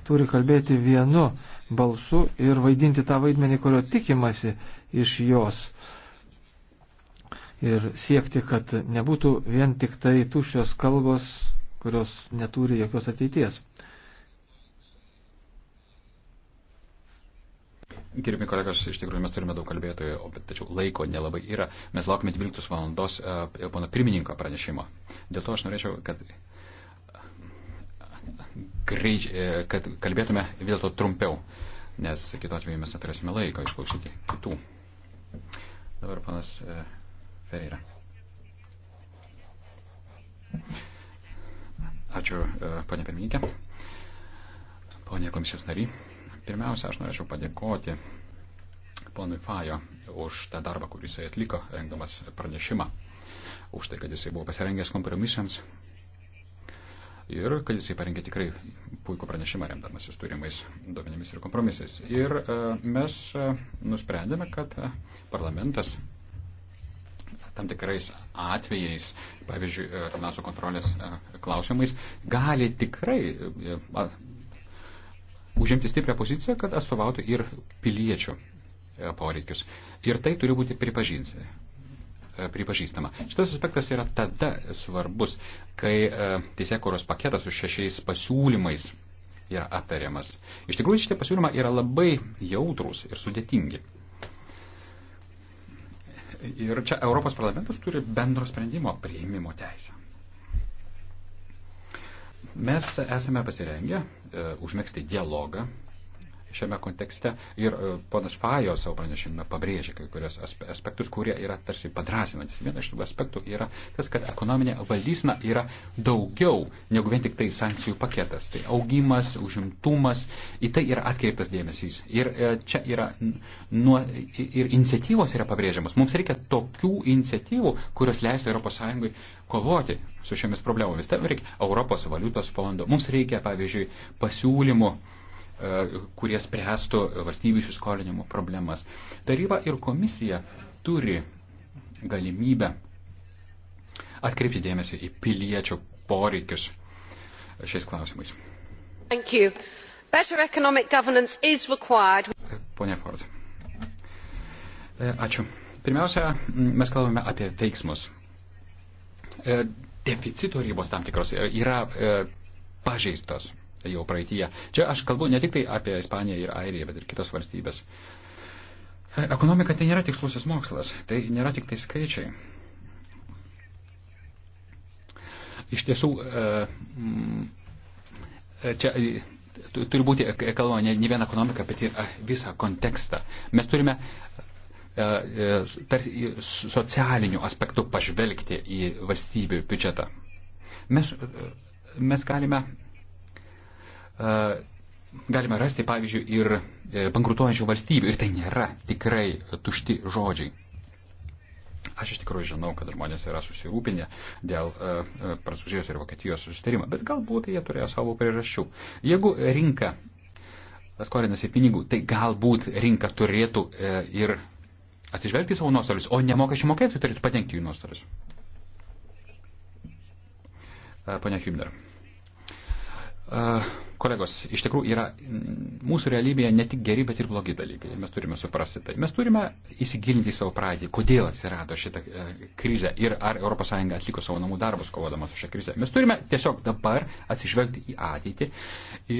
turi kalbėti vienu balsu ir vaidinti tą vaidmenį, kurio tikimasi iš jos ir siekti, kad nebūtų vien tik tai tušios kalbos, kurios neturi jokios ateities. Gerbimi kolegos, iš tikrųjų mes turime daug kalbėtojų, tačiau laiko nelabai yra. Mes laukime 12 valandos uh, pono pirmininko pranešimo. Dėl to aš norėčiau, kad, greič, e, kad kalbėtume vis dėlto trumpiau, nes kitu atveju mes neturėsime laiko išklausyti kitų. Dabar panas uh, e, Ferreira. Ačiū, e, ponė pirmininkė. Ponė komisijos nariai. Pirmiausia, aš norėčiau padėkoti ponui Fajo už tą darbą, kurį jisai atliko, rengdamas pranešimą. Už tai, kad jisai buvo pasirengęs kompromisams. Ir kad jisai parengė tikrai puikų pranešimą remdamasis turimais duomenimis ir kompromisais. Ir e, mes e, nusprendėme, kad parlamentas tam tikrais atvejais, pavyzdžiui, e, finansų kontrolės e, klausimais, gali tikrai e, užimti stiprią poziciją, kad atstovautų ir piliečių poreikius. Ir tai turi būti pripažinti. Pripažįstama. Šitas aspektas yra tada svarbus, kai teisėkuros paketas su šešiais pasiūlymais yra aptariamas. Iš tikrųjų, šitie pasiūlymai yra labai jautrus ir sudėtingi. Ir čia Europos parlamentas turi bendro sprendimo prieimimo teisę. Mes esame pasirengę e, užmėgsti dialogą šiame kontekste ir e, ponas Fajo savo pranešime pabrėžė kai kurias aspektus, kurie yra tarsi padrasinantis. Vienas iš tų aspektų yra tas, kad ekonominė valdysena yra daugiau negu vien tik tai sankcijų paketas. Tai augimas, užimtumas, į tai yra atkreiptas dėmesys. Ir e, čia yra nuo, ir iniciatyvos yra pabrėžiamas. Mums reikia tokių iniciatyvų, kurios leistų ES kovoti su šiomis problemomis. Tam reikia Europos valiutos fondo. Mums reikia, pavyzdžiui, pasiūlymų E, kurie spręstų valstybių įsiskolinimo problemas. Taryba ir komisija turi galimybę atkreipti dėmesį į piliečių poreikius šiais klausimais. E, Pone Ford. E, ačiū. Pirmiausia, mes kalbame apie veiksmus. Deficito ribos tam tikros yra pažeistos jau praeitie. Čia aš kalbu ne tik tai apie Ispaniją ir Airiją, bet ir kitas valstybės. Ekonomika tai nėra tikslusis mokslas, tai nėra tik tai skaičiai. Iš tiesų, e, čia e, turi būti e, kalbama ne, ne vien ekonomika, bet ir visą kontekstą. Mes turime tarsi socialiniu aspektu pažvelgti į valstybių biudžetą. Mes, mes galime E, galime rasti, pavyzdžiui, ir e, bankrutuojančių valstybių. Ir tai nėra tikrai tušti žodžiai. Aš iš tikrųjų žinau, kad žmonės yra susirūpinę dėl uh, Prancūzijos ir Vokietijos susitarimo, bet galbūt jie turėjo savo priežasčių. Jeigu rinka skolinasi pinigų, tai galbūt rinka turėtų uh, ir atsižvelgti savo nuostolius, o nemokesčių mokėtojai turėtų padengti jų nuostolius. Uh, Pane Hübner. Uh, Kolegos, iš tikrųjų yra mūsų realybėje ne tik geri, bet ir blogi dalykai. Mes turime suprasti tai. Mes turime įsigilinti į savo praeitį, kodėl atsirado šitą e, krizę ir ar ES atliko savo namų darbus kovodama su šią krizę. Mes turime tiesiog dabar atsižvelgti į ateitį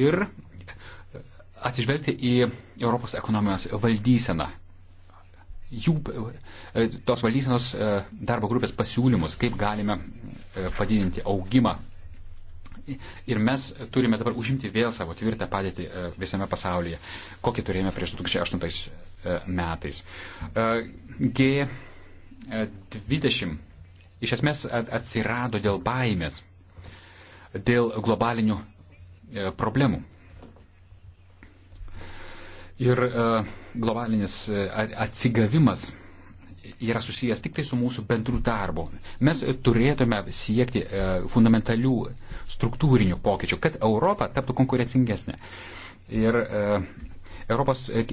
ir e, atsižvelgti į Europos ekonomijos valdyseną. Jų e, tos valdysenos darbo grupės pasiūlymus, kaip galime padidinti augimą Ir mes turime dabar užimti vėl savo tvirtą padėtį e, visame pasaulyje, kokį turėjome prieš 2008 e, metais. E, G20 iš esmės atsirado dėl baimės, dėl globalinių problemų. Ir globalinis atsigavimas yra susijęs tik tai su mūsų bendru darbu. Mes turėtume siekti e, fundamentalių struktūrinių pokyčių, kad Europa taptų konkurencingesnė. Ir e, Europos e,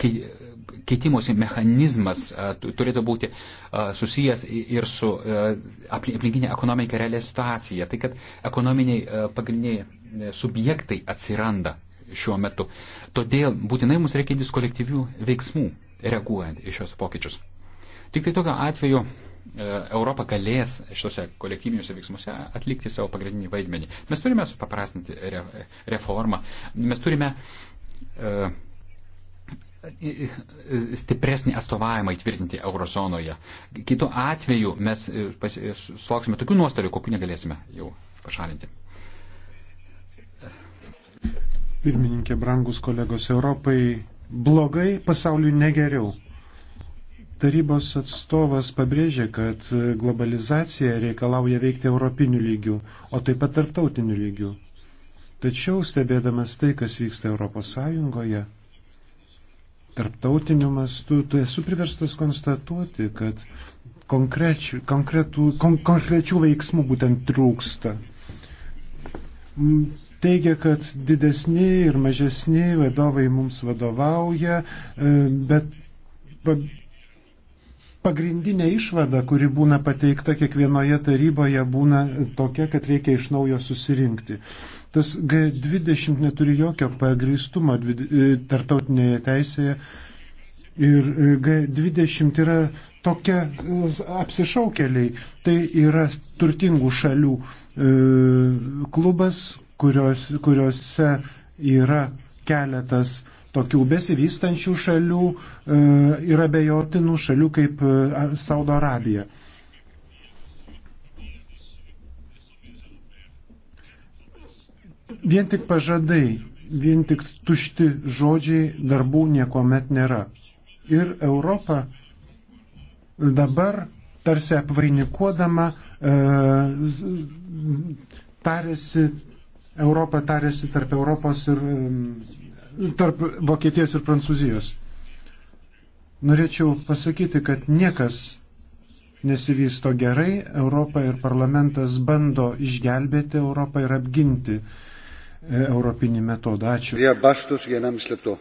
keitimosi mechanizmas turėtų būti susijęs ir su aplinkinė ekonominė realiai situacija. Tai kad ekonominiai pagrindiniai subjektai atsiranda šiuo metu. Todėl būtinai mums reikia imtis kolektyvių veiksmų reaguojant į šios pokyčius. Tik tai tokiu atveju e, Europa galės šiuose kolektyviniuose veiksmuose atlikti savo pagrindinį vaidmenį. Mes turime supaprastinti re, reformą, mes turime uh, stipresnį atstovavimą įtvirtinti eurozonoje. Kitu atveju mes e, sulauksime tokių nuostolių, kokių negalėsime jau pašalinti. Pirmininkė, brangus kolegos Europai, blogai, pasauliu negeriau. Tarybos atstovas pabrėžė, kad globalizacija reikalauja veikti europinių lygių, o taip pat tarptautinių lygių. Tačiau stebėdamas tai, kas vyksta Europos Sąjungoje, tarptautiniu mastu, tu esi priverstas konstatuoti, kad konkrečių, konkretų, kon, konkrečių veiksmų būtent trūksta teigia, kad didesni ir mažesni vadovai mums vadovauja, e, bet pagrindinė išvada, kuri būna pateikta kiekvienoje taryboje, būna tokia, kad reikia iš naujo susirinkti. Tas G20 neturi jokio pagristumo e, tarptautinėje teisėje Ir e, G20 yra tokia e, apsišaukeliai. Tai yra turtingų šalių e, klubas, kurios, kuriuose yra keletas tokių besivystančių šalių ir abejotinų šalių kaip Saudo Arabija. Vien tik pažadai, vien tik tušti žodžiai darbų niekuomet nėra ir Europą dabar tarsi apvainikuodama e, tarėsi, Europą tarėsi tarp Europos ir e, tarp Vokietijos ir Prancūzijos. Norėčiau pasakyti, kad niekas nesivysto gerai, Europą ir parlamentas bando išgelbėti Europą ir apginti e, europinį metodą. Ačiū.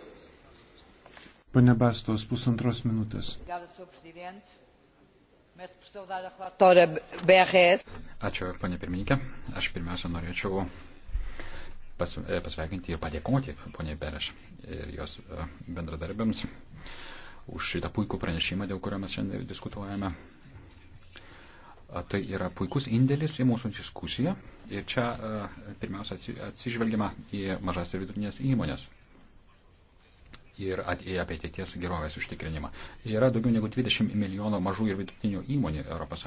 Pane Bastos, pusantros minutės. Ačiū, panė pirmininkė. Aš pirmiausia norėčiau pas, e, pasveikinti ir padėkoti poniai Bereš ir jos e, bendradarbiams už šitą puikų pranešimą, dėl kurio mes šiandien diskutuojame. Tai yra puikus indėlis į mūsų diskusiją ir čia e, pirmiausia atsižvelgiama į mažas ir vidutinės įmonės ir apie ateities gerovės užtikrinimą. Yra daugiau negu 20 milijonų mažų ir vidutinių įmonių ES.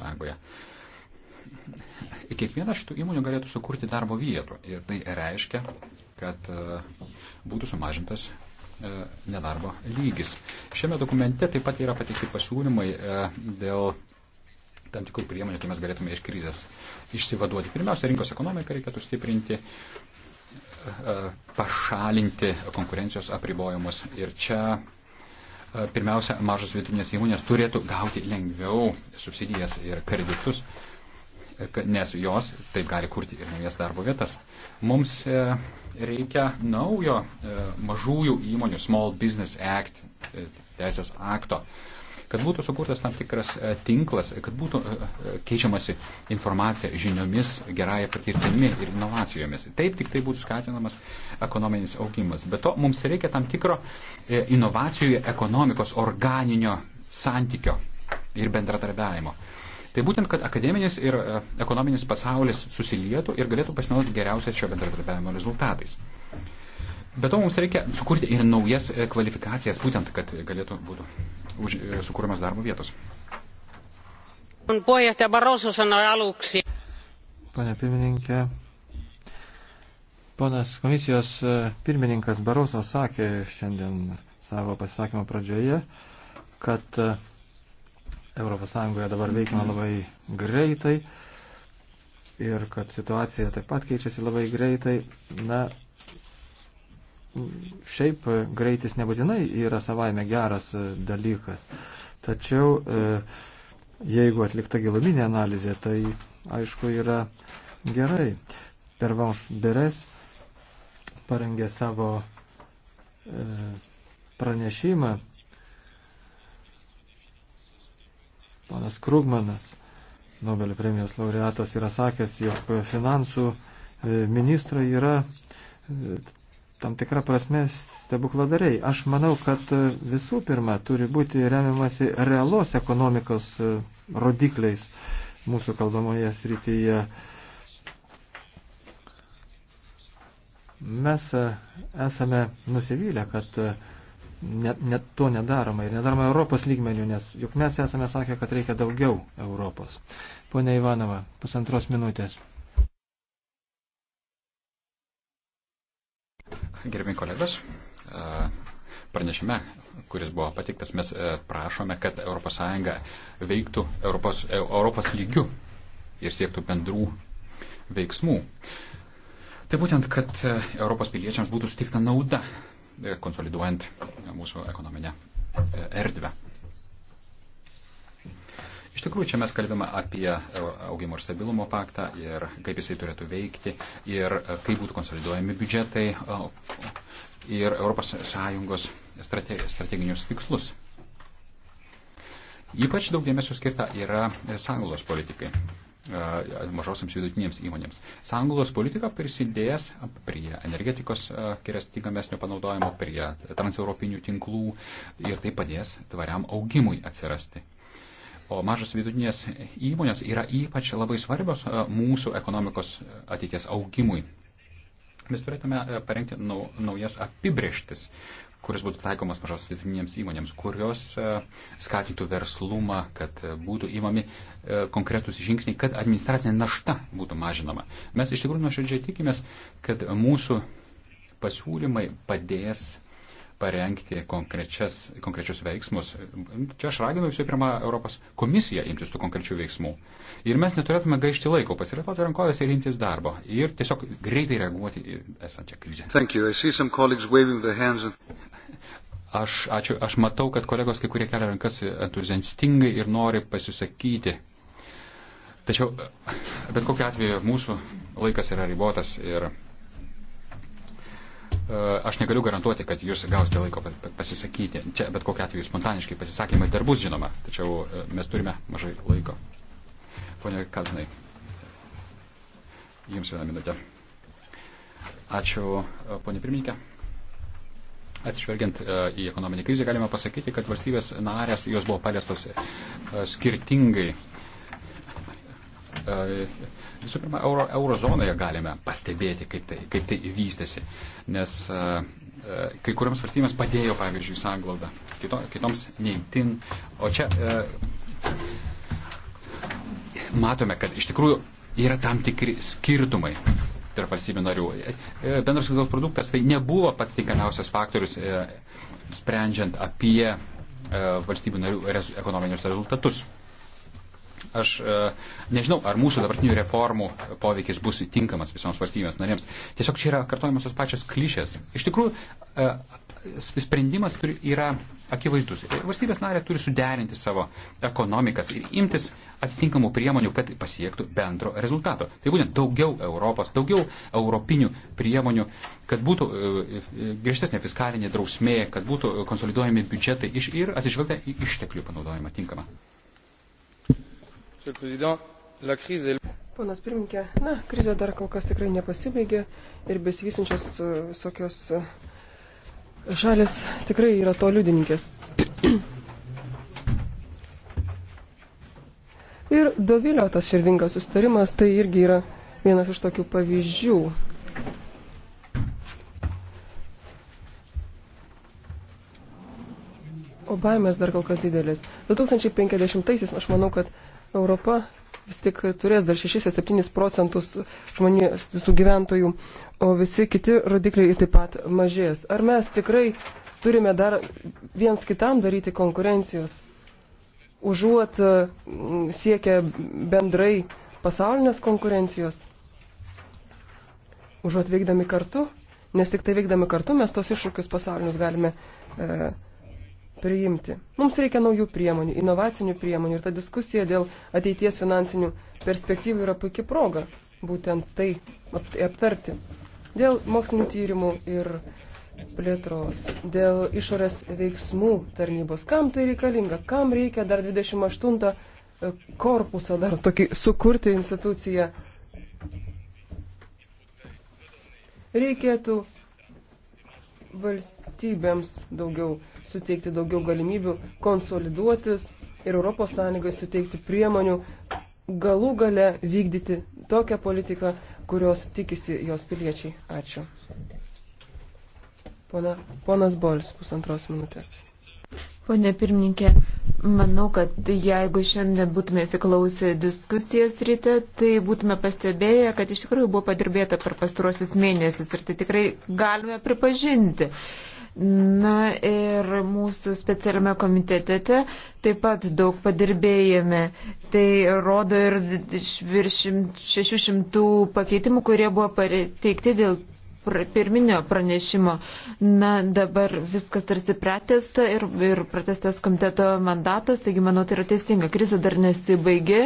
Kiekviena šitų įmonių galėtų sukurti darbo vietų ir tai reiškia, kad e, būtų sumažintas e, nedarbo lygis. Šiame dokumente taip pat yra pateikti pasiūlymai e, dėl tam tikrų priemonių, kai mes galėtume iš krizės išsivaduoti. Pirmiausia, rinkos ekonomiką reikėtų stiprinti, E, pašalinti konkurencijos apribojimus. Ir čia e, pirmiausia, mažos vidutinės įmonės turėtų gauti lengviau subsidijas ir kreditus, e, nes jos taip gali kurti ir naujas darbo vietas. Mums reikia naujo mažųjų įmonių Small Business Act teisės akto kad būtų sukurtas tam tikras e, tinklas, kad būtų e, e, keičiamasi informacija žiniomis, gerąją patirtimi ir inovacijomis. Taip tik tai būtų skatinamas ekonominis augimas. Be to, mums reikia tam tikro inovacijų ekonomikos organinio santykio ir bendradarbiavimo. Tai būtent, kad akademinis ir ekonominis pasaulis susilietų ir galėtų pasinaudoti geriausiais šio bendradarbiavimo rezultatais. Be to mums reikia sukurti ir naujas e, kvalifikacijas, būtent, kad galėtų būtų už, e, sukūrimas darbo vietos. Pane pirmininkė, ponas komisijos e, pirmininkas Baroso sakė šiandien savo pasisakymo pradžioje, kad ES dabar veikime labai greitai ir kad situacija taip pat keičiasi labai greitai. Na, šiaip e, greitis nebūtinai yra savaime geras e, dalykas. Tačiau e, jeigu atlikta giluminė analizė, tai aišku yra gerai. Pervanš Beres parengė savo pranešimą. Panas Krugmanas, Nobelio premijos laureatas, yra sakęs, jog finansų ministrai yra tam tikrą prasme stebukladariai. Aš manau, kad visų pirma turi būti remiamasi realos ekonomikos e, rodikliais mūsų kalbamoje srityje. Mes e, esame nusivylę, kad net, net to nedaroma ir nedaroma Europos lygmenių, nes juk mes esame sakę, kad reikia daugiau Europos. Pone Ivanova, pusantros minutės. gerbimi kolegos, e, pranešime, kuris buvo patiktas, mes e, prašome, kad ES veiktų Europos, e, Europos lygių ir siektų bendrų veiksmų. Tai būtent, kad Europos piliečiams būtų suteikta nauda, konsoliduojant mūsų ekonominę erdvę. Iš tikrųjų, čia mes kalbame apie e, augimo ir stabilumo paktą ir kaip jisai turėtų veikti ir e, kaip būtų konsoliduojami biudžetai ir ES strateginius tikslus. Ypač daug dėmesio skirta yra sąjungos politikai e, mažosiams vidutinėms įmonėms. Sąjungos politika prisidės prie energetikos tinkamesnio panaudojimo, prie transeuropinių tinklų ir tai padės tvariam augimui atsirasti. O mažos vidutinės įmonės yra ypač labai svarbios e, mūsų ekonomikos e, ateities augimui. Mes turėtume e, parengti naujas apibrieštis, kuris būtų taikomas mažos vidutinėms įmonėms, kurios skatintų verslumą, kad būtų įmami konkretus žingsniai, kad administracinė našta būtų mažinama. Mes iš tikrųjų nuoširdžiai tikimės, kad mūsų pasiūlymai padės parengti konkrečius veiksmus. Čia aš raginu visų pirma Europos komisiją imtis tų konkrečių veiksmų. Ir mes neturėtume gaišti laiko, pasirepoti rankovės ir imtis darbo. Ir tiesiog greitai reaguoti į esančią krizę. Aš, ačiū, aš matau, kad kolegos kai kurie kelia rankas entuziastingai ir nori pasisakyti. Tačiau, bet kokiu atveju, mūsų laikas yra ribotas ir Aš negaliu garantuoti, kad jūs gausite laiko pasisakyti. Čia bet kokiu atveju spontaniškai pasisakymai dar bus žinoma, tačiau e, mes turime mažai laiko. Pone Kadnai, jums vieną minutę. Ačiū, e, ponė pirmininkė. Atsižvelgiant e, į ekonominį krizę, galima pasakyti, kad valstybės narės jos buvo paliestos skirtingai visų pirma, euro, eurozonoje galime pastebėti, kaip tai, kaip tai vystėsi. Nes kai kuriams valstybėms padėjo, pavyzdžiui, sanglauda, kito, kitoms neįtin. O čia matome, kad iš tikrųjų yra tam tikri skirtumai tarp valstybių narių. E, bendras vidaus produktas tai nebuvo pats tinkamiausias faktorius e, sprendžiant apie e, valstybių narių ekonominius rezultatus. Aš e, nežinau, ar mūsų dabartinių reformų poveikis bus tinkamas visoms valstybėms narėms. Tiesiog čia yra kartojamosios pačios klišės. Iš tikrųjų, e, sprendimas yra akivaizdus. Valstybės narė turi suderinti savo ekonomikas ir imtis atitinkamų priemonių, kad pasiektų bendro rezultato. Tai būtent daugiau Europos, daugiau europinių priemonių, kad būtų e, griežtesnė fiskalinė drausmė, kad būtų konsoliduojami biudžetai ir atsižvelgta į išteklių panaudojimą tinkamą. Ponas pirminkė, na, krizė dar kol kas tikrai nepasibaigė ir besivysinčios e, visokios e, šalis tikrai yra to liudininkės. (clears throat) ir Dovilio tas širvingas sustarimas tai irgi yra vienas iš tokių pavyzdžių. O baimės dar kol kas didelės. 2050-aisiais aš manau, kad Europa vis tik turės dar 6-7 procentus žmonių visų gyventojų, o visi kiti rodikliai taip pat mažės. Ar mes tikrai turime dar viens kitam daryti konkurencijos, užuot siekia bendrai pasaulinės konkurencijos, užuot veikdami kartu, nes tik tai veikdami kartu mes tos iššūkius pasaulinius galime. E, priimti. Mums reikia naujų priemonių, inovacinių priemonių ir ta diskusija dėl ateities finansinių perspektyvų yra puikia proga būtent tai aptarti. Dėl mokslinių tyrimų ir plėtros, dėl išorės veiksmų tarnybos, kam tai reikalinga, kam reikia dar 28 e, korpusą dar tokį sukurti instituciją. Reikėtų valstybės valstybėms daugiau suteikti daugiau galimybių konsoliduotis ir ES suteikti priemonių galų gale vykdyti tokią politiką, kurios tikisi jos piliečiai. Ačiū. Pona, ponas Bolis, pusantros minutės. Pone pirmininkė, manau, kad jeigu šiandien būtume įsiklausę diskusijas ryte, tai būtume pastebėję, kad iš tikrųjų buvo padirbėta per pastaruosius mėnesius ir tai tikrai galime pripažinti. Na ir mūsų specialiame komitetete taip pat daug padirbėjome. Tai rodo ir virš 600 pakeitimų, kurie buvo pateikti dėl pirminio pranešimo. Na, dabar viskas tarsi pratesta ir, ir pratestas komiteto mandatas, taigi manau tai yra teisinga. Krize dar nesibaigė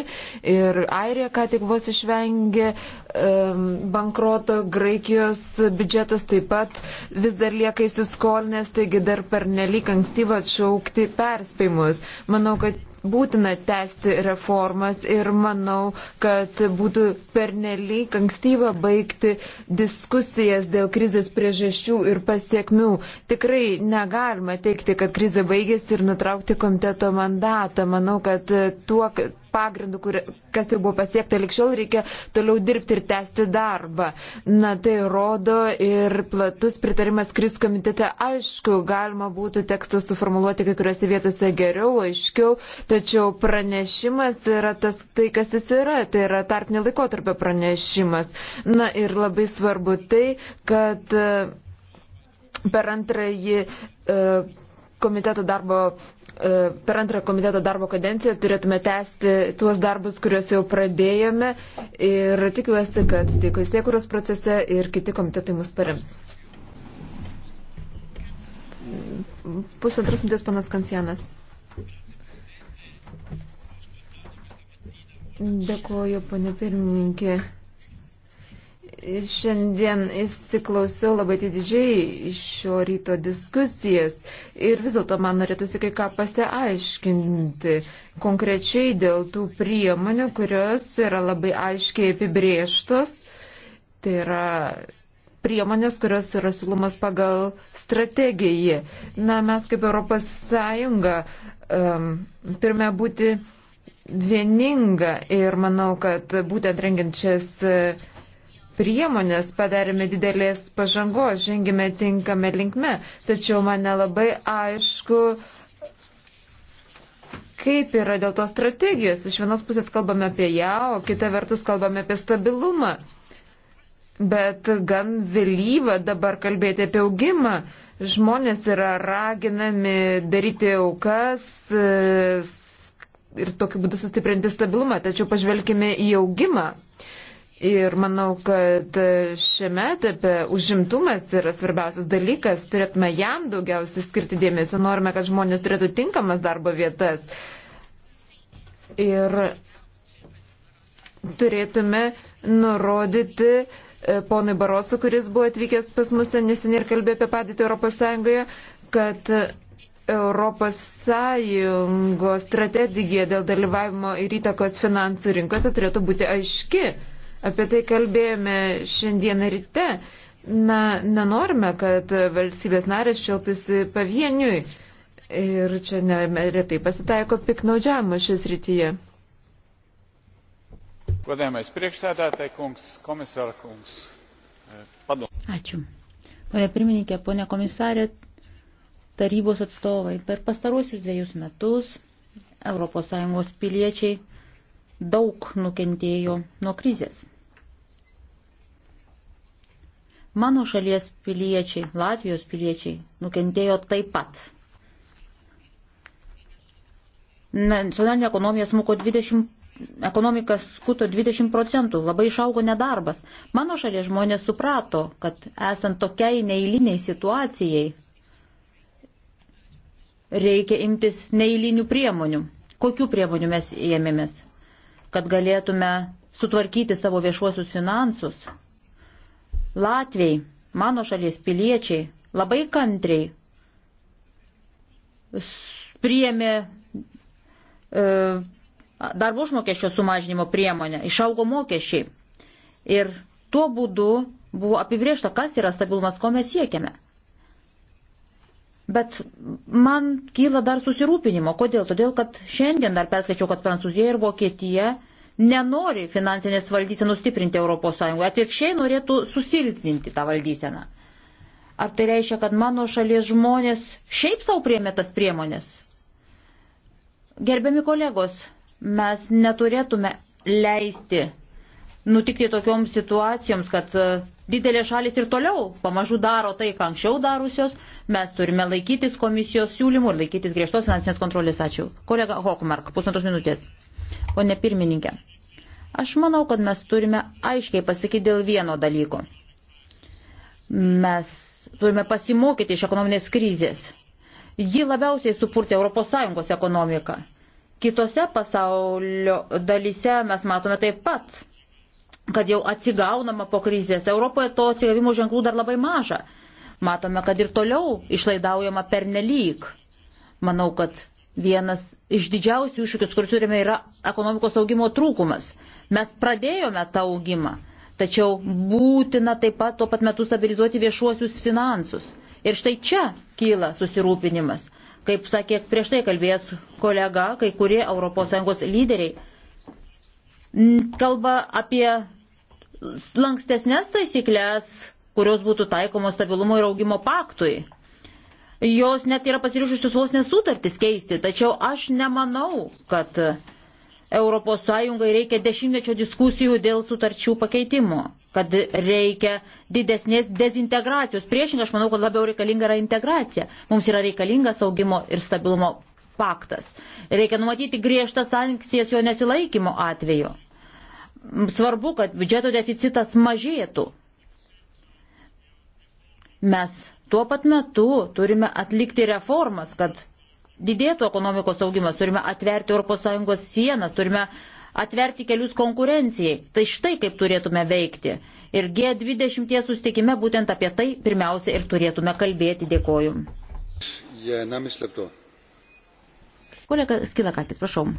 ir Airija ką tik vos išvengė um, bankroto, Graikijos biudžetas taip pat vis dar lieka įsiskolinęs, taigi dar per nelik ankstyva atšaukti perspėjimus. Manau, kad būtina tęsti reformas ir manau, kad būtų pernelyg ankstyva baigti diskusijas dėl krizės priežasčių ir pasiekmių. Tikrai negalima teikti, kad krizė baigėsi ir nutraukti komiteto mandatą. Manau, kad tuo, pagrindų, kur, kas jau buvo pasiekta likščiau, reikia toliau dirbti ir tęsti darbą. Na, tai rodo ir platus pritarimas kris komitete. Aišku, galima būtų tekstą suformuoluoti kai kuriuose vietose geriau, aiškiau, tačiau pranešimas yra tas, tai kas jis yra, tai yra tarpinio laikotarpio pranešimas. Na ir labai svarbu tai, kad e, per antrąjį e, komiteto darbo E, per antrą komiteto darbo kadenciją turėtume tęsti tuos darbus, kuriuos jau pradėjome ir tikiuosi, kad tiek įsiekuros procese ir kiti komitetai mus parems. Pusantros minutės panas Kancianas. Dėkuoju, pane pirmininkė. Ir šiandien įsiklausiau labai didžiai šio ryto diskusijas ir vis dėlto man norėtųsi kai ką pasiaiškinti konkrečiai dėl tų priemonių, kurios yra labai aiškiai apibrieštos. Tai yra priemonės, kurios yra siūlomas pagal strategiją. Na, mes kaip Europos Sąjunga um, turime būti vieninga ir manau, kad būtent rengiant šias. Uh, priemonės padarėme didelės pažangos, žengėme tinkame linkme, tačiau man nelabai aišku, kaip yra dėl tos strategijos. Iš vienos pusės kalbame apie ją, o kita vertus kalbame apie stabilumą. Bet gan vėlyva dabar kalbėti apie augimą. Žmonės yra raginami daryti aukas e, ir tokiu būdu sustiprinti stabilumą. Tačiau pažvelkime į augimą. Ir manau, kad šiame etape užimtumas yra svarbiausias dalykas, turėtume jam daugiausiai skirti dėmesio, norime, kad žmonės turėtų tinkamas darbo vietas. Ir turėtume nurodyti e, ponui Barosu, kuris buvo atvykęs pas mus neseniai ir kalbėjo apie padėtį Europos Sąjungoje, kad ES strategija dėl dalyvavimo ir įtakos finansų rinkose turėtų būti aiški. Apie tai kalbėjome šiandieną ryte. Na, nenorime, kad valstybės narės šiltųsi pavieniui. Ir čia neretai pasitaiko piknaudžiamo šis rytyje. Godėjimais priekšsėdėtai, kungs, komisar, kungs. Eh, padom. Ačiū. Pone pirmininkė, pone komisarė, tarybos atstovai, per pastaruosius dviejus metus ES piliečiai daug nukentėjo nuo krizės. Mano šalies piliečiai, Latvijos piliečiai nukentėjo taip pat. Nacionalinė ekonomija smuko 20, ekonomika skuto 20 procentų, labai išaugo nedarbas. Mano šalies žmonės suprato, kad esant tokiai neįliniai situacijai reikia imtis neįlinių priemonių. Kokių priemonių mes ėmėmės, kad galėtume sutvarkyti savo viešuosius finansus? Latviai, mano šalies piliečiai, labai kantriai priėmė e, darbo užmokesčio sumažinimo priemonę, išaugo mokesčiai. Ir tuo būdu buvo apibriešta, kas yra stabilumas, ko mes siekiame. Bet man kyla dar susirūpinimo. Kodėl? Todėl, kad šiandien dar perskaičiau, kad Prancūzija ir Vokietija nenori finansinės valdysenos stiprinti ES, atvirkščiai norėtų susilpninti tą valdyseną. Ar tai reiškia, kad mano šalies žmonės šiaip savo priemė tas priemonės? Gerbiami kolegos, mes neturėtume leisti nutikti tokioms situacijoms, kad e, didelės šalis ir toliau pamažu daro tai, ką anksčiau darusios. Mes turime laikytis komisijos siūlymų ir laikytis griežtos finansinės kontrolės. Ačiū. Kolega Hokmark, pusantros minutės. Pone pirmininkė, aš manau, kad mes turime aiškiai pasakyti dėl vieno dalyko. Mes turime pasimokyti iš ekonominės krizės. Ji labiausiai supurtė ES ekonomiką. Kitose pasaulio dalyse mes matome taip pat, kad jau atsigaunama po krizės. Europoje to atsigavimo ženklų dar labai maža. Matome, kad ir toliau išlaidaujama per nelyg. Manau, kad Vienas iš didžiausių iššūkių, kurį turime, yra ekonomikos augimo trūkumas. Mes pradėjome tą augimą, tačiau būtina taip pat tuo pat metu stabilizuoti viešuosius finansus. Ir štai čia kyla susirūpinimas. Kaip sakė prieš tai kalbėjęs kolega, kai kurie ES lyderiai kalba apie lankstesnės taisyklės, kurios būtų taikomos stabilumo ir augimo paktui jos net yra pasiryžusios vos nesutartis keisti. Tačiau aš nemanau, kad ES reikia dešimtmečio diskusijų dėl sutarčių pakeitimo, kad reikia didesnės dezintegracijos. Priešingai, aš manau, kad labiau reikalinga yra integracija. Mums yra reikalingas augimo ir stabilumo paktas. Reikia numatyti griežtas sankcijas jo nesilaikymo atveju. Svarbu, kad biudžeto deficitas mažėtų. Mes Tuo pat metu turime atlikti reformas, kad didėtų ekonomikos augimas, turime atverti ES sienas, turime atverti kelius konkurencijai. Tai štai kaip turėtume veikti. Ir G20 sustikime būtent apie tai pirmiausia ir turėtume kalbėti. Dėkoju. Kolega Skilakakis, prašau.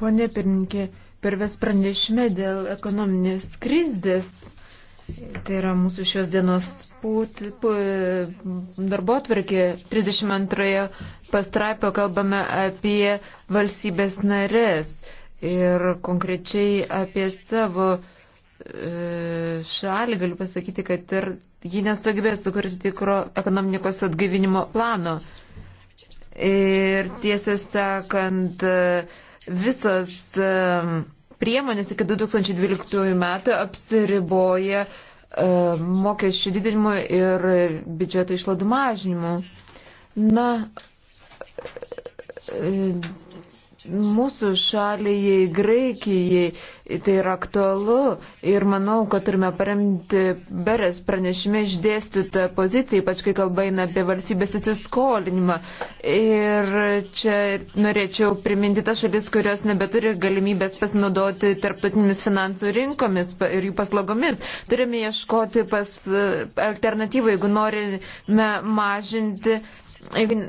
Pane pirmininkė, perves pranešime dėl ekonominės krizės. Tai yra mūsų šios dienos put, pu, darbo atvarkė 32 pastraipio kalbame apie valstybės narės ir konkrečiai apie savo e, šalį galiu pasakyti, kad ir ji nesugebėjo sukurti tikro ekonomikos atgaivinimo plano. Ir tiesą sakant, visos e, priemonės iki 2012 metų apsiriboja e, mokesčių didinimu ir biudžeto išlaidų mažinimu. Na, e, mūsų šaliai, Graikijai, tai yra aktualu ir manau, kad turime paremti Beres pranešime išdėstytą poziciją, ypač kai kalba eina apie valstybės įsiskolinimą. Ir čia norėčiau priminti tas šalis, kurios nebeturi galimybės pasinaudoti tarptautinėmis finansų rinkomis ir jų paslaugomis. Turime ieškoti pas alternatyvą, jeigu norime mažinti. Jeigu,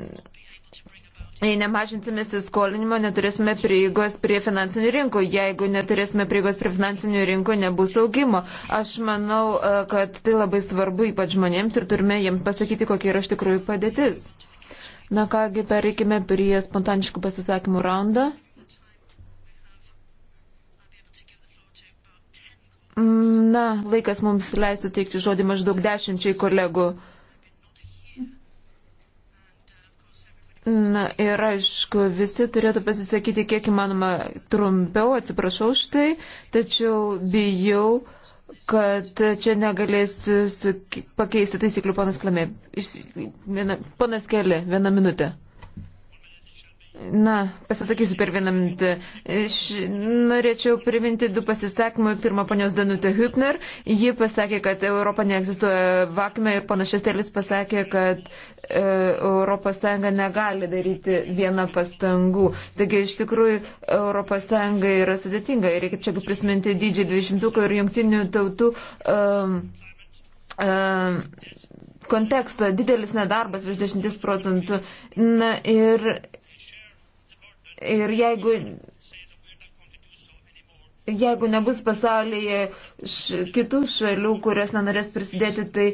Jei nemažinsime įsiskolinimo, neturėsime prieigos prie finansinių rinkų. Jeigu neturėsime prieigos prie finansinių rinkų, nebus augimo. Aš manau, e, kad tai labai svarbu ypač žmonėms ir turime jiems pasakyti, kokia yra iš tikrųjų padėtis. Na kągi, pereikime prie spontaniškų pasisakymų raundą. Mm, na, laikas mums leis suteikti žodį maždaug dešimčiai kolegų. Na ir aišku, visi turėtų pasisakyti kiek įmanoma trumpiau, atsiprašau už tai, tačiau bijau, kad čia negalėsiu pakeisti taisyklių, ponas Klamė. Iš, viena, ponas Kelė, vieną minutę. Na, pasisakysiu per vieną minutę. Aš norėčiau priminti du pasisakymai. Pirma, ponios Danutė Hübner. Ji pasakė, kad Europa neegzistuoja vakme ir panašias telis pasakė, kad e, ES negali daryti vieną pastangų. Taigi, iš tikrųjų, ES yra sudėtinga. Ir reikia čia prisiminti didžiai 20 ir jungtinių tautų. Um, um, kontekstą, didelis nedarbas virš 10 procentų. Na ir Ir jeigu, jeigu nebus pasaulyje š, kitų šalių, kurios nenorės prisidėti, tai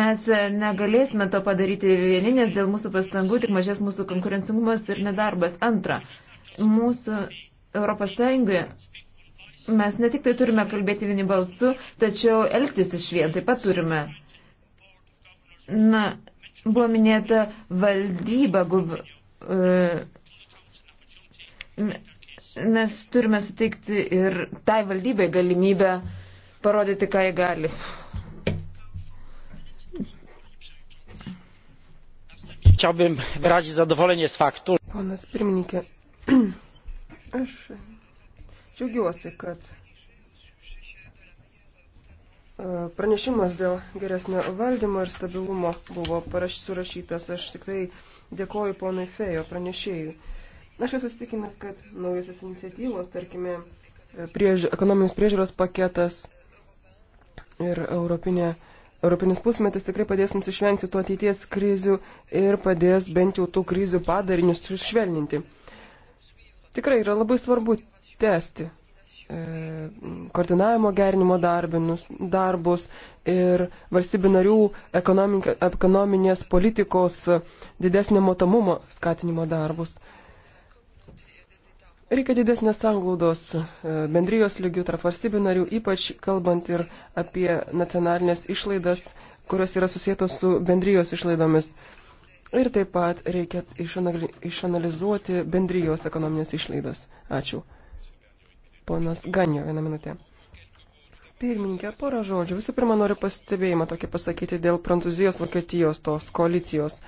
mes negalėsime to padaryti vieni, nes dėl mūsų pastangų tik mažės mūsų konkurencingumas ir nedarbas. Antra, mūsų Europos Sąjungoje mes ne tik tai turime kalbėti vieni balsu, tačiau elgtis iš vien taip pat turime. Na, buvo minėta valdyba, gub, e, mes turime suteikti ir tai valdybei galimybę parodyti, ką jie gali. Chciałbym wyrazić zadowolenie z faktu. Ponas pirmininkė, (clears throat) aš džiaugiuosi, kad e, pranešimas dėl geresnio valdymo ir stabilumo buvo paraš, surašytas. Aš tikrai dėkoju ponui Fejo pranešėjui. Aš esu įsitikinęs, kad naujosios iniciatyvos, tarkime, priež, ekonominis priežiūros paketas ir europinė, europinis pusmetis tikrai padės mums išvengti tų ateities krizių ir padės bent jau tų krizių padarinius švelninti. Tikrai yra labai svarbu tęsti e, koordinavimo gerinimo darbinus, darbus ir valstybių narių ekonominės politikos didesnio matomumo skatinimo darbus. Reikia didesnės sanglaudos e, bendrijos lygių tarp valstybių narių, ypač kalbant ir apie nacionalinės išlaidas, kurios yra susijętos su bendrijos išlaidomis. Ir taip pat reikia išanalizuoti bendrijos ekonominės išlaidas. Ačiū. Ponas Ganio, vieną minutę. Pirmininkė, porą žodžių. Visų pirma, noriu pastebėjimą tokį pasakyti dėl Prancūzijos, Vokietijos tos koalicijos.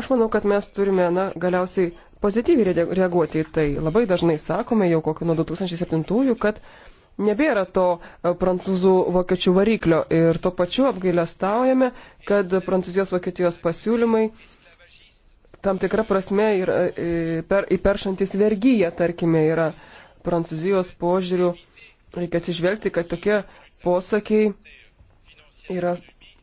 Aš manau, kad mes turime, na, galiausiai pozityviai reaguoti į tai. Labai dažnai sakome jau kokiu nuo 2007-ųjų, kad nebėra to e, prancūzų vokiečių variklio ir tuo pačiu apgailestaujame, kad prancūzijos vokietijos pasiūlymai tam tikra prasme yra e, per, įperšantis vergyje, tarkime, yra prancūzijos požiūrių. Reikia atsižvelgti, kad tokie posakiai yra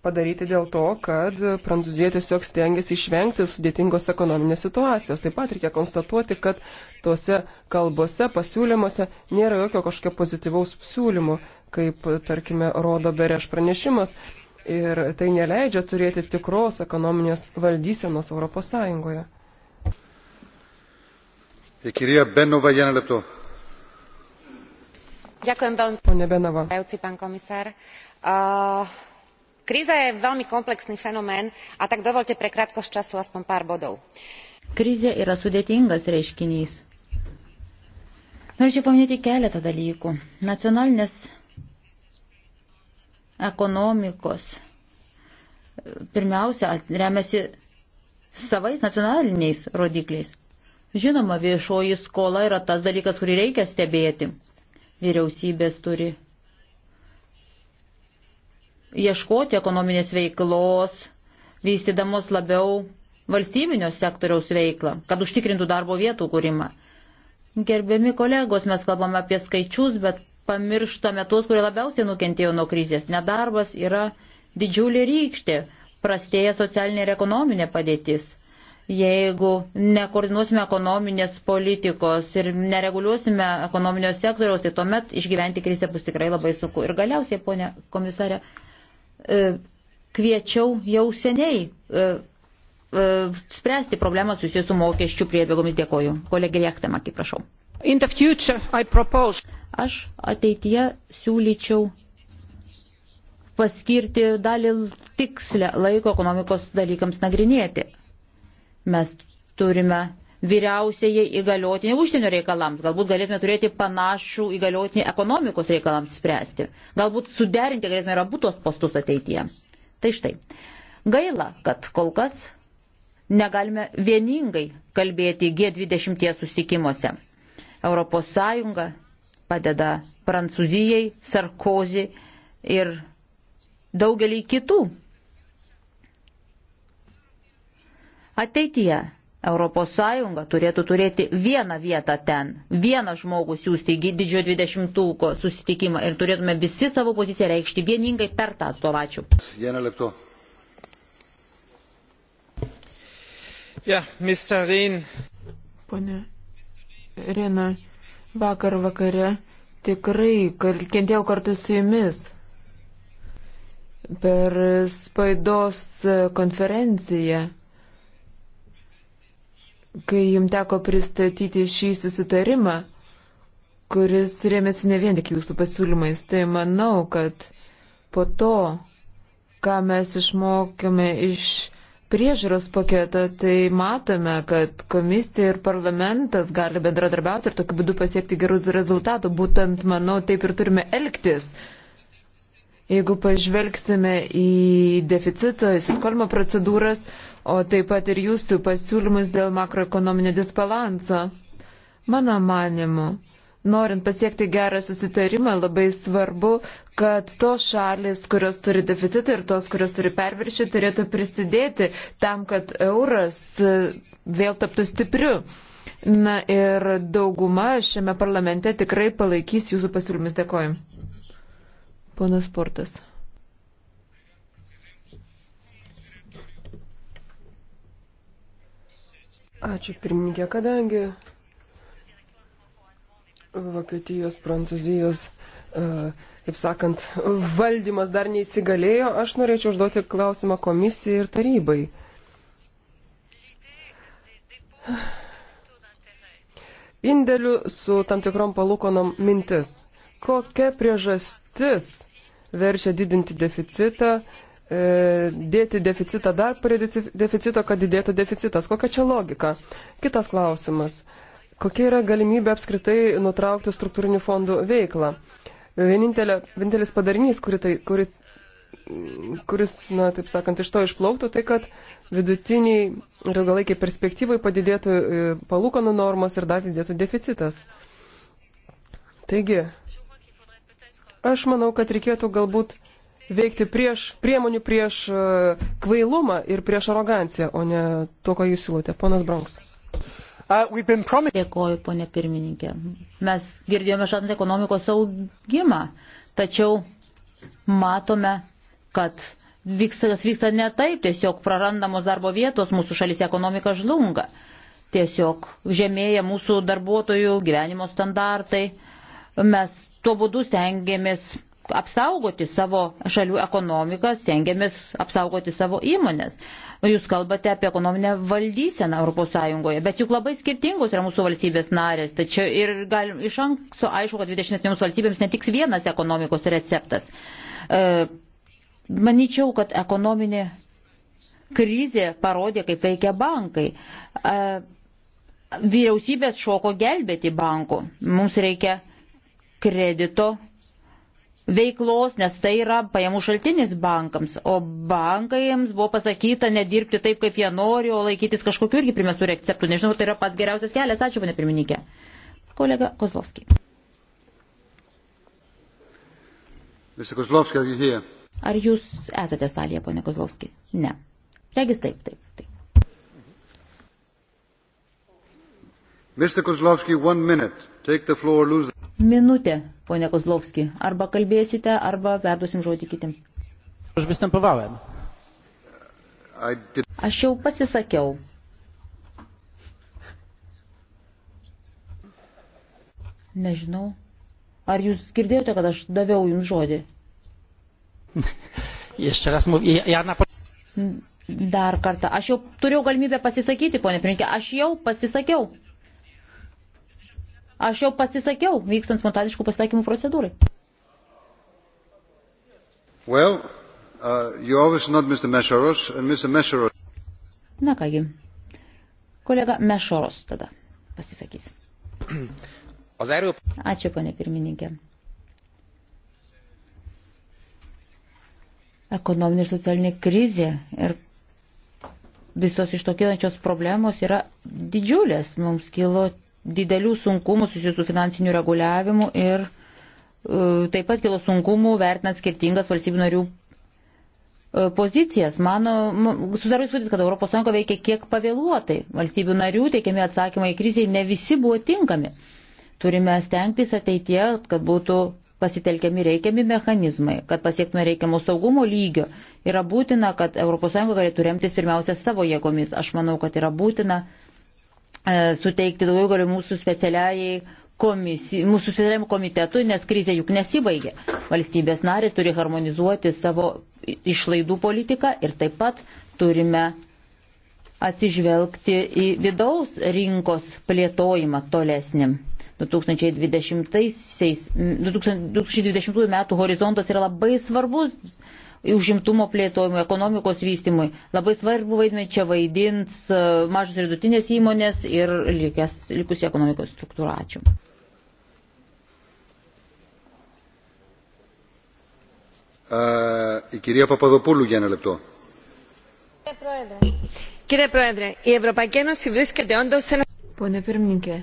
padaryti dėl to, kad Prancūzija tiesiog stengiasi išvengti sudėtingos ekonominės situacijos. Taip pat reikia konstatuoti, kad tose kalbose, pasiūlymuose nėra jokio kažkokio pozityvaus siūlymo, kaip, tarkime, rodo Bereš pranešimas. Ir tai neleidžia turėti tikros ekonominės valdysenos Europos Sąjungoje. E, Ďakujem veľmi pekne, pán komisár. Uh, kríza je veľmi komplexný fenomén a tak dovoľte pre krátkosť času aspoň pár bodov. Krizė yra sudėtingas reiškinys. Norėčiau paminėti keletą dalykų. Nacionalinės ekonomikos pirmiausia remiasi savais nacionaliniais rodikliais. Žinoma, viešoji skola yra tas dalykas, kurį reikia stebėti. Vyriausybės turi ieškoti ekonominės veiklos, vystydamos labiau valstybinio sektoriaus veiklą, kad užtikrintų darbo vietų kūrimą. Gerbiami kolegos, mes kalbame apie skaičius, bet pamirštame tuos, kurie labiausiai nukentėjo nuo krizės. Nedarbas yra didžiulė rykštė, prastėja socialinė ir ekonominė padėtis. Jeigu nekoordinuosime ekonominės politikos ir nereguliuosime ekonominio sektoriaus, tai tuomet išgyventi krizę bus tikrai labai sunku. Ir galiausiai, ponė komisarė, E, kviečiau jau seniai e, e, spręsti problemą susijusiu su mokesčių priebėgomis. Dėkoju. Kolegė Jektama, kaip prašau. Propose... Aš ateityje siūlyčiau paskirti dalį tikslę laiko ekonomikos dalykams nagrinėti. Mes turime vyriausiai įgaliotinį užsienio reikalams. Galbūt galėtume turėti panašų įgaliotinį ekonomikos reikalams spręsti. Galbūt suderinti galėtume ir abu tos postus ateityje. Tai štai. Gaila, kad kol kas negalime vieningai kalbėti G20 susitikimuose. Europos Sąjunga padeda Prancūzijai, Sarkozy ir daugelį kitų. Ateityje ES turėtų turėti vieną vietą ten, vieną žmogų siūsti į didžiojo dvidešimtuko susitikimą ir turėtume visi savo poziciją reikšti vieningai per tą atstovačių. Ja, Mr. Rein. Pone Rena, vakar vakare tikrai kentėjau kartu su jumis per spaidos konferenciją kai jums teko pristatyti šį susitarimą, kuris rėmėsi ne vien tik jūsų pasiūlymais, tai manau, kad po to, ką mes išmokėme iš priežiūros paketo, tai matome, kad komisija ir parlamentas gali bendradarbiauti ir tokiu būdu pasiekti gerus rezultatų. Būtent, manau, taip ir turime elgtis. Jeigu pažvelgsime į deficito įsiskolimo procedūras, o taip pat ir jūsų pasiūlymus dėl makroekonominio disbalanso. Mano manimu, norint pasiekti gerą susitarimą, labai svarbu, kad tos šalis, kurios turi deficitą ir tos, kurios turi perviršį, turėtų prisidėti tam, kad euras e, vėl taptų stipriu. Na ir dauguma šiame parlamente tikrai palaikys jūsų pasiūlymus. Dėkoju. Ponas Portas. Ačiū pirmininkė, kadangi Vokietijos, Prancūzijos, e, kaip sakant, valdymas dar neįsigalėjo, aš norėčiau užduoti klausimą komisijai ir tarybai. Indėlių su tam tikrom palūkonom mintis. Kokia priežastis verčia didinti deficitą E, dėti deficitą dar prie deficito, kad didėtų deficitas. Kokia čia logika? Kitas klausimas. Kokia yra galimybė apskritai nutraukti struktūrinių fondų veiklą? Vienintelė, vienintelis padarinys, kuri tai, kuri, kuris, na, taip sakant, iš to išplauktų, tai kad vidutiniai ir ilgalaikiai perspektyvai padidėtų e, palūkanų normos ir dar didėtų deficitas. Taigi, aš manau, kad reikėtų galbūt veikti prieš priemonių prieš e, kvailumą ir prieš aroganciją, o ne to, ko jūs siūlote. Ponas Bronks. Uh, Dėkoju, ponė pirmininkė. Mes girdėjome žadant ekonomikos augimą, tačiau matome, kad vyksta, tas vyksta ne taip, tiesiog prarandamos darbo vietos, mūsų šalis ekonomika žlunga. Tiesiog žemėja mūsų darbuotojų gyvenimo standartai. Mes tuo būdu stengiamės apsaugoti savo šalių ekonomiką, stengiamės apsaugoti savo įmonės. Jūs kalbate apie ekonominę valdyseną ES, bet juk labai skirtingos yra mūsų valstybės narės. Tačiau ir galim iš anksto aišku, kad 27 valstybėms netiks vienas ekonomikos receptas. E, manyčiau, kad ekonominė krizė parodė, kaip veikia bankai. E, vyriausybės šoko gelbėti bankų. Mums reikia kredito veiklos, nes tai yra pajamų šaltinis bankams, o bankams buvo pasakyta nedirbti taip, kaip jie nori, o laikytis kažkokiu irgi primestų receptų. Nežinau, tai yra pats geriausias kelias. Ačiū, pane pirmininkė. Kolega Kozlovski. Kozlovski, are you here? Ar jūs esate salėje, ponė Kozlovski? Ne. Regis taip, taip, taip. Mr. Kozlovski, one minute. Take the floor, lose. Minutė. Pone Kozlovski, arba kalbėsite, arba perduosim žodį kitim. Aš vis tempavavėm. Aš jau pasisakiau. Nežinau. Ar jūs girdėjote, kad aš daviau jums žodį? (laughs) Jeszcze raz mówię, ja na Dar kartą. Aš jau turėjau galimybę pasisakyti, ponė Pirinkė. Aš jau pasisakiau. Aš jau pasisakiau, vykstant spontaniškų pasakymų procedūrai. Well, uh, Na kągi, kolega Mešoros tada pasisakys. (clears throat) Ačiū, ponė pirmininkė. Ekonominė ir socialinė krizė ir visos iš to kilančios problemos yra didžiulės. Mums kilo didelių sunkumų susijusių su finansiniu reguliavimu ir e, taip pat kilo sunkumų vertinant skirtingas valstybių narių e, pozicijas. Mano sudaro įspūdis, kad ES veikia kiek pavėluotai. Valstybių narių teikiami atsakymai į krizį ne visi buvo tinkami. Turime stengtis ateitie, kad būtų pasitelkiami reikiami mechanizmai, kad pasiektume reikiamo saugumo lygio, yra būtina, kad ES galėtų remtis pirmiausia savo jėgomis. Aš manau, kad yra būtina E, suteikti daugiau galimų su specialiai komisijai, mūsų susidarėm komitetui, nes krizė juk nesibaigė. Valstybės narės turi harmonizuoti savo išlaidų politiką ir taip pat turime atsižvelgti į vidaus rinkos plėtojimą tolesnį. 2020, 2020 metų horizontas yra labai svarbus užimtumo plėtojimui, ekonomikos vystimui. Labai svarbu vaidmenį čia vaidins e, mažos ir vidutinės įmonės ir likęs, likusi ekonomikos struktūra. Ačiū. Uh, Κύριε Πρόεδρε, η Ευρωπαϊκή Ένωση βρίσκεται όντως σε ένα... Pone pirmininkė,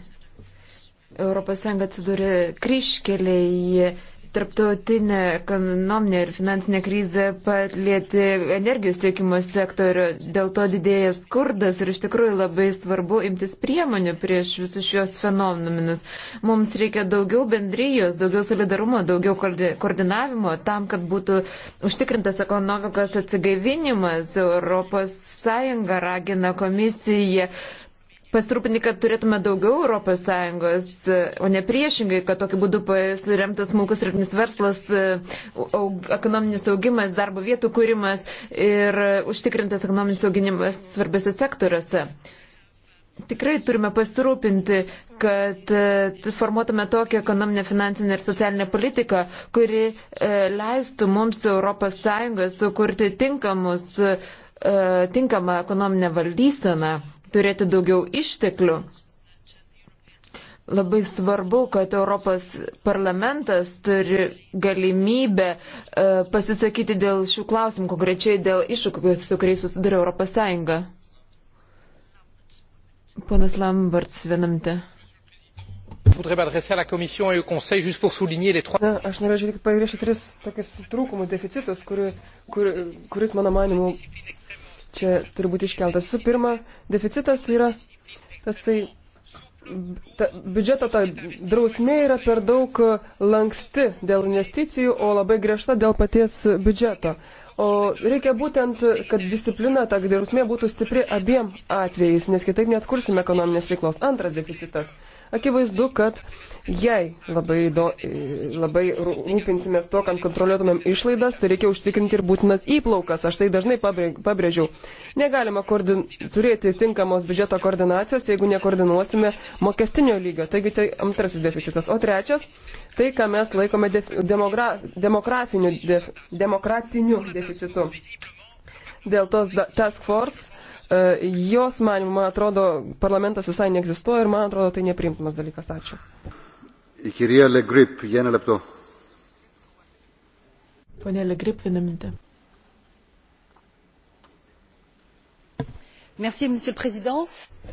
ES atsidūrė kryškelėje Tarptautinė ekonominė ir finansinė krizė palėti energijos tiekimo sektorių, dėl to didėja skurdas ir iš tikrųjų labai svarbu imtis priemonių prieš visus šios fenomenus. Mums reikia daugiau bendrijos, daugiau solidarumo, daugiau koordinavimo tam, kad būtų užtikrintas ekonomikos atsigaivinimas. Europos Sąjunga ragina komisiją pasirūpinti, kad turėtume daugiau ES, o ne priešingai, kad tokiu būdu pasiremtas smulkus ir vidinis verslas, aug, ekonominis augimas, darbo vietų kūrimas ir užtikrintas ekonominis auginimas svarbiose sektoriuose. Tikrai turime pasirūpinti, kad e, formuotume tokią ekonominę, finansinę ir socialinę politiką, kuri e, leistų mums ES sukurti tinkamus, e, tinkamą ekonominę valdyseną turėti daugiau išteklių. Labai svarbu, kad Europos parlamentas turi galimybę e, pasisakyti dėl šių klausimų, konkrečiai dėl iššūkių, su kuriais susiduria Europos Sąjunga. Ponas Lamberts, vienamte. Aš norėčiau tik pagrįžti tris tokius trūkumus, deficitus, kuri, kur, kuris, mano manimu, čia turi būti iškeltas. Visų pirma, deficitas tai yra tasai. Ta, biudžeto ta drausmė yra per daug lanksti dėl investicijų, o labai griežta dėl paties biudžeto. O reikia būtent, kad disciplina, ta drausmė būtų stipri abiem atvejais, nes kitaip net kursime ekonominės veiklos. Antras deficitas Akivaizdu, kad jei labai, do, labai rūpinsimės to, kad kontroliuotumėm išlaidas, tai reikia užtikrinti ir būtinas įplaukas. Aš tai dažnai pabrėžiau. Negalima koordin, turėti tinkamos biudžeto koordinacijos, jeigu nekoordinuosime mokestinio lygio. Taigi tai antrasis deficitas. O trečias - tai, ką mes laikome def, demogra, demografiniu, def, demokratiniu deficitu. Dėl tos da, task force E, jos manimų, man atrodo, parlamentas visai neegzistuoja ir man atrodo, tai neprimtimas dalykas. Ačiū. Κυρία Λεγκρίπ, για ένα λεπτό. Πονιά Λεγκρίπ, ένα μήνυμα. Merci, Monsieur le Président.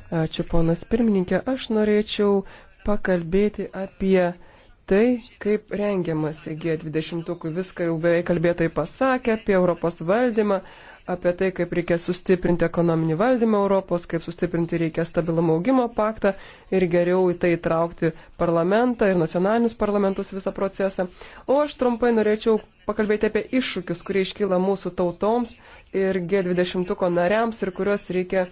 Ačiū, ponas pirmininkė. Aš norėčiau pakalbėti apie tai, kaip rengiamasi G20. Viską jau beveik kalbėtai pasakė apie Europos valdymą. Uh, apie tai, kaip reikia sustiprinti ekonominį valdymą Europos, kaip sustiprinti reikia stabilumo augimo paktą ir geriau į tai įtraukti parlamentą ir nacionalinius parlamentus visą procesą. O aš trumpai norėčiau pakalbėti apie iššūkius, kurie iškyla mūsų tautoms ir G20 nariams ir kuriuos reikia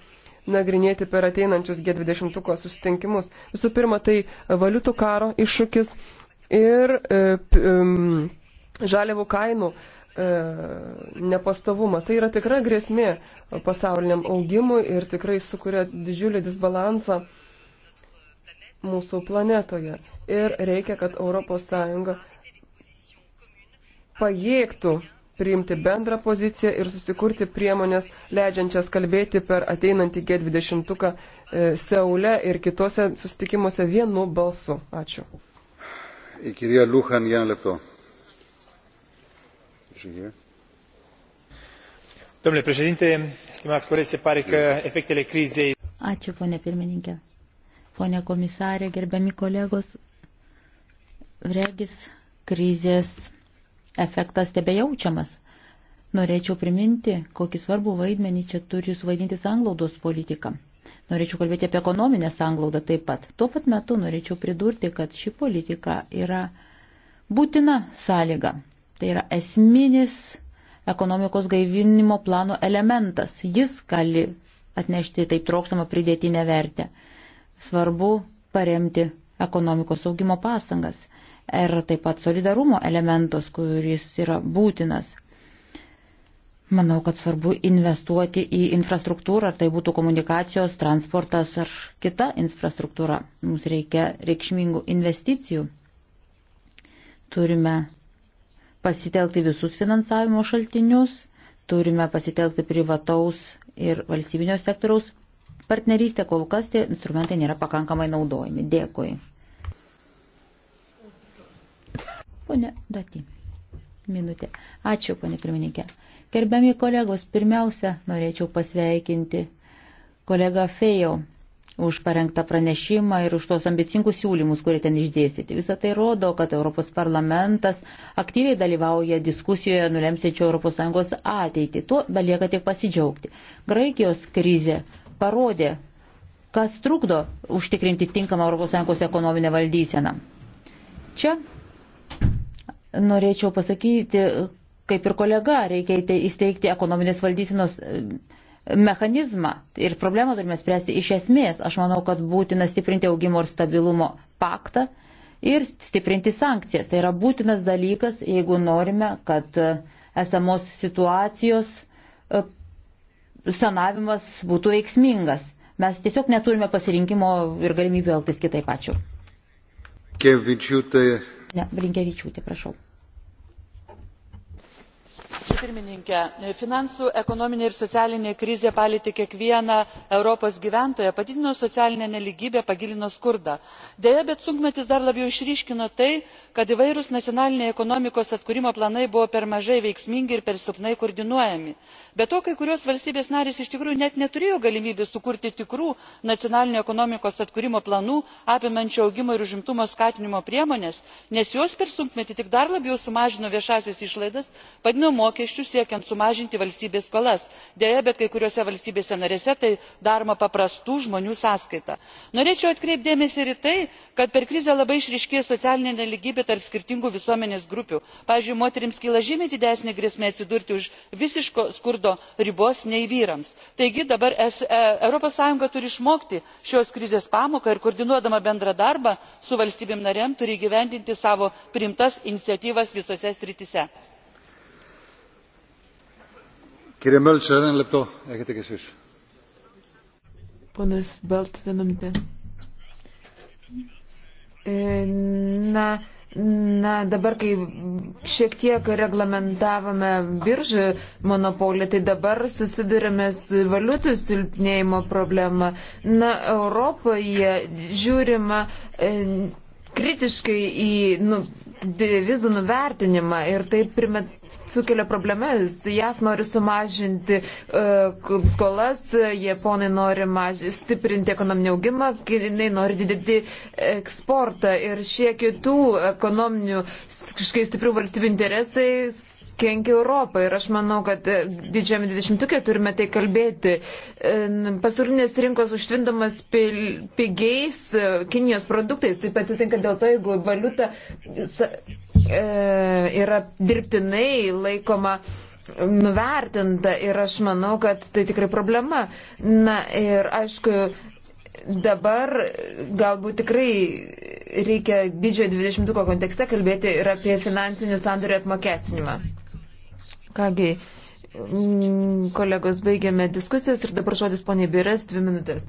nagrinėti per ateinančius G20 sustinkimus. Visų pirma, tai valiutų karo iššūkis ir e, p, e, žaliavų kainų e, E, nepastovumas. Tai yra tikra grėsmė pasauliniam augimui ir tikrai sukuria didžiulį disbalansą mūsų planetoje. Ir reikia, kad ES pajėgtų priimti bendrą poziciją ir susikurti priemonės, leidžiančias kalbėti per ateinantį G20 e, Seule ir kitose susitikimuose vienu balsu. Ačiū. Į kirją Liuhan, Jan Lepto. Domnule președinte, stimați colegi, se pare că efectele crizei. Ačiū, ponė pirmininkė. Pone komisarė, gerbiami kolegos, regis krizės efektas tebe jaučiamas. Norėčiau priminti, kokį svarbų vaidmenį čia turi suvaidinti sanglaudos politika. Norėčiau kalbėti apie ekonominę sanglaudą taip pat. Tuo pat metu norėčiau pridurti, kad ši politika yra būtina sąlyga Tai yra esminis ekonomikos gaivinimo plano elementas. Jis gali atnešti taip trokštamą pridėtinę vertę. Svarbu paremti ekonomikos augimo pastangas ir taip pat solidarumo elementos, kuris yra būtinas. Manau, kad svarbu investuoti į infrastruktūrą, ar tai būtų komunikacijos, transportas ar kita infrastruktūra. Mums reikia reikšmingų investicijų. Turime pasitelkti visus finansavimo šaltinius, turime pasitelkti privataus ir valstybinio sektoriaus partnerystę, kol kas tie instrumentai nėra pakankamai naudojami. Dėkui. Pone Dati, minutė. Ačiū, pone pirmininkė. Gerbiami kolegos, pirmiausia, norėčiau pasveikinti kolegą Fejo už parengtą pranešimą ir už tos ambicingus siūlymus, kurie ten išdėstyti. Visą tai rodo, kad Europos parlamentas aktyviai dalyvauja diskusijoje nulemsiečio ES ateitį. Tuo belieka tik pasidžiaugti. Graikijos krizė parodė, kas trukdo užtikrinti tinkamą ES ekonominę valdyseną. Čia norėčiau pasakyti, kaip ir kolega, reikia įsteigti ekonominės valdysenos mechanizmą ir problemą turime spręsti iš esmės. Aš manau, kad būtina stiprinti augimo ir stabilumo paktą ir stiprinti sankcijas. Tai yra būtinas dalykas, jeigu norime, kad e, esamos situacijos e, sanavimas būtų veiksmingas. Mes tiesiog neturime pasirinkimo ir galimybių elgtis kitaip. Ačiū. Kevičiūtė. Ne, Blinkevičiūtė, prašau finansų ekonominė ir socialinė krizė palietė kiekvieną europos gyventoją padidino socialinę nelygybę pagilino skurdą. deja bet sunkmetis dar labiau išryškino tai kas yra svarbu kad įvairūs nacionaliniai ekonomikos atkūrimo planai buvo per mažai veiksmingi ir per silpnai koordinuojami. be to kai kurios valstybės narės iš tikrųjų net neturėjo galimybės sukurti tikrų nacionalinių ekonomikos atkūrimo planų apimančių augimo ir užimtumo skatinimo priemones nes jos per sunkmetį tik dar labiau sumažino viešąsias išlaidas padidino mokesčius siekiant sumažinti valstybės skolas. deja bet kai kuriose valstybėse narėse tai daroma paprastų žmonių sąskaita. norėčiau atkreipti dėmesį ir į tai kad per krizę labai išryškėjo socialinė nelygybė tarp skirtingų visuomenės grupių pavyzdžiui moterims kyla žymiai didesnė grėsmė atsidurti už visiško skurdo ribos nei vyrams. taigi dabar e, europos sąjunga turi išmokti šios krizės pamoką ir koordinuodama bendrą darbą su valstybėmis narėmis turi įgyvendinti savo priimtas iniciatyvas visose srityse. Ponas Belt, vieną minutę. Na, Na, dabar, kai šiek tiek reglamentavome biržą monopolį, tai dabar susidurime su valiutų silpnėjimo problema. Na, Europoje žiūrima e, kritiškai į nu, devizų nuvertinimą ir tai primet, sukelia problemas. JAF nori sumažinti uh, skolas, japonai nori maž... stiprinti ekonominį augimą, kinai nori didinti eksportą ir šie kitų ekonominių kažkaip stiprių valstybių interesai kenkia Europai ir aš manau, kad e, didžiame 20-ukė turime tai kalbėti. E, pasaulinės rinkos užtvindomas pigiais Kinijos produktais, taip pat atsitinka dėl to, jeigu valiuta E, yra dirbtinai laikoma nuvertinta ir aš manau, kad tai tikrai problema. Na ir aišku, dabar galbūt tikrai reikia didžiojo 20-ko kontekste kalbėti ir apie finansinių sandorių apmokestinimą. Kągi, kolegos, baigėme diskusijas ir dabar žodis ponė Biras, dvi minutės.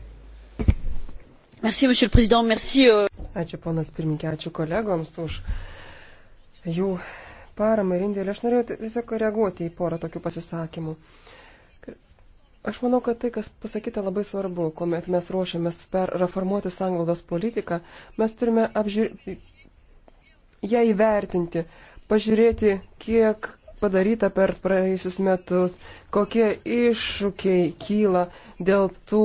Merci, euh, Ačiū ponas pirmininkė, ačiū kolegoms už. Uh jų paramą ir indėlį. Aš norėjau tiesiog reaguoti į porą tokių pasisakymų. Aš manau, kad tai, kas pasakyta, labai svarbu. Kuomet mes ruošiamės per reformuoti sanglaudos politiką, mes turime apžiūrėti, ją įvertinti, pažiūrėti, kiek padaryta per praėjusius metus, kokie iššūkiai kyla dėl tų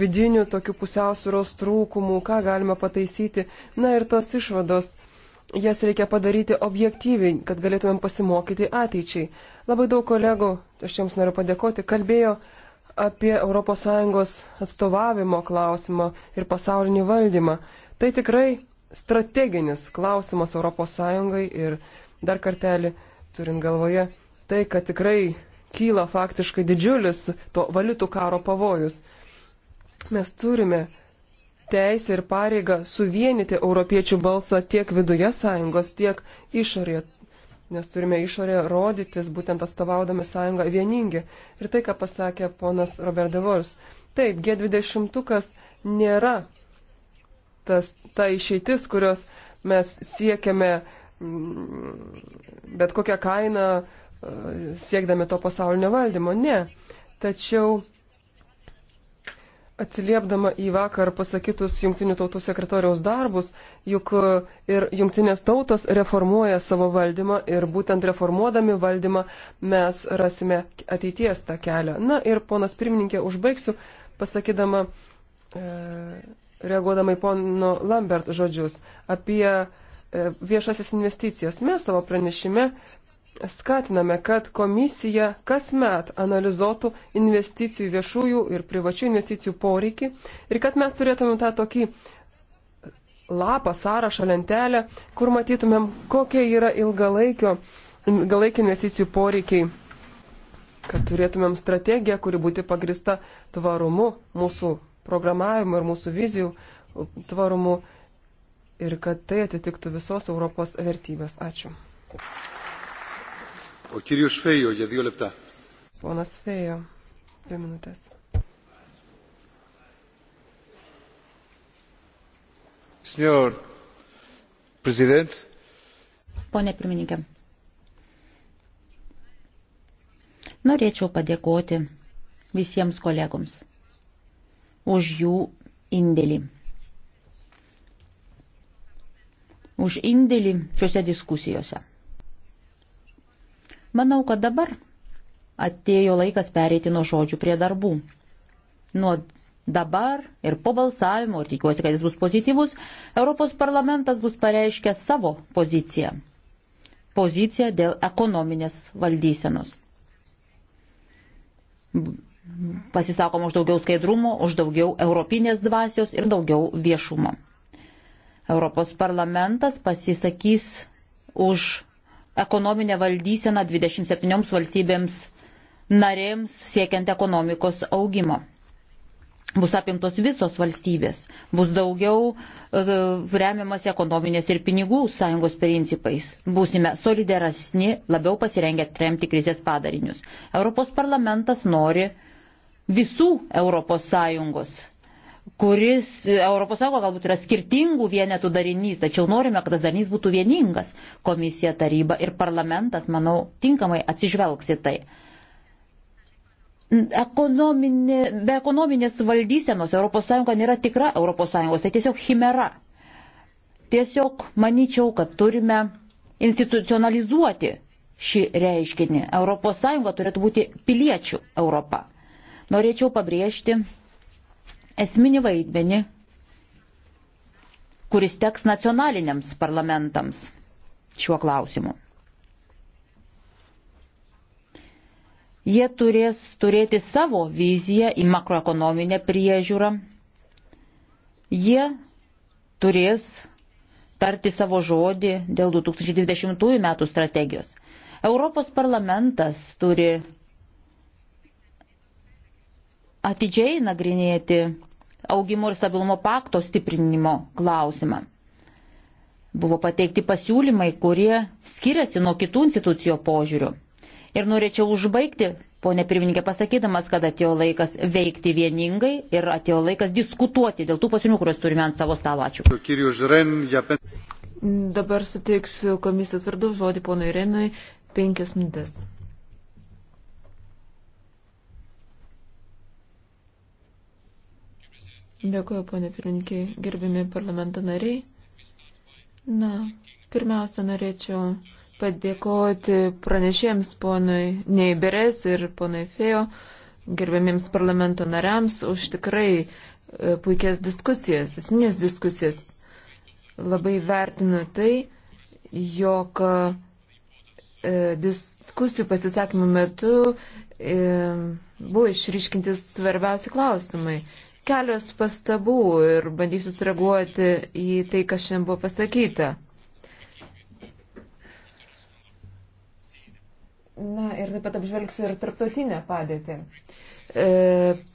vidinių tokių pusiausvėros trūkumų, ką galima pataisyti. Na ir tos išvados jas reikia padaryti objektyviai, kad galėtumėm pasimokyti ateičiai. Labai daug kolegų, aš jiems noriu padėkoti, kalbėjo apie ES atstovavimo klausimą ir pasaulinį valdymą. Tai tikrai strateginis klausimas ES ir dar kartelį turint galvoje tai, kad tikrai kyla faktiškai didžiulis to valiutų karo pavojus. Mes turime teisę ir pareigą suvienyti europiečių balsą tiek viduje sąjungos, tiek išorėje. Nes turime išorėje rodytis, būtent atstovaudami sąjungą vieningi. Ir tai, ką pasakė ponas Robert Devors. Taip, G20 nėra tas, ta išeitis, kurios mes siekiame mm, bet kokią kainą e, siekdami to pasaulinio valdymo. Ne. Tačiau Atsiliepdama į vakar pasakytus jungtinių tautų sekretoriaus darbus, juk e, ir jungtinės tautos reformuoja savo valdymą ir būtent reformuodami valdymą mes rasime ateities tą kelią. Na ir ponas pirmininkė, užbaigsiu pasakydama, e, reaguodama į pono Lambert žodžius apie e, viešasias investicijas. Mes savo pranešime skatiname, kad komisija kasmet analizuotų investicijų viešųjų ir privačių investicijų poreikį ir kad mes turėtumėm tą tokį lapą, sąrašą, lentelę, kur matytumėm, kokie yra ilgalaikio, ilgalaikio investicijų poreikiai, kad turėtumėm strategiją, kuri būtų pagrista tvarumu mūsų programavimu ir mūsų vizijų tvarumu ir kad tai atitiktų visos Europos vertybės. Ačiū. O Kirijus Fejo, jie dvi lepta. Ponas Fejo, dvi minutės. Senor prezident. Pone pirmininkė. Norėčiau padėkoti visiems kolegoms už jų indėlį. Už indėlį šiuose diskusijose. Manau, kad dabar atėjo laikas pereiti nuo žodžių prie darbų. Nuo dabar ir po balsavimo, ir tikiuosi, kad jis bus pozityvus, Europos parlamentas bus pareiškęs savo poziciją. Poziciją dėl ekonominės valdysenos. Pasisakom už daugiau skaidrumo, už daugiau europinės dvasios ir daugiau viešumo. Europos parlamentas pasisakys už ekonominę valdyseną 27 valstybėms narėms siekiant ekonomikos augimo. Bus apimtos visos valstybės, bus daugiau e, remiamas ekonominės ir pinigų sąjungos principais. Būsime solidarasni, labiau pasirengę tremti krizės padarinius. Europos parlamentas nori visų Europos sąjungos kuris ES galbūt yra skirtingų vienetų darinys, tačiau norime, kad tas darinys būtų vieningas. Komisija, taryba ir parlamentas, manau, tinkamai atsižvelgs į tai. Ekonominė, be ekonominės valdysenos ES nėra tikra ES, tai tiesiog chimera. Tiesiog manyčiau, kad turime institucionalizuoti šį reiškinį. ES turėtų būti piliečių Europa. Norėčiau pabrėžti esminį vaidmenį, kuris teks nacionaliniams parlamentams šiuo klausimu. Jie turės turėti savo viziją į makroekonominę priežiūrą. Jie turės tarti savo žodį dėl 2020 metų strategijos. Europos parlamentas turi atidžiai nagrinėti augimo ir stabilumo pakto stiprinimo klausimą. Buvo pateikti pasiūlymai, kurie skiriasi nuo kitų institucijų požiūrių. Ir norėčiau užbaigti, ponė pirmininkė, pasakydamas, kad atėjo laikas veikti vieningai ir atėjo laikas diskutuoti dėl tų pasiūlymų, kuriuos turime ant savo stalo. Ačiū. Dabar suteiksiu komisijos vardu žodį ponui Renui penkias minutės. Dėkuoju, ponė pirmininkė, gerbimi parlamento nariai. Na, pirmiausia, norėčiau padėkoti pranešėjams ponui Neiberės ir ponui Fejo, gerbėmiems parlamento nariams, už tikrai e, puikias diskusijas, esminės diskusijas. Labai vertinu tai, jog e, diskusijų pasisakymų metu e, buvo išryškinti svarbiausi klausimai kelios pastabų ir bandysiu sureaguoti į tai, kas šiandien buvo pasakyta. Na ir taip pat apžvelgsiu ir tarptautinę padėtį. E,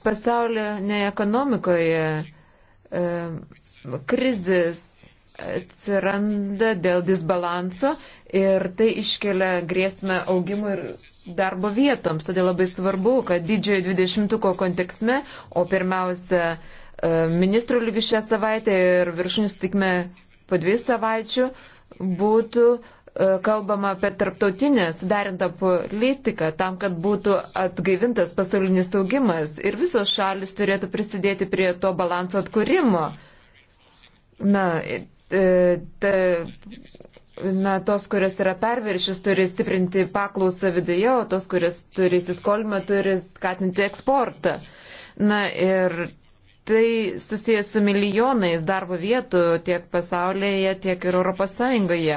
pasaulio ekonomikoje e, krizis atsiranda dėl disbalanso ir tai iškelia grėsmę augimui ir darbo vietoms. Todėl labai svarbu, kad didžiojo 20-ko kontekstme, o pirmiausia e, ministro lygių šią savaitę ir viršūnės tikme po dvi savaičių, būtų e, kalbama apie tarptautinę sudarintą politiką tam, kad būtų atgaivintas pasaulinis augimas ir visos šalis turėtų prisidėti prie to balanso atkūrimo. Na, e, ta, na, tos, kurios yra perviršis, turi stiprinti paklausą viduje, o tos, kurios turi įsiskolimą, turi skatinti eksportą. Na ir tai susijęs su milijonais darbo vietų tiek pasaulyje, tiek ir Europos Sąjungoje.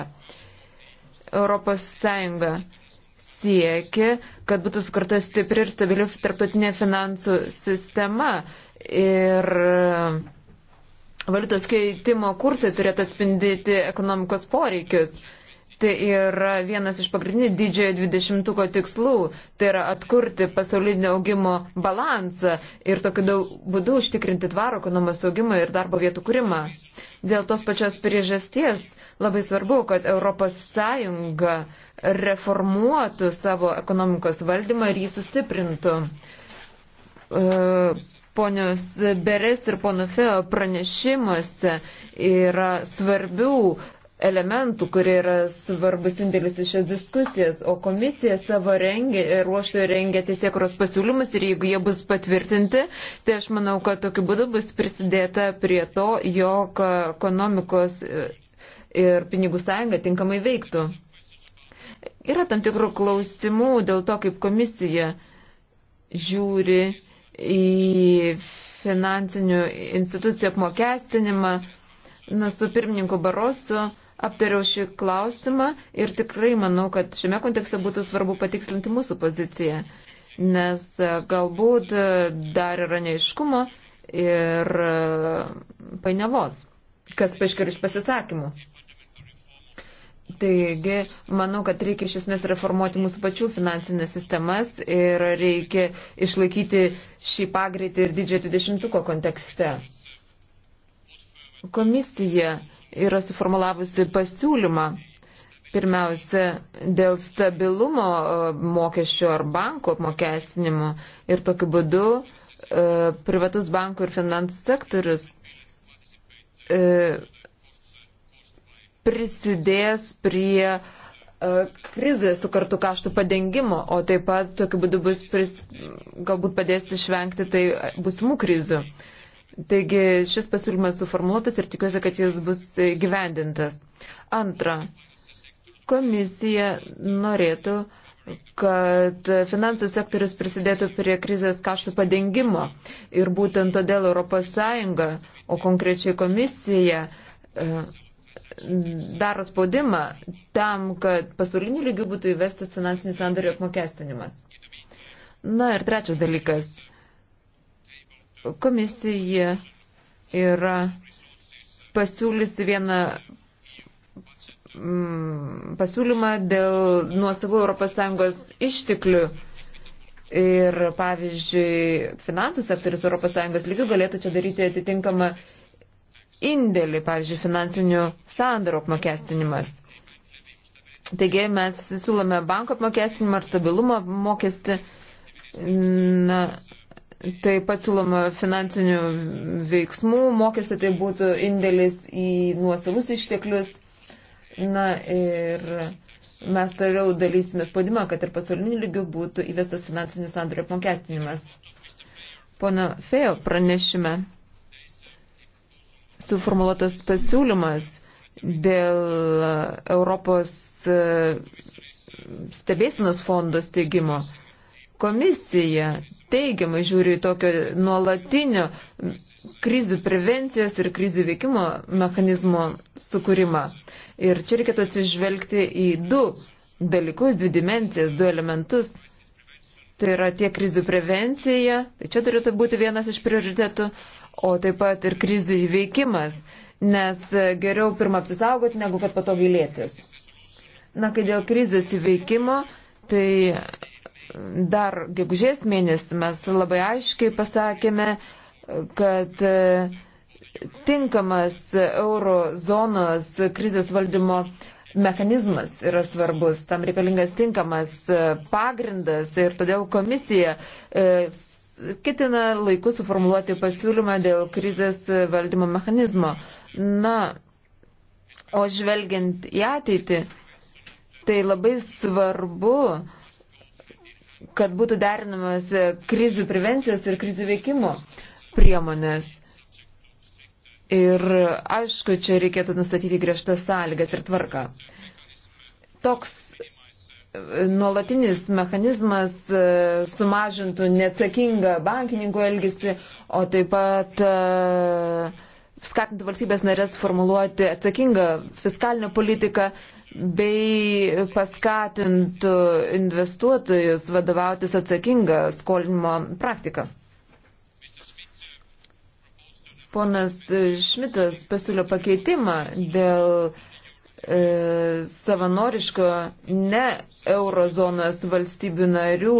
Europos Sąjunga siekia, kad būtų skurta stipri ir stabili tarptautinė finansų sistema. Ir valiutos keitimo kursai turėtų atspindėti ekonomikos poreikius. Tai yra vienas iš pagrindinių didžiojo dvidešimtuko tikslų, tai yra atkurti pasaulinio augimo balansą ir tokiu būdu užtikrinti tvarų ekonomos augimą ir darbo vietų kūrimą. Dėl tos pačios priežasties labai svarbu, kad ES reformuotų savo ekonomikos valdymą ir jį sustiprintų. Uh, ponios Beres ir ponofeo pranešimuose yra svarbių elementų, kurie yra svarbus indėlis į šias diskusijas, o komisija savo rengia, ruoštoje rengia tiesiekros pasiūlymus ir jeigu jie bus patvirtinti, tai aš manau, kad tokiu būdu bus prisidėta prie to, jog ekonomikos e, ir pinigų sąjunga tinkamai veiktų. Yra tam tikrų klausimų dėl to, kaip komisija žiūri į finansinių institucijų apmokestinimą. Na, su pirmininku Barosu aptariau šį klausimą ir tikrai manau, kad šiame kontekste būtų svarbu patikslinti mūsų poziciją, nes e, galbūt e, dar yra neiškumo ir e, painiavos, kas paaiškėjo iš pasisakymų. Taigi, manau, kad reikia iš esmės reformuoti mūsų pačių finansinės sistemas ir reikia išlaikyti šį pagreitį ir didžiojo 20-ko kontekste. Komisija yra suformulavusi pasiūlymą pirmiausia dėl stabilumo e, mokesčio ar banko apmokestinimo ir tokiu būdu e, privatus bankų ir finansų sektorius e, prisidės prie e, krizės su kartu kaštų padengimo, o taip pat tokiu būdu bus pris, galbūt padės išvengti tai būsimų krizių. Taigi šis pasiūlymas suformuotas ir tikiuosi, kad jis bus gyvendintas. Antra, komisija norėtų, kad finansų sektorius prisidėtų prie krizės kaštų padengimo ir būtent todėl ES, o konkrečiai komisija, e, daro spaudimą tam, kad pasaulinių lygių būtų įvestas finansinių sandorių apmokestinimas. Na ir trečias dalykas. Komisija yra pasiūlysi vieną mm, pasiūlymą dėl nuosavų ES išteklių. Ir pavyzdžiui, finansų sektorius ES lygių galėtų čia daryti atitinkamą indėlį, pavyzdžiui, finansinių sandorų apmokestinimas. Taigi mes siūlome banko apmokestinimą ar stabilumo mokestį. Na, taip pat siūloma finansinių veiksmų mokestį, tai būtų indėlis į nuosavus išteklius. Na ir mes toliau dalysime spaudimą, kad ir pasauliniu lygiu būtų įvestas finansinių sandorių apmokestinimas. Pono Fejo pranešime suformuoluotas pasiūlymas dėl Europos e, stebėsinos fondo steigimo. Komisija teigiamai žiūri į tokio nuolatinio krizių prevencijos ir krizių veikimo mechanizmo sukūrimą. Ir čia reikėtų atsižvelgti į du dalykus, dvi dimencijas, du elementus. Tai yra tiek krizių prevencija, tai čia turėtų būti vienas iš prioritetų, o taip pat ir krizių įveikimas, nes geriau pirmą apsisaugoti, negu kad pato gailėtis. Na, kai dėl krizės įveikimo, tai dar gegužės mėnesį mes labai aiškiai pasakėme, kad e, tinkamas euro zonos krizės valdymo mechanizmas yra svarbus, tam reikalingas tinkamas e, pagrindas ir todėl komisija e, ketina laiku suformuoluoti pasiūlymą dėl krizės valdymo mechanizmo. Na, o žvelgiant į ateitį, tai labai svarbu, kad būtų derinamas krizių prevencijos ir krizių veikimo priemonės. Ir aišku, čia reikėtų nustatyti griežtas sąlygas ir tvarką. Toks nuolatinis mechanizmas e, sumažintų neatsakingą bankininkų elgesį, o taip pat e, skatintų valstybės narės formuluoti atsakingą fiskalinę politiką bei paskatintų investuotojus vadovautis atsakingą skolinimo praktiką. Ponas Šmitas pasiūlė pakeitimą dėl uh, E, savanoriško ne eurozonos valstybių narių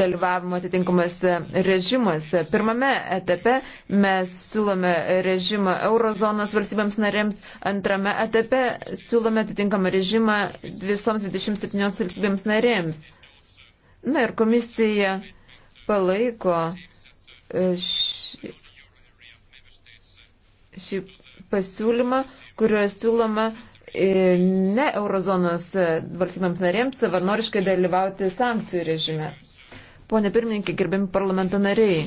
dalyvavimo atitinkamose režimuose. Pirmame etape mes siūlome režimą eurozonos valstybėms narėms, antrame etape siūlome atitinkamą režimą visoms 27 valstybėms narėms. Na ir komisija palaiko e, šį, šį pasiūlymą, kuriuo siūloma E, ne eurozonos valstybėms narėms savanoriškai dalyvauti sankcijų režime. Pone pirmininkė, gerbiami parlamento nariai,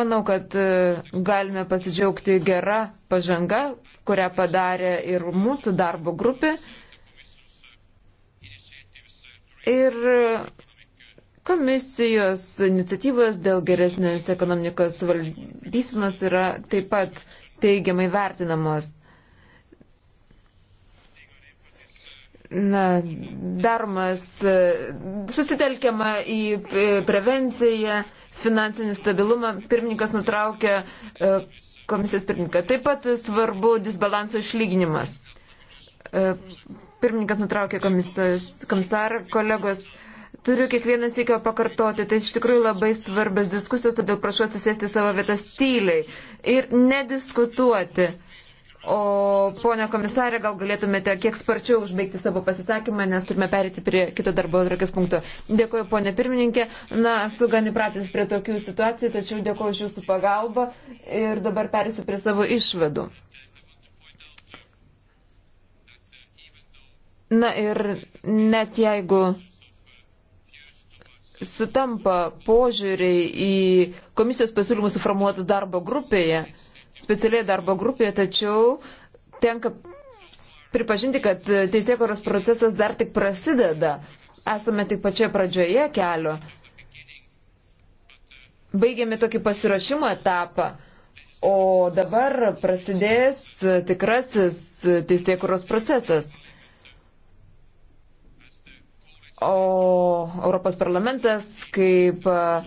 manau, kad e, galime pasidžiaugti gerą pažangą, kurią padarė ir mūsų darbo grupė. Ir komisijos iniciatyvos dėl geresnės ekonomikos valdysenos yra taip pat teigiamai vertinamos. na, daromas, e, susitelkiama į e, prevenciją, finansinį stabilumą. Pirmininkas nutraukė e, komisijos pirmininką. Taip pat svarbu disbalanso išlyginimas. Pirmininkas nutraukė komisijos, komisarą, kolegos. Turiu kiekvieną sėkio pakartoti, tai iš tikrųjų labai svarbios diskusijos, todėl prašau atsisėsti savo vietas tyliai ir nediskutuoti. O ponia komisarė, gal galėtumėte kiek sparčiau užbaigti savo pasisakymą, nes turime perėti prie kito darbo atrakės punkto. Dėkuoju, ponia pirmininkė. Na, esu gan įpratęs prie tokių situacijų, tačiau dėkuoju už jūsų pagalbą ir dabar perėsiu prie savo išvadų. Na ir net jeigu sutampa požiūriai į komisijos pasiūlymus suformuotus darbo grupėje, specialiai darbo grupėje, tačiau tenka pripažinti, kad teisėkoros procesas dar tik prasideda. Esame tik pačioje pradžioje kelio. Baigėme tokį pasirašymo etapą, o dabar prasidės tikrasis teisėkuros procesas. O Europos parlamentas kaip uh,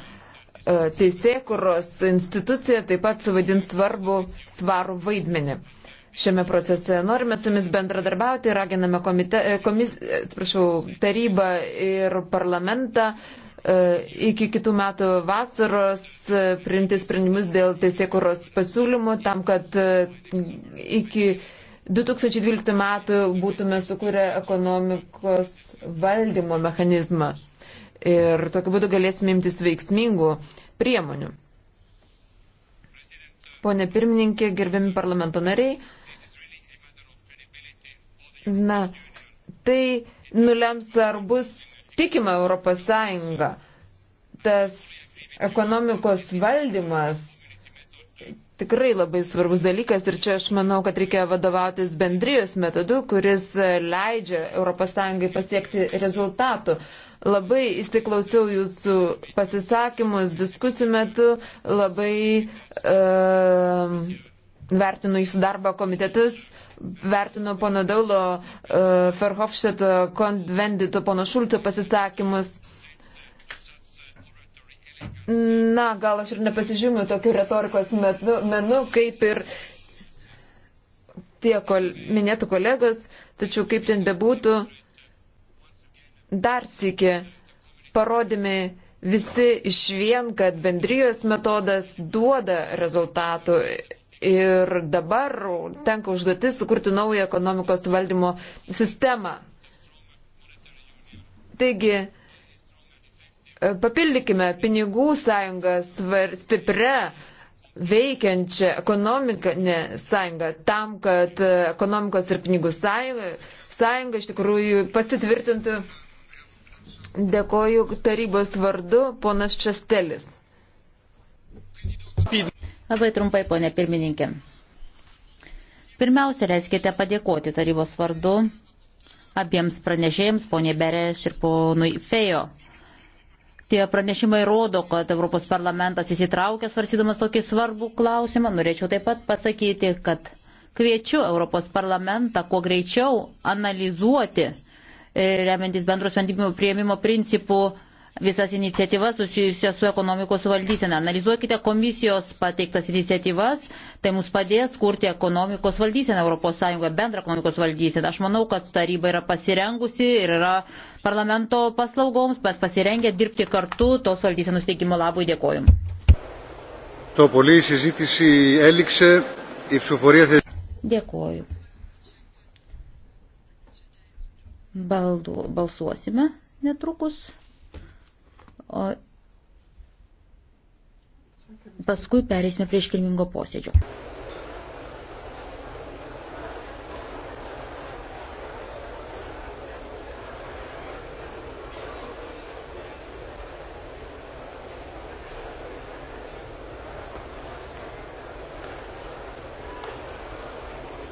E, teisėkuros institucija taip pat suvaidins svarbu, svarų vaidmenį. Šiame procese norime su jumis bendradarbiauti, raginame komite, e, komis, e, atsiprašau, tarybą ir parlamentą iki kitų metų vasaros priimti sprendimus dėl teisėkuros pasiūlymų tam, kad iki 2012 metų būtume sukūrę ekonomikos valdymo mechanizmą ir tokiu būdu galėsime imtis veiksmingų priemonių. Pone pirmininkė, gerbiami parlamento nariai, na, tai nulems, ar bus tikima Europos Sąjunga. Tas ekonomikos valdymas tikrai labai svarbus dalykas ir čia aš manau, kad reikia vadovautis bendrijos metodu, kuris leidžia ES pasiekti rezultatų. Labai įsiklausiau jūsų pasisakymus diskusijų metu, labai uh, vertinu jūsų darbą komitetus, vertinu pono Daulo, uh, Ferhofšteto, Konvendito, pono Šulco pasisakymus. Na, gal aš ir nepasižymiu tokiu retorikos menu, menu kaip ir tie kol, minėtų kolegos, tačiau kaip ten bebūtų, uh, dar sėki parodėme visi iš vien, kad bendrijos metodas duoda rezultatų ir dabar tenka užduotis sukurti naują ekonomikos valdymo sistemą. Taigi, papildykime pinigų sąjungą stiprią veikiančią ekonominę sąjungą tam, kad ekonomikos ir pinigų sąjunga, sąjunga iš tikrųjų pasitvirtintų Dėkoju tarybos vardu, ponas Čestelis. Labai trumpai, ponė pirmininkė. Pirmiausia, leiskite padėkoti tarybos vardu abiems pranešėjams, ponė Bereš ir ponui Fejo. Tie pranešimai rodo, kad Europos parlamentas įsitraukė svarsydamas tokį svarbų klausimą. Norėčiau taip pat pasakyti, kad kviečiu Europos parlamentą kuo greičiau analizuoti E, remiantis bendro sprendimų prieimimo principų visas iniciatyvas susijusias su ekonomikos valdysena. Analizuokite komisijos pateiktas iniciatyvas, tai mums padės kurti ekonomikos valdyseną ES, bendrą ekonomikos valdyseną. Aš manau, kad taryba yra pasirengusi ir yra parlamento paslaugoms, mes pasirengę dirbti kartu tos valdysenos teikimo labui dėkojom. To πολύ συζήτηση έληξε. Η ψηφοφορία θα... Dėkoju. Baldu, balsuosime netrukus. O paskui perėsime prie iškilmingo posėdžio.